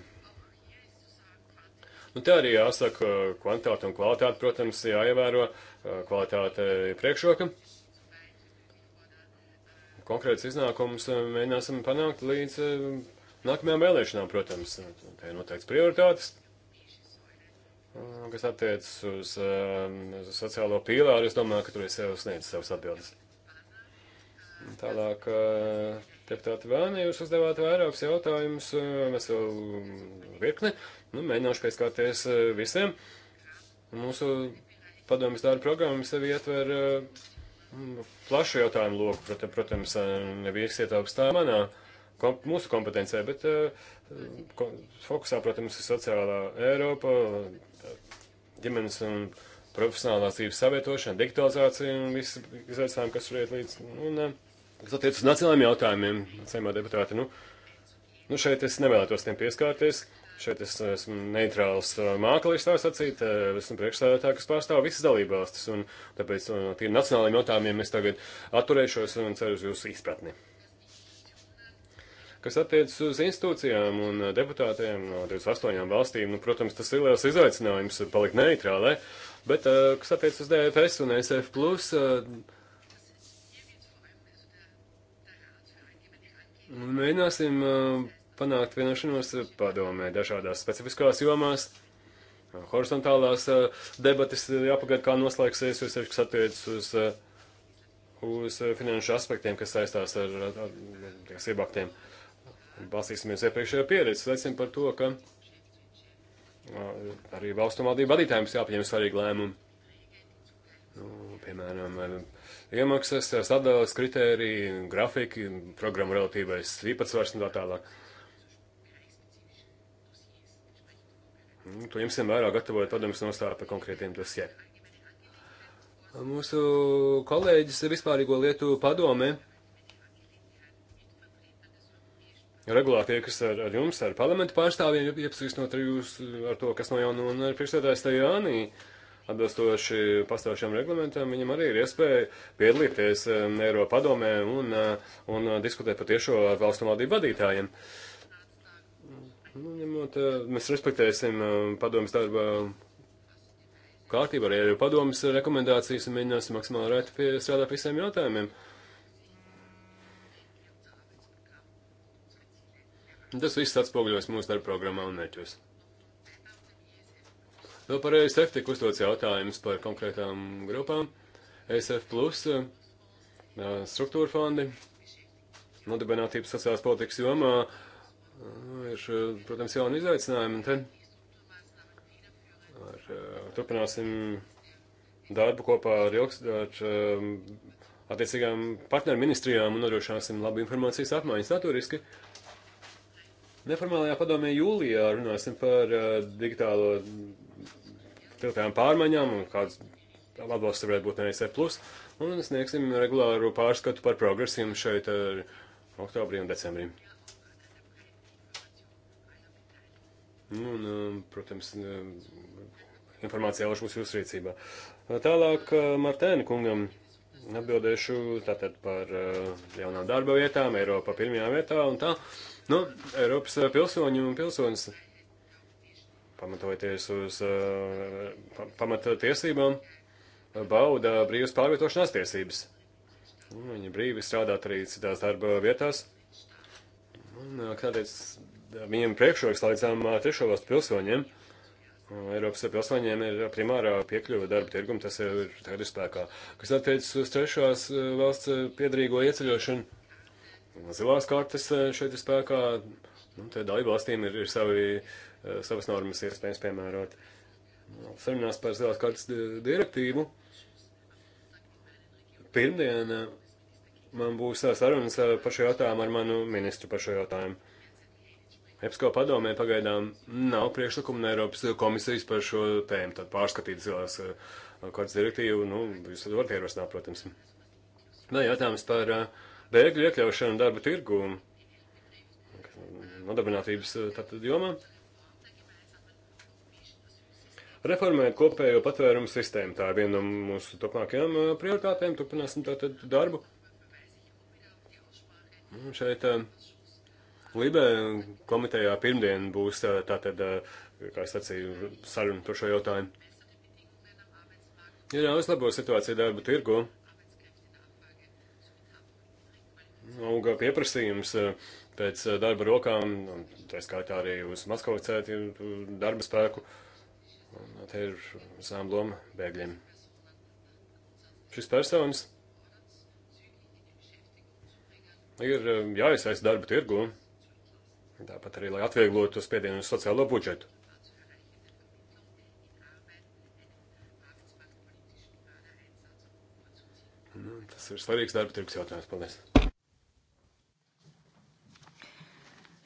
Un nu, te arī jāsaka eh, kvantitāte un kvalitāte, protams, jāievēro eh, kvalitāte priekšroka. Konkrēts iznākums eh, mēģināsim panākt līdz nākamajām vēlēšanām, protams. Te ir noteikts prioritātes, kas attiecas uz, uz sociālo pīlāru. Es domāju, ka tur es jau sniedzu savas atbildes. Tālāk. Uh, deputāti Vānai, nu jūs uzdevāt vairākus jautājumus, mēs eh, vēl virkni, nu, mēģināšu pieskārties eh, visiem. Mūsu padomjas darba programma sevi ietver eh, plašu jautājumu loku, protams, nevieks ietaukst tā manā kom, mūsu kompetencijai, bet ko, fokusā, protams, ir sociālā Eiropa, ģimenes un profesionālās dzīves savietošana, digitalizācija un visi izaicinājumi, kas tur iet līdz. Un, nu, Kas attiecas uz nacionālajiem jautājumiem, saimā deputāti, nu, nu šeit es nevēlētos tiem pieskārties. Šeit es esmu neitrāls uh, māklis, tā sacīt, uh, esmu priekšstādātā, kas pārstāv visas dalībvalstis, un tāpēc uh, no tiem nacionālajiem jautājumiem es tagad atturēšos un ceru uz jūsu izpratni. Kas attiecas uz institūcijām un deputātiem no 28 valstīm, nu, protams, tas ir liels izaicinājums palikt neitrālē, bet kas attiecas uz DFS un SF, Mēģināsim panākt vienošanos padomē dažādās specifiskās jomās. Horizontālās debatas jāpagaida, kā noslēgsies, jo sevišķi attiecas uz, uz finanšu aspektiem, kas saistās ar, ar, ar iebaktiem. Balstīsimies iepriekšējā pieredzē, liecina par to, ka arī valstu valdību vadītājiem jāpieņem svarīgi lēmumi. Nu, piemēram, iemaksas, sadalās kritēriji, grafiki, programmu relatīvais īpatsvars un tā tālāk. Nu, to jums vienmēr gatavoja padomus nostāja par konkrētiem dosiem. Mūsu kolēģis vispārīgo lietu padome regulāri tiekas ar, ar jums, ar parlamentu pārstāvjiem, iepazīstinot ar jūs ar to, kas no jauna un ar priekšstādājas Tajānī. Uh, atbilstoši pastāvšiem reglamentam, viņam arī ir iespēja piedalīties Eiropa padomē un, eh, un eh, diskutēt par tiešo ar valstu valdību vadītājiem. Nu, ņemot, eh, mēs respektēsim padomas darba kārtību, arī Eiropa padomas rekomendācijas un mēģināsim maksimāli rēt pie strādāt visiem jautājumiem. Tas viss atspoguļojas mūsu darba programmā un mērķos. Vēl par ESF tiek uzdots jautājums par konkrētām grupām. ESF plus eh, struktūra fondi nodibinātības sociālās politikas jomā eh, ir, eh, protams, jauni izaicinājumi. Un te ar, turpināsim darbu kopā ar, ilgs, ar attiecīgām partneru ministrijām un nodrošināsim labu informācijas apmaiņu saturiski. Neformālajā padomē jūlijā runāsim par digitālo tiltām pārmaiņām un kāds atbalsts varētu būt NSC plus. Un sniegsim regulāru pārskatu par progresiem šeit ar oktobrī un decembrī. Nu, un, um, protams, um, informācija jau būs jūsu rīcībā. Tālāk uh, Martēna kungam atbildēšu tātad par uh, jaunām darba vietām, Eiropa pirmajā vietā un tā. Nu, Eiropas uh, pilsoņu un pilsonis pamatojoties uz eh, pamata tiesībām, bauda brīvas pārvietošanās tiesības. Un viņi brīvi strādāt arī citās darba vietās. Un, eh, kādreiz viņiem priekšroks līdzām eh, trešo valstu pilsoņiem. Eiropas pilsoņiem ir primārā piekļuva darba tirgum, tas jau ir tagad ir spēkā. Kas attiecas uz trešās valsts piedarīgo ieceļošanu, zilās kartes šeit ir spēkā, nu, te dalību valstīm ir, ir savi uh, savas normas iespējams piemērot. Sarunās par zilās kartas direktīvu. Pirmdien man būs sarunas par šo jautājumu ar manu ministru par šo jautājumu. EPSCO padomē pagaidām nav priekšlikuma no Eiropas komisijas par šo tēmu, tad pārskatīt zilās kādas direktīvu, nu, jūs varat ierosināt, protams. Vēl jautājums par bēgļu iekļaušanu darba tirgu nodarbinātības tātad jomā reformēt kopējo patvērumu sistēmu. Tā ir viena no mūsu turpmākajām uh, prioritātēm. Turpināsim tātad darbu. Un šeit uh, Libē komitejā pirmdien būs uh, tātad, kā es sacīju, saruna par šo jautājumu. Ir jāuzlabo situācija darba tirgu. Auga pieprasījums pēc darba rokām, tā skaitā arī uz Maskavas cēti darba spēku. Uh, Un te ir visām loma bēgļiem. Šis personis ir eh, jāiesaist darba tirgu, tāpat arī, lai atvieglotu spiedienu uz sociālo budžetu. Nu, tas ir svarīgs darba tirgus jautājums. Paldies!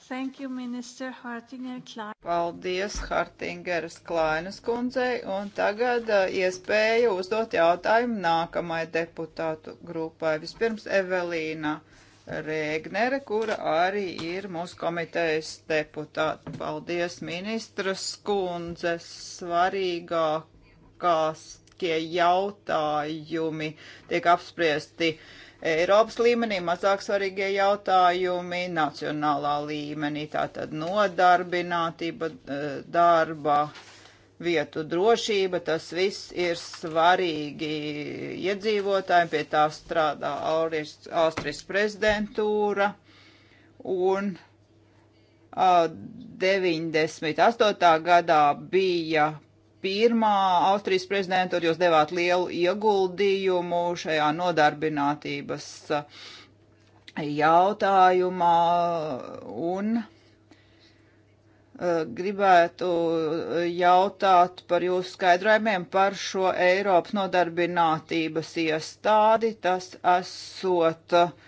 Thank you, Minister Hartinger Klein. Paldies Hartingeras Klainas kundzei, un tagad uh, iespēja uzdot jautājumu nākamai deputātu grupai. Vispirms Evelīna Rēgnere, kura arī ir mūsu komitejas deputāta. Paldies ministras kundze, svarīgākās tie jautājumi tiek apspriesti. Uh, Eiropas līmenī, mazāk svarīgie jautājumi nacionālā līmenī, tātad nodarbinātība, eh, darba vietu drošība, tas viss ir svarīgi iedzīvotājiem, pie tā strādā Austrijas prezidentūra un 98. Eh, gadā bija pirmā Austrijas prezidentūra, jūs devāt lielu ieguldījumu šajā nodarbinātības eh, jautājumā un eh, gribētu eh, jautāt par jūsu skaidrojumiem par šo Eiropas nodarbinātības iestādi. Tas esot uh,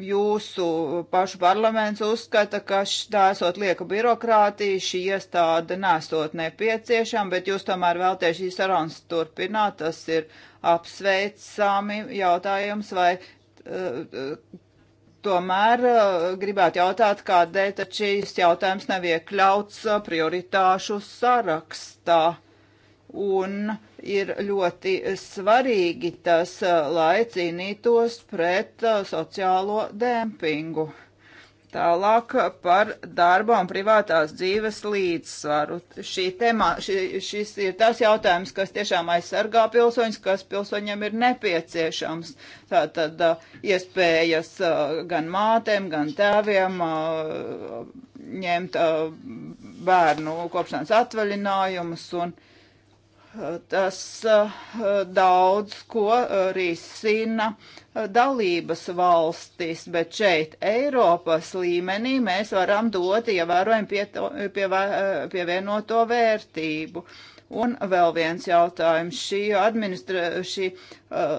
jūsu pašu parlaments uzskata, ka tā esot lieka birokrātija, šī iestāde nesot nepieciešama, bet jūs tomēr vēlties šīs sarunas turpināt, tas ir apsveicami jautājums, vai uh, tomēr uh, gribētu jautāt, kādēļ taču šīs jautājums nav iekļauts prioritāšu sarakstā. Un uh, ir ļoti svarīgi tas, eh, lai cīnītos pret eh, sociālo dempingu. Tālāk par darba un privātās dzīves līdzsvaru. Šī tema, ši, šis ir tas jautājums, kas tiešām aizsargā pilsoņus, kas pilsoņiem ir nepieciešams. Tātad eh, iespējas gan mātēm, gan tēviem ņemt bērnu kopšanas atvaļinājumus un tas eh, daudz ko eh, risina eh, dalības valstis, bet šeit Eiropas līmenī mēs varam dot ievērojami pie pie, pievienoto vērtību. Un vēl viens jautājums. Šī, administra, šī uh,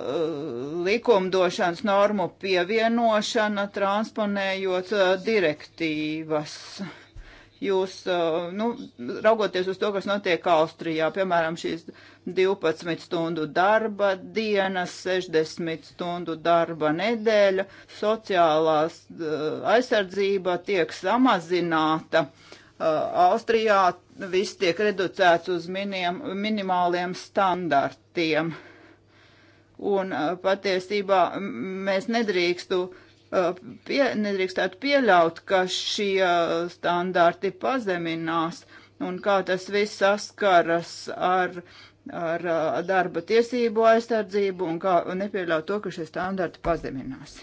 likumdošanas normu pievienošana transponējot uh, direktīvas. Uh, jūs, nu, raugoties uz to, kas notiek Austrijā, piemēram, šīs 12 stundu darba dienas, 60 stundu darba nedēļa, sociālās aizsardzība tiek samazināta. Austrijā viss tiek reducēts uz miniem, minimāliem standartiem. Un patiesībā mēs nedrīkstu uh, pie, nedrīkstētu pieļaut, ka šie standarti pazeminās un kā tas viss saskaras ar, ar darba tiesību aizsardzību un kā nepieļaut to, ka šie standarti pazeminās.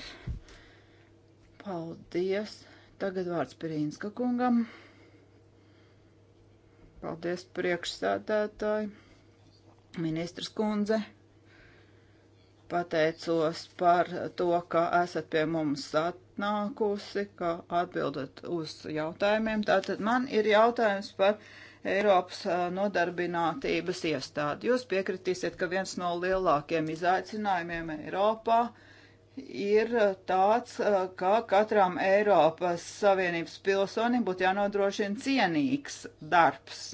Paldies. Tagad vārds Pirīnska kungam. Paldies priekšsādātāji. Ministrs kundze pateicos par to, ka esat pie mums atnākusi, ka atbildat uz jautājumiem. Tātad man ir jautājums par Eiropas nodarbinātības iestādi. Jūs piekritīsiet, ka viens no lielākiem izaicinājumiem Eiropā ir tāds, ka katram Eiropas Savienības pilsonim būtu jānodrošina cienīgs darbs.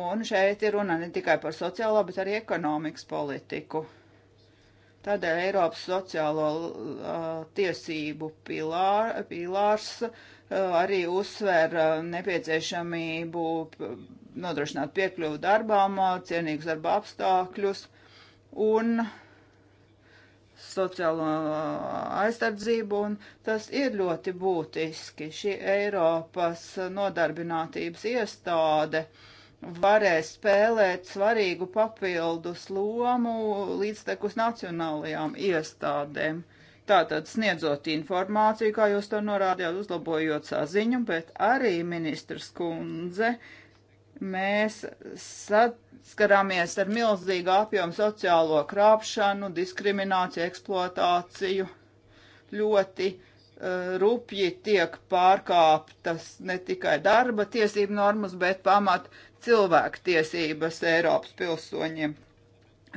Un šeit ir runa ne tikai par sociālo, bet arī ekonomikas politiku. Tādēļ Eiropas sociālo uh, tiesību pilār, pilārs uh, arī uzsver uh, nepieciešamību nodrošināt piekļuvu darbām, cienīgus darba apstākļus un sociālo aizsardzību, un tas ir ļoti būtiski. Šī Eiropas nodarbinātības iestāde uh, varēs spēlēt svarīgu papildus lomu līdztekus nacionālajām iestādēm. Tātad sniedzot informāciju, kā jūs to norādījāt, uzlabojot saziņu, bet arī ministrs kundze, mēs saskarāmies ar milzīgu apjomu sociālo krāpšanu, diskrimināciju, eksploatāciju. Ļoti eh, rupji tiek pārkāptas ne tikai darba tiesību normas, bet pamat cilvēktiesības Eiropas pilsoņiem.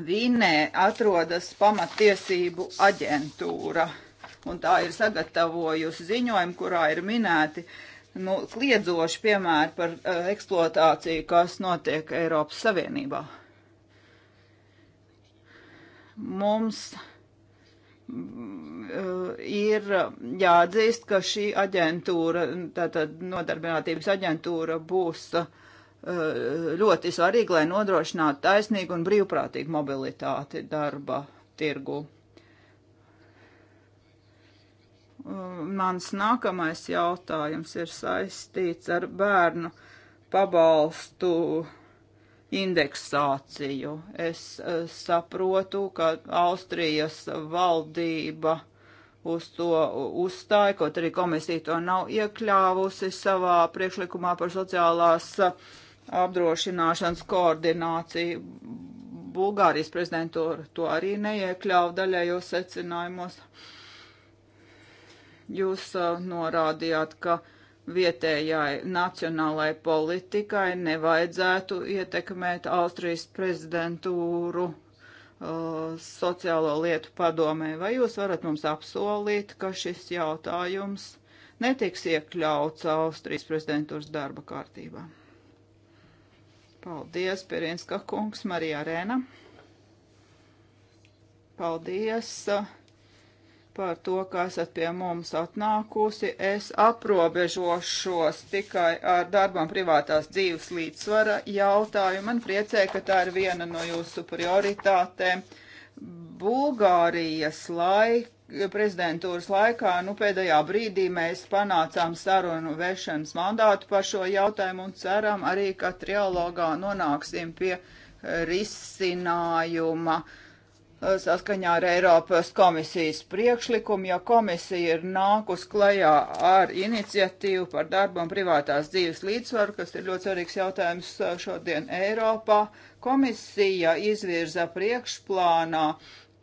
Vīnē atrodas pamatiesību aģentūra, un tā ir sagatavojusi ziņojumu, kurā ir minēti nu, kliedzoši piemēri par uh, eksploatāciju, kas notiek Eiropas Savienībā. Mums eh, ir jāatzīst, ka šī aģentūra, tātad nodarbinātības aģentūra būs uh, Eh, ļoti svarīgi, lai nodrošinātu taisnīgu un brīvprātīgu mobilitāti darba tirgu. Eh, mans nākamais jautājums ir saistīts ar bērnu pabalstu indeksāciju. Es eh, saprotu, ka Austrijas valdība uz to uzstāja, kaut arī komisija to nav iekļāvusi savā priekšlikumā par sociālās uh, apdrošināšanas koordināciju. Bulgārijas prezidentūra to arī neiekļauj daļējos secinājumos. Jūs uh, norādījāt, ka vietējai nacionālai politikai nevajadzētu ietekmēt Austrijas prezidentūru uh, sociālo lietu padomē. Vai jūs varat mums apsolīt, ka šis jautājums netiks iekļauts Austrijas prezidentūras darba kārtībā? Paldies, Pirinska kungs, Marija Arēna. Paldies uh, par to, ka esat pie mums atnākusi. Es aprobežošos tikai ar darbam privātās dzīves līdzsvara jautājumu. Man priecē, ka tā ir viena no jūsu prioritātēm. Bulgārijas laika prezidentūras laikā, nu, pēdējā brīdī mēs panācām sarunu vešanas mandātu par šo jautājumu un ceram arī, ka trialogā nonāksim pie eh, risinājuma eh, saskaņā ar Eiropas komisijas priekšlikumu, jo komisija ir nākus klajā ar iniciatīvu par darbu un privātās dzīves līdzsvaru, kas ir ļoti svarīgs jautājums eh, šodien Eiropā. Komisija izvirza priekšplānā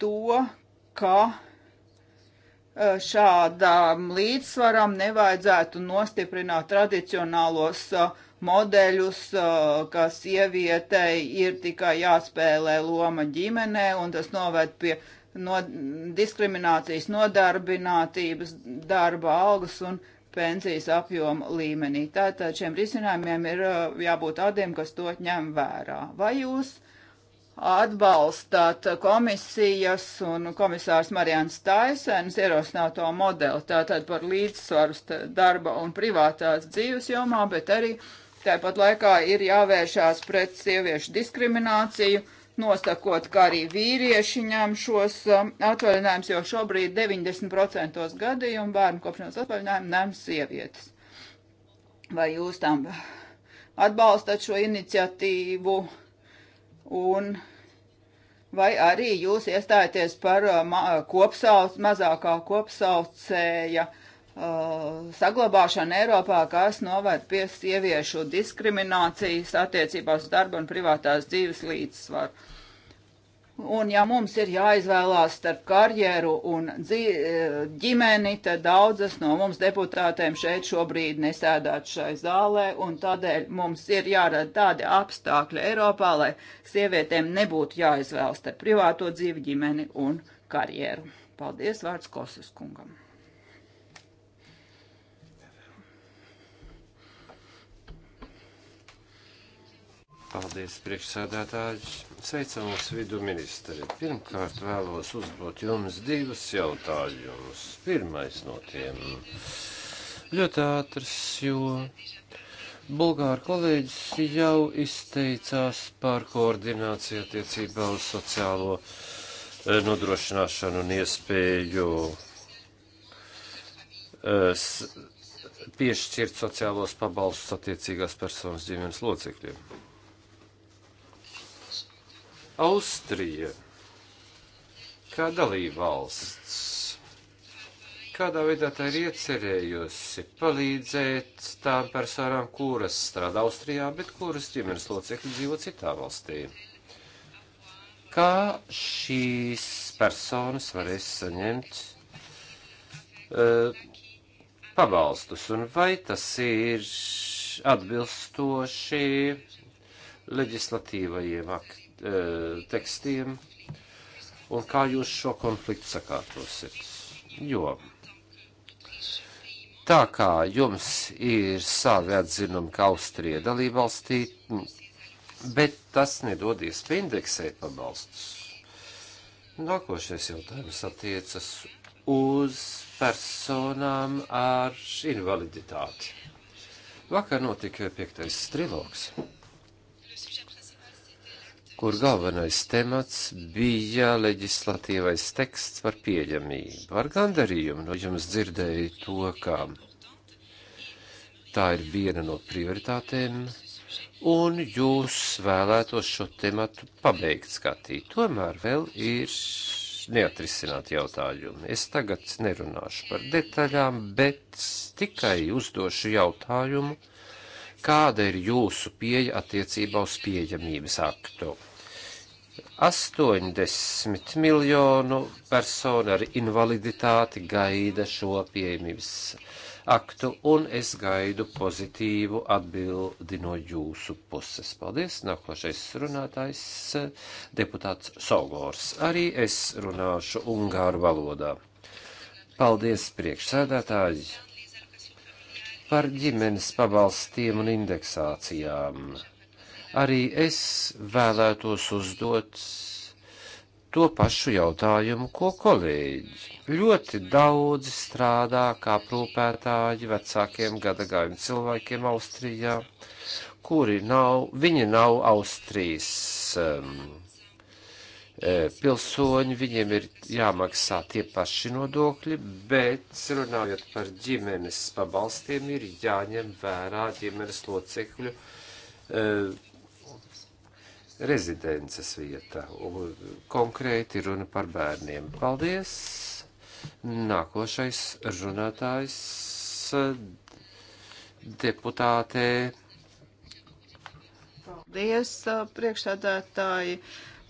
to, ka šādām līdzsvaram nevajadzētu nostiprināt tradicionālos modeļus, kas sievietei ir tikai jāspēlē loma ģimenē, un tas noved pie no diskriminācijas, nodarbinātības, darba algas un pensijas apjoma līmenī. Tātad šiem risinājumiem ir jābūt tādiem, kas to ņem vērā. Vai jūs uh, atbalstāt komisijas un komisārs Marijans Taisens ierosināto modeli, tātad par līdzsvaru darba un privātās dzīves jomā, bet arī tāpat laikā ir jāvēršās pret sieviešu diskrimināciju, nosakot, kā arī vīrieši ņem šos um, atvaļinājumus, jo šobrīd 90% gadījumu bērnu kopšanas atvaļinājumu ņem sievietes. Vai jūs tam atbalstat šo iniciatīvu? Un vai arī jūs iestājaties par uh, ma kopsauc, mazākā kopsaucēja uh, saglabāšanu Eiropā, kas novērt pie sieviešu diskriminācijas attiecībā uz darba un privātās dzīves līdzsvaru. Un ja mums ir jāizvēlās starp karjeru un e, ģimeni, tad daudzas no mums deputātēm šeit šobrīd nesēdāt šai zālē, un tādēļ mums ir jārada tādi apstākļi Eiropā, lai sievietēm nebūtu jāizvēlas starp privāto dzīvi, ģimeni un karjeru. Paldies, vārds Kosas kungam! Paldies, priekšsādātāji. Sveicam mūsu vidu ministri. Pirmkārt vēlos uzdot jums divus jautājumus. Pirmais no tiem ļoti ātrs, jo Bulgāra kolēģis jau izteicās par koordināciju attiecībā uz sociālo eh, nodrošināšanu un iespēju eh, piešķirt sociālos pabalstus attiecīgās personas ģimenes locekļiem. Austrija, kā dalībvalsts, kādā veidā tā ir iecerējusi palīdzēt tām personām, kuras strādā Austrijā, bet kuras ģimenes locekļi dzīvo citā valstī. Kā šīs personas varēs saņemt uh, pabalstus un vai tas ir atbilstoši leģislatīvajiem aktiem? E, tekstiem un kā jūs šo konfliktu sakārtosiet. Jo tā kā jums ir savi atzinumi, ka Austrija dalībvalstī, bet tas nedod iespēju indeksēt pabalstus. Nākošais jautājums attiecas uz personām ar invaliditāti. Vakar notika piektais trilogs kur galvenais temats bija leģislatīvais teksts par pieejamību. Ar gandarījumu no jums dzirdēju to, ka tā ir viena no prioritātēm, un jūs vēlētos šo tematu pabeigt skatīt. Tomēr vēl ir neatrisināti jautājumi. Es tagad nerunāšu par detaļām, bet tikai uzdošu jautājumu, kāda ir jūsu pieeja attiecībā uz pieejamības aktu 80 miljonu personu ar invaliditāti gaida šo pieejamības aktu, un es gaidu pozitīvu atbildi no jūsu puses. Paldies! Nākošais runātājs deputāts Sogors. Arī es runāšu ungāru valodā. Paldies, priekšsēdētāji, par ģimenes pabalstiem un indeksācijām Arī es vēlētos uzdot to pašu jautājumu, ko kolēģi. Ļoti daudzi strādā kā aprūpētāji vecākiem gadagājiem cilvēkiem Austrijā, kuri nav, viņi nav Austrijas um, e, pilsoņi, viņiem ir jāmaksā tie paši nodokļi, bet runājot par ģimenes pabalstiem, ir jāņem vērā ģimenes locekļu uh, rezidences vieta. Un konkrēti runa par bērniem. Paldies! Nākošais runātājs eh, deputātē. Paldies, eh, priekšsādātāji!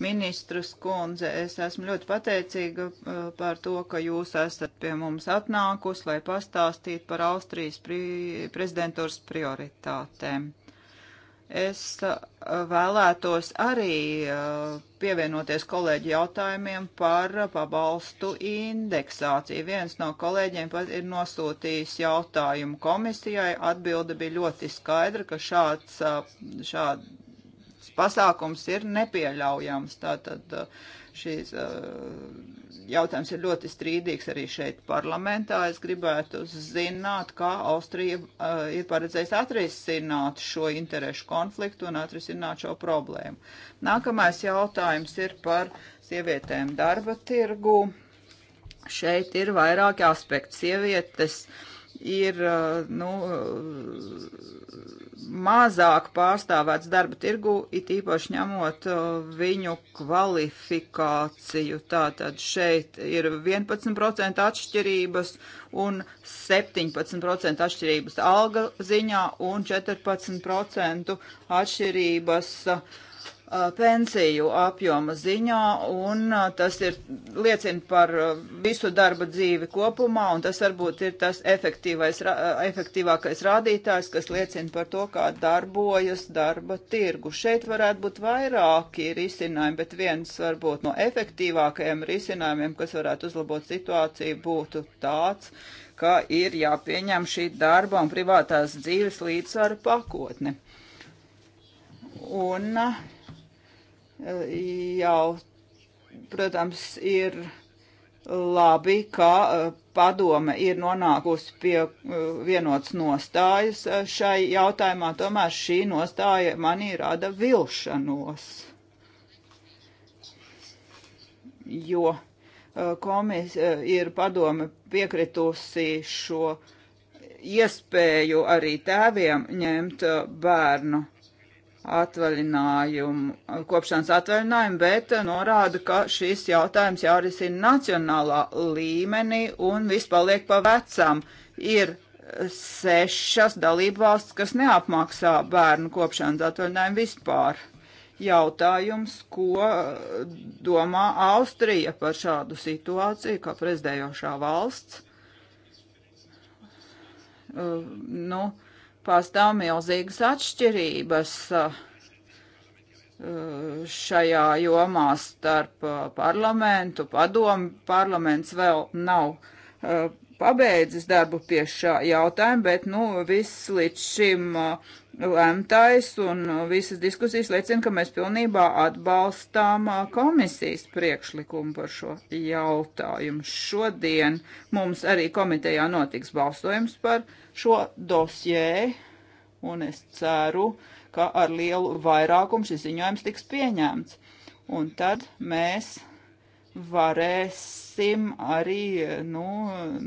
ministras kundze, es esmu ļoti pateicīga eh, par to, ka jūs esat pie mums atnākus, lai pastāstītu par Austrijas pri prezidentūras prioritātēm. Es uh, vēlētos arī uh, pievienoties kolēģi jautājumiem par pabalstu indeksāciju. Viens no kolēģiem pat ir nosūtījis jautājumu komisijai. Atbilde bija ļoti skaidra, ka šāds, uh, šāds pasākums ir nepieļaujams. Tātad uh, šīs uh, jautājums ir ļoti strīdīgs arī šeit parlamentā. Es gribētu zināt, kā Austrija uh, ir paredzējis atrisināt šo interešu konfliktu un atrisināt šo problēmu. Nākamais jautājums ir par sievietēm darba tirgu. Šeit ir vairāki aspekti. Sievietes uh, ir nu, mazāk pārstāvēts darba tirgu, it īpaši ņemot viņu kvalifikāciju. Tātad šeit ir 11% atšķirības un 17% atšķirības alga ziņā un 14% atšķirības uh, pensiju apjoma ziņā, un tas ir liecina par visu darba dzīvi kopumā, un tas varbūt ir tas efektīvākais rādītājs, kas liecina par to, kā darbojas darba tirgu. Šeit varētu būt vairāki risinājumi, bet viens varbūt no efektīvākajiem risinājumiem, kas varētu uzlabot situāciju, būtu tāds, ka ir jāpieņem šī darba un privātās dzīves līdzsvara pakotne. Un jau, protams, ir labi, ka eh, padome ir nonākusi pie eh, vienots nostājas eh, šai jautājumā, tomēr šī nostāja manī rada vilšanos. Jo komisija ir padome piekritusi šo iespēju arī tēviem ņemt bērnu atvaļinājumu, kopšanas atvaļinājumu, bet norāda, ka šis jautājums jārisina nacionālā līmenī un viss paliek pa vecam. Ir sešas dalībvalstis, kas neapmaksā bērnu kopšanas atvaļinājumu vispār. Jautājums, ko eh, domā Austrija par šādu situāciju, kā prezidējošā valsts? Uh, nu, uh, pastāv milzīgas atšķirības eh, šajā jomā starp eh, parlamentu, padomu. Parlaments vēl nav eh, pabeidzis darbu pie šā jautājuma, bet, nu, viss līdz šim uh, lemtais un visas diskusijas liecina, ka mēs pilnībā atbalstām uh, komisijas priekšlikumu par šo jautājumu. Šodien mums arī komitejā notiks balsojums par šo dosjē, un es ceru, ka ar lielu vairākumu šis ziņojums tiks pieņemts. Un tad mēs varēsim arī nu,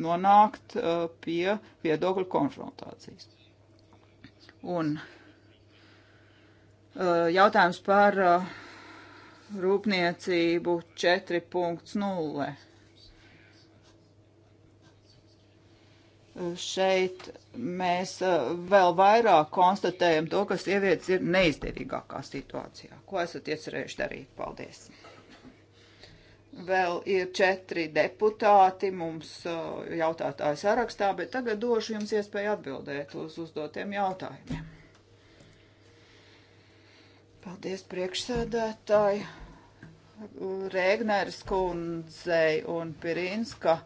nonākt pie viedokļu konfrontācijas. Un jautājums par rūpniecību 4.0. Šeit mēs vēl vairāk konstatējam to, ka sievietes ir neizdevīgākā situācijā. Ko esat iecerējuši darīt? Paldies! Vēl ir četri deputāti mums eh, jautātāju sarakstā, bet tagad došu jums iespēju atbildēt uz uzdotiem jautājumiem. Paldies priekšsēdētāji Rēgneris kundzei un Pirinska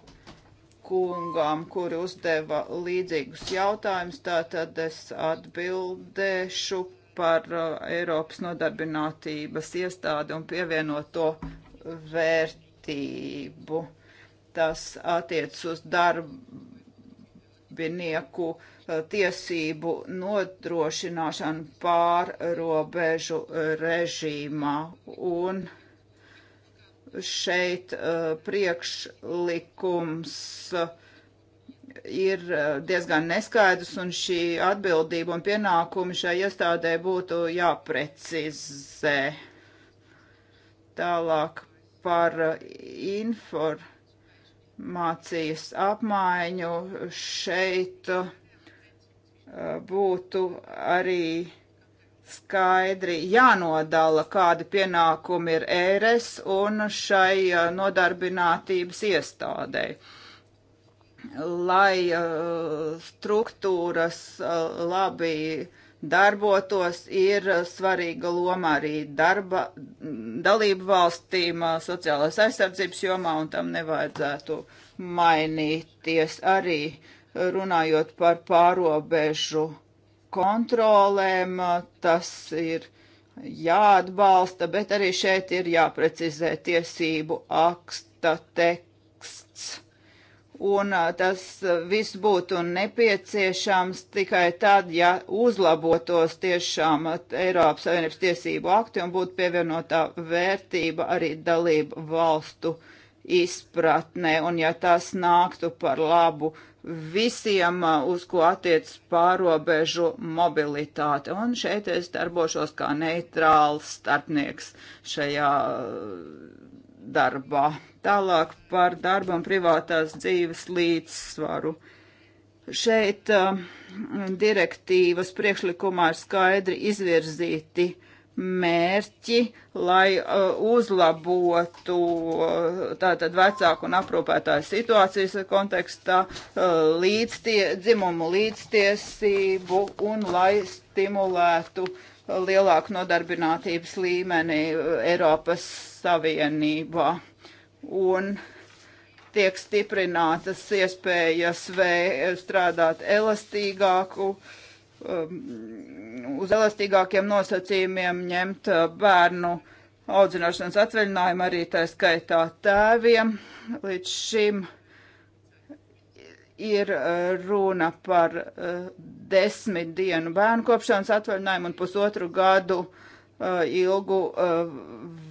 kungām, kuri uzdeva līdzīgus jautājumus. Tātad es atbildēšu par eh, Eiropas nodarbinātības iestādi un pievienoto vērtību. Tas attiec uz darbinieku eh, tiesību nodrošināšanu pārrobežu režīmā un šeit uh, priekšlikums uh, ir diezgan neskaidrs, un šī atbildība un pienākumi šai iestādē būtu jāprecizē. Tālāk par uh, informācijas apmaiņu šeit uh, būtu arī skaidri jānodala, kādi pienākumi ir ēres un šai uh, nodarbinātības iestādei. Lai struktūras labi uh, darbotos, ir svarīga loma arī darba dalību valstīm sociālās aizsardzības jomā, un tam nevajadzētu mainīties arī runājot par pārobežu kontrolēm. Tas ir jāatbalsta, bet arī šeit ir jāprecizē tiesību aksta teksts un tas viss būtu nepieciešams tikai tad, ja uzlabotos tiešām Eiropas Savienības tiesību akti un būtu pievienotā vērtība arī dalību valstu izpratnē, un ja tas nāktu par labu visiem, uz ko attiec pārobežu mobilitāte. Un šeit es darbošos kā neitrāls starpnieks šajā darbā. Tālāk par darba un privātās dzīves līdzsvaru. Šeit uh, direktīvas priekšlikumā ir skaidri izvirzīti mērķi, lai uh, uzlabotu uh, tātad vecāku un aprūpētāju situācijas kontekstā uh, līdztie, dzimumu līdztiesību un lai stimulētu uh, lielāku nodarbinātības līmeni Eiropas Savienībā. Un tiek stiprinātas iespējas strādāt elastīgāku, um, uz elastīgākiem nosacījumiem ņemt uh, bērnu audzināšanas atvaļinājumu arī tā skaitā tēviem. Līdz šim uh, ir e, runa par e, desmit dienu bērnu kopšanas atvaļinājumu un pusotru gadu e, ilgu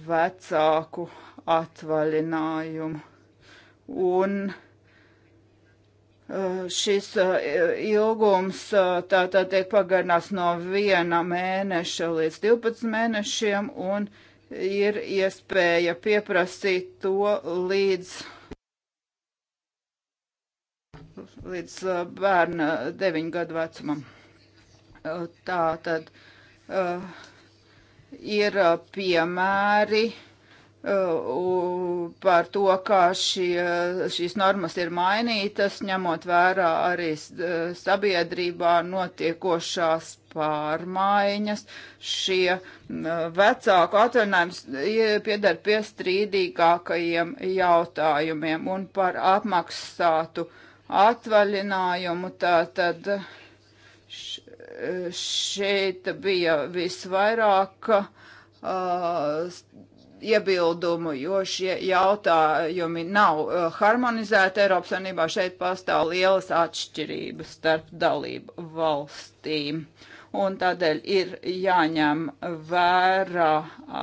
vecāku atvaļinājumu. Un šis ilgums tātad tiek pagarināts no viena mēneša līdz 12 mēnešiem un ir iespēja pieprasīt to līdz līdz bērna deviņu gadu vecumam. Tā tad ir piemēri par to, kā šie, šīs normas ir mainītas, ņemot vērā arī sabiedrībā notiekošās pārmaiņas. Šie vecāku atvaļinājums piedar pie strīdīgākajiem jautājumiem un par apmaksātu uh, atvaļinājumu. Tātad šeit bija visvairāk uh, iebildumu, jo šie jautājumi nav harmonizēti Eiropas Savienībā. Šeit pastāv lielas atšķirības starp dalību valstīm. Un tādēļ ir jāņem vērā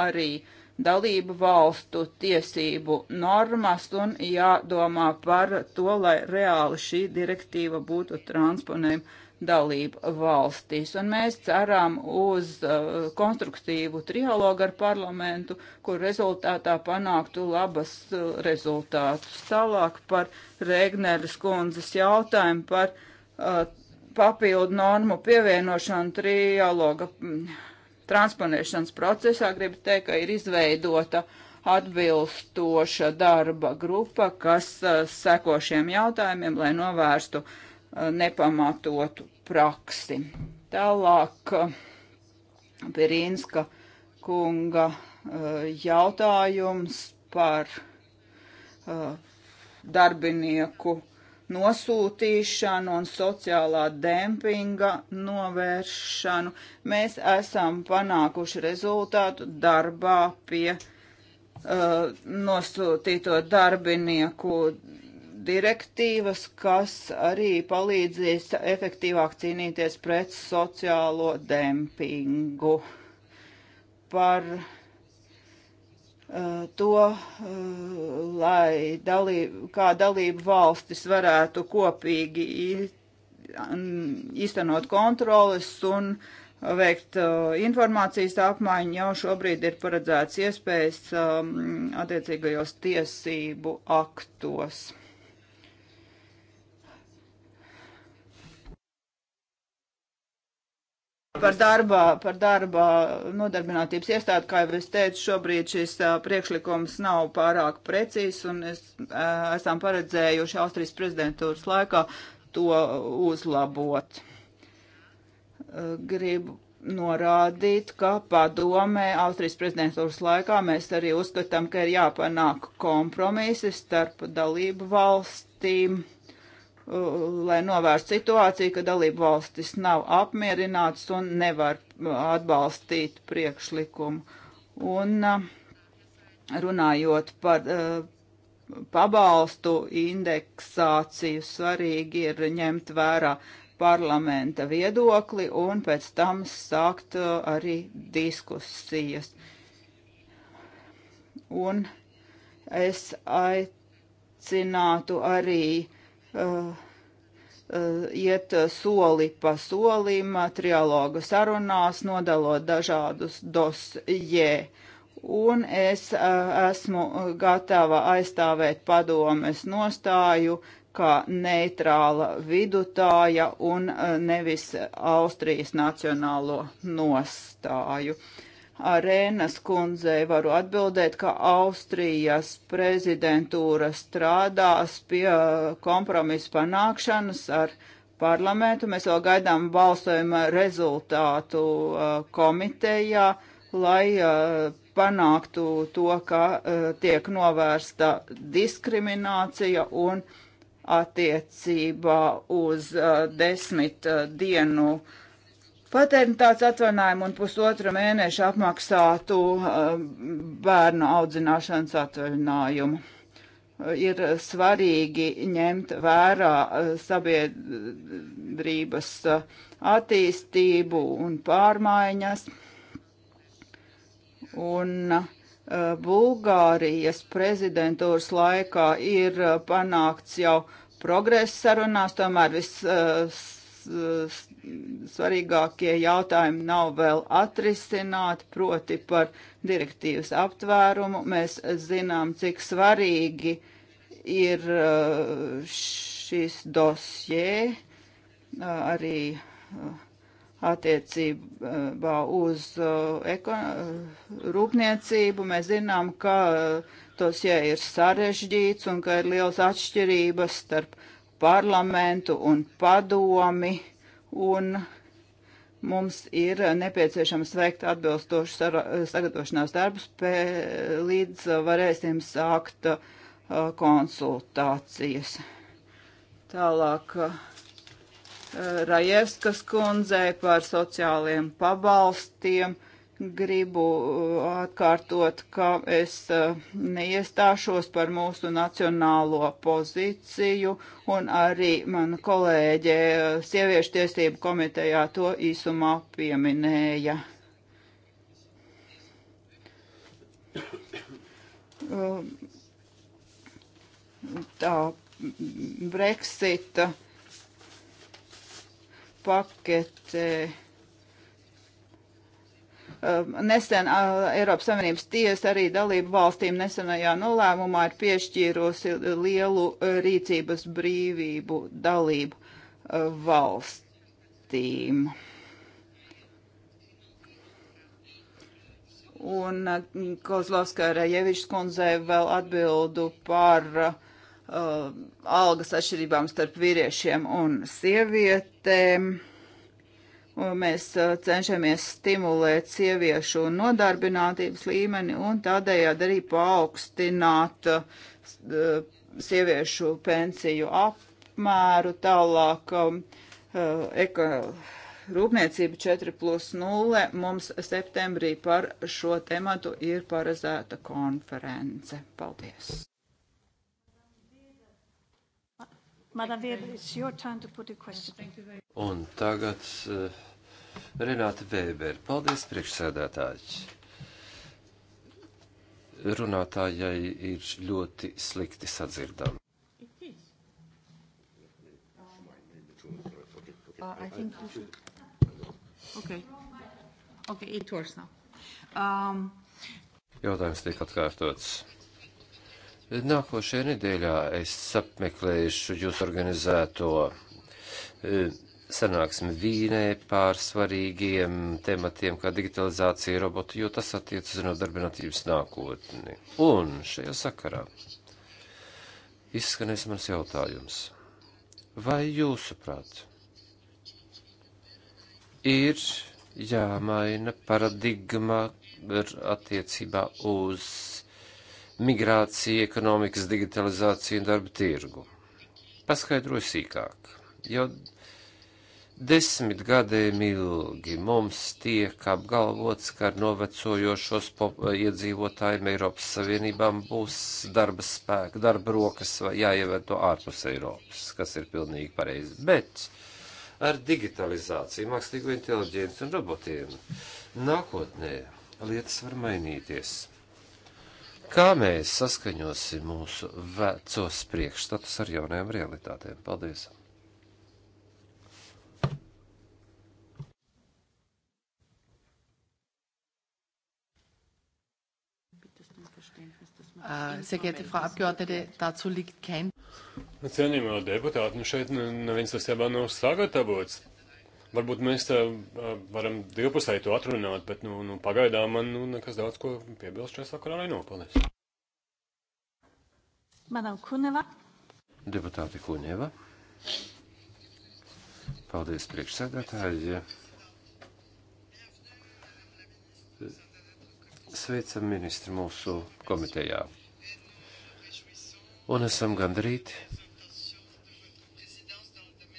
arī uh, dalību valstu tiesību normas un jādomā par to, lai reāli šī direktīva būtu transponējama dalību valstīs. Un mēs ceram uz uh, konstruktīvu trialogu ar parlamentu, kur rezultātā panāktu labas uh, rezultātus. Tālāk par Regneres kundzes jautājumu par uh, papildu normu pievienošanu trialoga mm, transponēšanas procesā gribu teikt, ka ir izveidota atbilstoša darba grupa, kas seko šiem jautājumiem, lai novērstu nepamatotu praksi. Tālāk Pirinska kunga jautājums par darbinieku uh, nosūtīšanu un sociālā dempinga novēršanu. Mēs esam panākuši rezultātu darbā pie uh, nosūtīto darbinieku direktīvas, kas arī palīdzīs efektīvāk cīnīties pret sociālo dempingu. Par uh, E, to, e, lai dalību, kā dalību valstis varētu kopīgi īstenot kontroles un veikt e, informācijas apmaiņu, jau šobrīd ir paredzēts iespējas attiecīgajos tiesību aktos. Par darbā, par darbā nodarbinātības iestādi, kā jau es teicu, šobrīd šis uh, priekšlikums nav pārāk precīzs, un es, uh, esam paredzējuši Austrijas prezidentūras laikā to uzlabot. Uh, gribu norādīt, ka padomē Austrijas prezidentūras laikā mēs arī uzskatām, ka ir jāpanāk kompromises starp dalību valstīm lai novērstu situāciju, ka dalību valstis nav apmierināts un nevar uh, atbalstīt priekšlikumu. Un uh, runājot par uh, pabalstu indeksāciju, svarīgi ir ņemt vērā parlamenta viedokli un pēc tam sākt arī diskusijas. Un es aicinātu arī Eh, eh, iet soli pa solim, trialoga sarunās, nodalot dažādus dosjē. Un es eh, esmu gatava aizstāvēt padomes nostāju kā neitrāla vidutāja un nevis Austrijas nacionālo nostāju. Uh, Arēnas kundzei varu atbildēt, ka Austrijas prezidentūra strādās pie kompromisa panākšanas ar parlamentu. Mēs vēl gaidām balsojuma rezultātu uh, komitejā, lai uh, panāktu to, ka uh, tiek novērsta diskriminācija un attiecībā uz desmit dienu uh, Paternitātes atvaļinājumu un pusotru mēnešu apmaksātu eh, bērnu audzināšanas atvaļinājumu ir svarīgi ņemt vērā eh, sabiedrības eh, attīstību un pārmaiņas. Un Bulgārijas prezidentūras laikā ir panākts jau progress sarunās, tomēr viss svarīgākie jautājumi nav vēl atrisināti, proti par direktīvas aptvērumu. Mēs zinām, cik svarīgi ir uh, šis dosjē uh, arī uh, attiecībā uz rūpniecību. Mēs zinām, ka tas jau ir sarežģīts un ka ir liels atšķirības starp parlamentu un padomi un mums ir nepieciešams veikt atbilstošu sagatavošanās darbus, līdz varēsim sākt konsultācijas. Tālāk Rajevskas kundzei par sociāliem pabalstiem. Uh, Gribu uh, atkārtot, ka es uh, neiestāšos par mūsu nacionālo pozīciju, un arī mana kolēģe uh, Sieviešu tiesību komitejā to īsumā pieminēja. Tā Brexita pakete. Eh, Um, nesen uh, Eiropas Savienības tiesa arī dalību valstīm nesenajā nolēmumā ir piešķīrusi lielu uh, rīcības brīvību dalību uh, valstīm. Un Kozlovskai Rajevičs kundzei vēl atbildu par uh, algas atšķirībām starp vīriešiem un sievietēm. Uh, Mēs uh, cenšamies stimulēt sieviešu nodarbinātības līmeni un tādējādi arī paaugstināt uh, uh, sieviešu pensiju apmēru tālāk. Um, eko, Rūpniecība 4 plus 0 mums septembrī par šo tematu ir paredzēta konference. Paldies! Un tagad uh, eh, Renāta Vēberi. Paldies, priekšsēdētāji! Runātājai ir ļoti slikti sadzirdami. Uh, I think you should. Okay. Okay, it works now. Um, Jautājums tiek atkārtots. Nākošajā nedēļā es apmeklēšu jūs organizēto e, sanāksmi Vīnē pār svarīgiem tematiem, kā digitalizācija roboti, jo tas attiec uz nodarbinātības nākotni. Un šajā sakarā izskanēs mans jautājums. Vai jūsuprāt ir jāmaina paradigma attiecībā uz migrāciju, ekonomikas digitalizāciju un darba tirgu. Paskaidroju sīkāk, jo desmit gadiem ilgi mums tiek apgalvots, ka ar novecojošos iedzīvotājiem Eiropas Savienībām būs darba spēka, darba rokas jāieved to ārpus Eiropas, kas ir pilnīgi pareizi. Bet ar digitalizāciju, mākslīgo inteliģenci un robotiem nākotnē lietas var mainīties kā mēs saskaņosim mūsu vecos priekšstatus ar jaunajām realitātēm. Paldies! Äh, sehr geehrte Frau Abgeordnete, dazu liegt kein. Nu, Cienījumā deputāti, nu šeit neviens tas jau nav sagatavots. Varbūt mēs tā, varam divpusēji to atrunāt, bet nu, nu, pagaidām man nu, nekas daudz ko piebilst šajā sakarā nenopalies. Madam Kuneva. Deputāte Kuneva. Paldies priekšsēdētāji. Sveicam ministru mūsu komitejā. Un esam gandrīti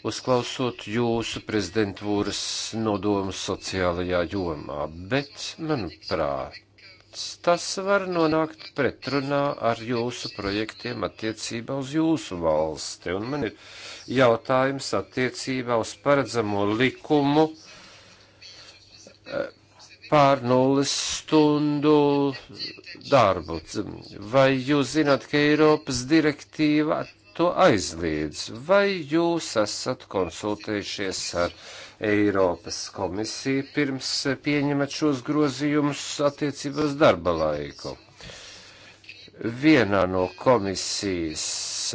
uzklausot jūsu prezidentūras nodomu sociālajā jomā, bet, manuprāt, tas var nonākt pretrunā ar jūsu projektiem attiecībā uz jūsu valsti. Un man ir jautājums attiecībā uz paredzamo likumu eh, pār nulles stundu darbu. Vai jūs zināt, ka Eiropas direktīva to aizliedz. Vai jūs esat konsultējušies ar Eiropas komisiju pirms pieņemat šos grozījumus attiecībās darba laiku? Vienā no komisijas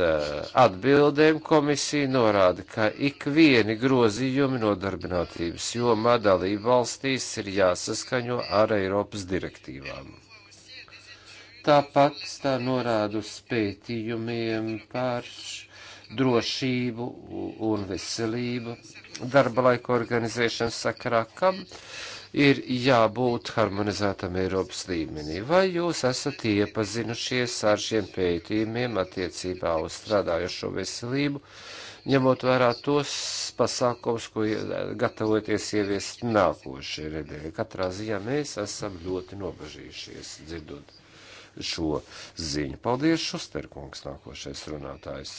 eh, atbildēm komisija norāda, ka ikvieni grozījumi nodarbinātības jomā dalību valstīs ir jāsaskaņo ar Eiropas direktīvām. Tāpat tā norāda uz pētījumiem par drošību un veselību darba laika organizēšanas sakarā, kam ir jābūt harmonizētam Eiropas līmenī. Vai jūs esat iepazinušies ar šiem pētījumiem attiecībā uz strādājošo veselību, ņemot vērā tos pasākums, ko gatavoties ieviest nākošajā nedēļā? Katrā ziņā mēs esam ļoti nobažījušies dzirdot šo ziņu. Paldies, Šusterkungs, nākošais runātājs.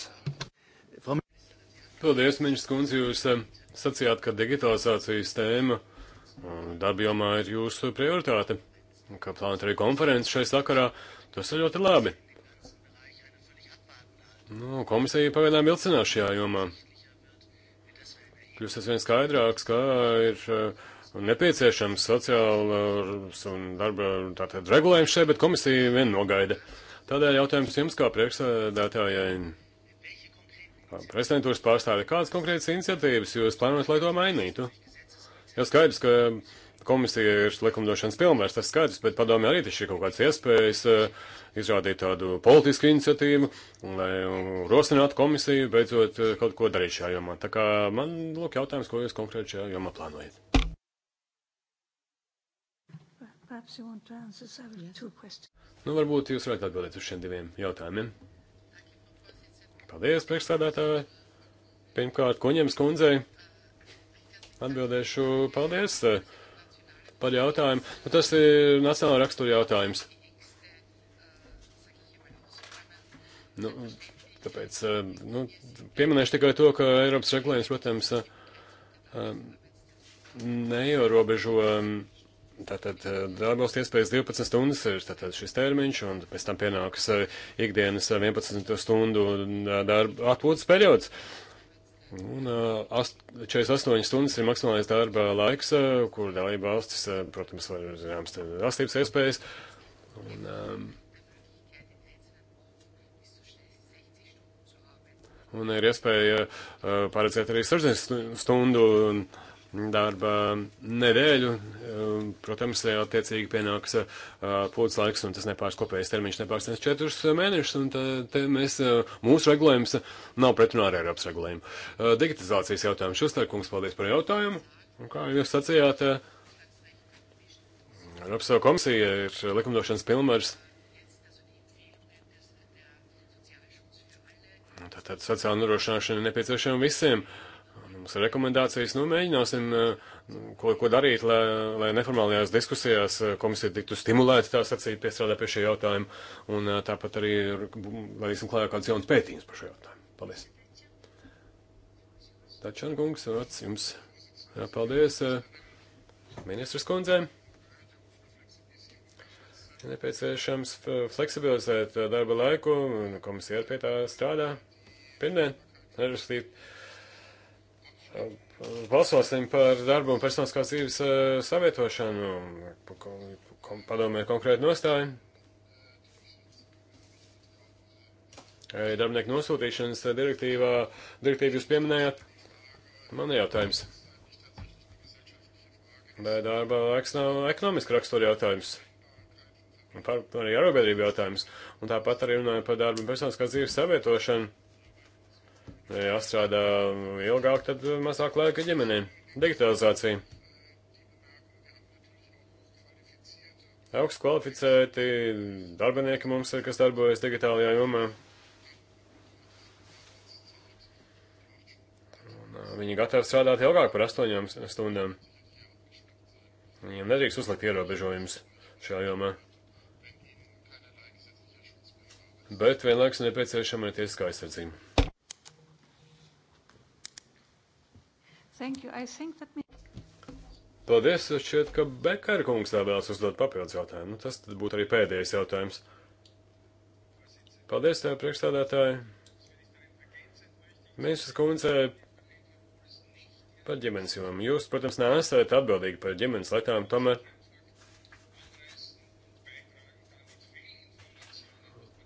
Paldies, Miņš Skundze, jūs eh, sacījāt, ka digitalizācijas tēma um, darbjomā ir jūsu prioritāte. Kā plānot arī konferenci šai sakarā, tas ir ļoti labi. Nu, komisija pagaidām vilcinās šajā jomā. Kļūst aizvien skaidrāks, kā ir uh, nepieciešams sociāls un darba tātad regulējums šeit, bet komisija vien nogaida. Tādēļ jautājums jums kā priekšsēdētājai prezidentūras pārstāvi, kādas konkrētas iniciatīvas jūs plānojat, lai to mainītu? Jau skaidrs, ka komisija ir likumdošanas pilnvērs, tas skaidrs, bet padomē arī tas ir kaut kāds iespējas eh, izrādīt tādu politisku iniciatīvu, lai eh, rosinātu komisiju beidzot eh, kaut ko darīt šajā jomā. Tā kā man lūk jautājums, ko jūs konkrēti šajā jomā plānojat. Nu, varbūt jūs varētu atbildēt uz šiem diviem jautājumiem. Paldies, priekšstādātāji. Pirmkārt, Kuņems kundzei atbildēšu paldies eh, par jautājumu. Nu, tas ir nacionāla rakstura jautājums. Nu, tāpēc eh, nu, pieminēšu tikai to, ka Eiropas regulējums, protams, eh, neierobežo mm, Tātad eh, darbos iespējas 12 stundas ir tātad šis termiņš, un pēc tam pienāks eh, ikdienas 11 eh, stundu darba atpūtas periods. Un 48 stundas ir maksimālais darba laiks, kur dalība valstis, protams, var, zināms, rastības iespējas. Un, um, un ir iespēja uh, paredzēt arī 60 stundu. Un, uh, darba nedēļu. Ehm, protams, attiecīgi pienāks eh, pūdas laiks, un tas nepārskopējas termiņš nepārsniedz četrus mēnešus, un tā, tā mēs, eh, mūsu regulējums nav pretrunā ar Eiropas regulējumu. Eh, digitalizācijas jautājumu. Šustarkungs, paldies par jautājumu. Un kā jūs sacījāt, Eiropas komisija ir likumdošanas pilnvars. Tātad sociāla nodrošināšana ir nepieciešama visiem. Uh, mums ir rekomendācijas, nu, mēģināsim, eh, ko, ko darīt, lai, lai neformālajās diskusijās eh, komisija tiktu stimulēta, tā sacīt, piestrādāt pie šī jautājuma, un eh, tāpat arī, lai esam klājā kāds jauns pētījums par šo jautājumu. Paldies. Tačan, kungs, vārds jums. Jā, paldies ministrs kundzē. Nepieciešams fleksibilizēt darba laiku, komisija pie tā strādā. Pirmdien, nerastīt Balsosim par darbu un personiskās dzīves eh, savietošanu, padomē konkrēti nostāju. Darbinieku nosūtīšanas direktīvā, direktīvu jūs pieminējāt. Man ir jautājums. Bet darba laiks nav ekonomiski rakstura jautājums. Un par, arī arobiedrību jautājums. Un tāpat arī runāju par darbu un personiskās dzīves savietošanu jāstrādā ilgāk, tad mazāk laika ģimenei. Digitalizācija. augstu kvalificēti darbinieki mums ir, kas darbojas digitālajā jomā. Un, viņi gatavi strādāt ilgāk par astoņām stundām. Viņiem nedrīkst uzlikt ierobežojumus šajā jomā. Bet vienlaiks nepieciešama ir tiesiskā aizsardzība. Paldies, šķiet, ka Bekara kungs vēl vēlas uzdot papildus jautājumu. Tas būtu arī pēdējais jautājums. Paldies, tev, priekšstādātāji. Ministrs kundze, par ģimenes jomu. Jūs, protams, neesat atbildīgi par ģimenes lietām, tomēr.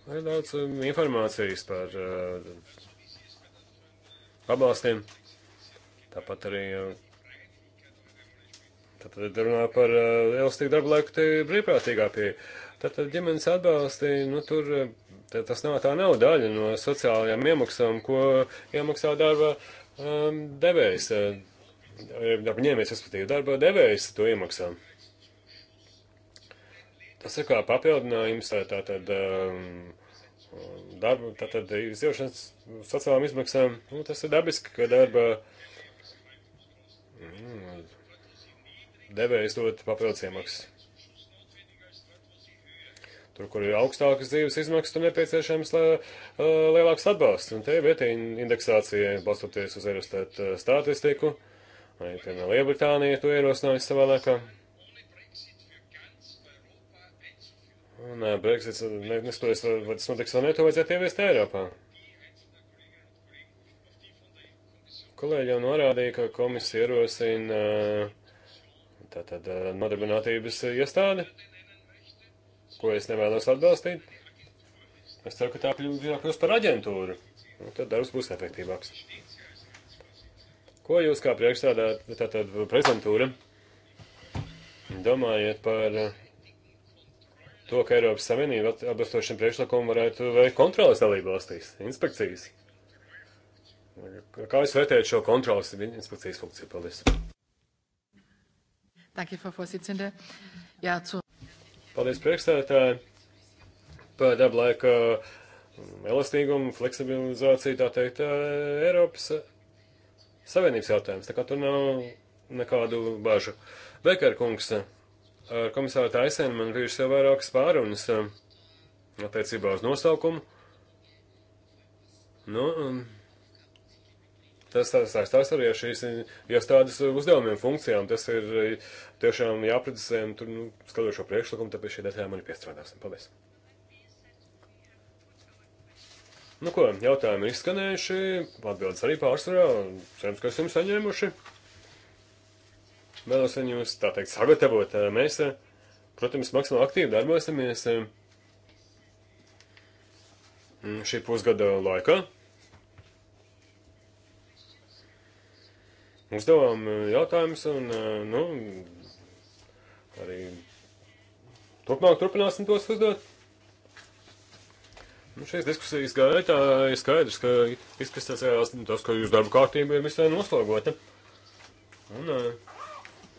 Ir daudz um, informācijas par uh, pabalstiem. Uh, Tāpat arī tātad runā par e, elastīgu darba laiku, tai brīvprātīgā pieeja. Tātad ģimenes atbalsti, nu tur e, tā, tas nav tā nav daļa no sociālajām iemaksām, ko iemaksā darba um, devējs, darba ņēmējs, respektīvi darba devējs to iemaksā. Tas ir kā papildinājums, tātad um, darba, tātad izdzīvošanas sociālām izmaksām, nu tas ir dabiski, ka darba. Uh, devējs dot papildus iemaksas. Tur, kur ir augstākas dzīves izmaksas, tur nepieciešams eh, lielāks atbalsts. Un te vietēji indeksācija, balstoties uz Eurostat eh, statistiku, arī, piemēram, Lielbritānija to ierosinājusi savā laikā. Un eh, Brexits, ne, neskatoties, vai tas notiks vai ne, to vajadzētu ieviest Eiropā. Kolēģi jau norādīja, ka komisija ierosina uh, Tātad eh, nodarbinātības eh, iestāde, ko es nevēlos atbalstīt. Es ceru, ka tā kļūst par aģentūru. Un tad darbs būs efektīvāks. Ko jūs kā priekšstādāt, tātad prezidentūra, domājat par eh, to, ka Eiropas Savienība atbilstošiem priekšlikumam varētu veikt kontrolas dalību valstīs, inspekcijas? Kā jūs vērtējat šo kontrolas inspekcijas funkciju? Paldies! Paldies, priekšstādātāji, par darba laika mm, elastīgumu, fleksibilizāciju, tā teikt, Eiropas Savienības jautājums. Tā kā tur nav nekādu bažu. Bekar kungs, ar komisāru Taisēnu man bijušas jau vairākas pārunas attiecībā uz nosaukumu. Nu, tas saistās arī ar šīs iestādes uzdevumiem, funkcijām. Tas ir eh, tiešām jāprecizē, un tur, nu, skatot šo priekšlikumu, tāpēc šie detaļām arī piestrādāsim. Paldies! Nu ko, jautājumi ir izskanējuši, atbildes arī pārsvarā, cerams, ka esam saņēmuši. Vēlos viņu jūs, tā teikt, sagatavot. Eh, mēs, eh, protams, maksimāli aktīvi darbosimies šī pusgada laikā. uzdevām eh, jautājumus un, eh, nu, arī turpmāk turpināsim tos uzdot. Nu, šīs diskusijas gaitā ir skaidrs, ka izkristalizējās tas, ka jūsu darba kārtība ir visai noslogota. Un, eh,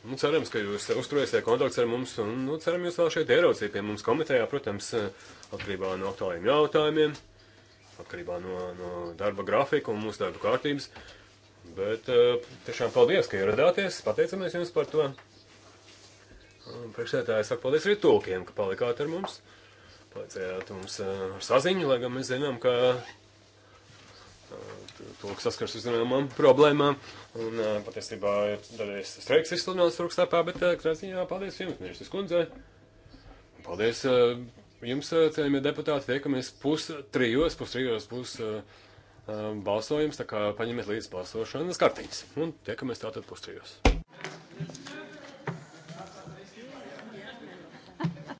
nu, cerams, ka jūs uzturēsiet kontakts ar mums, un, nu, ceram, jūs vēl šeit ieraucīt pie mums komitejā, protams, atkarībā no aktuāliem jautājumiem, atkarībā no, no darba grafika un mūsu darba kārtības. Uh, Bet e, tiešām paldies, ka ieradāties. Pateicamies jums par to. Priekšsētāji saka paldies arī tūkiem, ka palikāt ar mums. Palicējāt mums e, ar saziņu, lai gan mēs zinām, ka e, tūks saskars uz zināmām problēmām. Un patiesībā daļais streiks izsludināts rūkstāpā, bet katrā ziņā paldies jums, ministrs kundzei. Paldies jums, cienījamie deputāti, tiekamies pus trijos, pus trijos, pus. Uh, um, balsojums, tā kā paņemiet līdzi balsošanas kartiņas. Un tiekamies tātad pustrijos.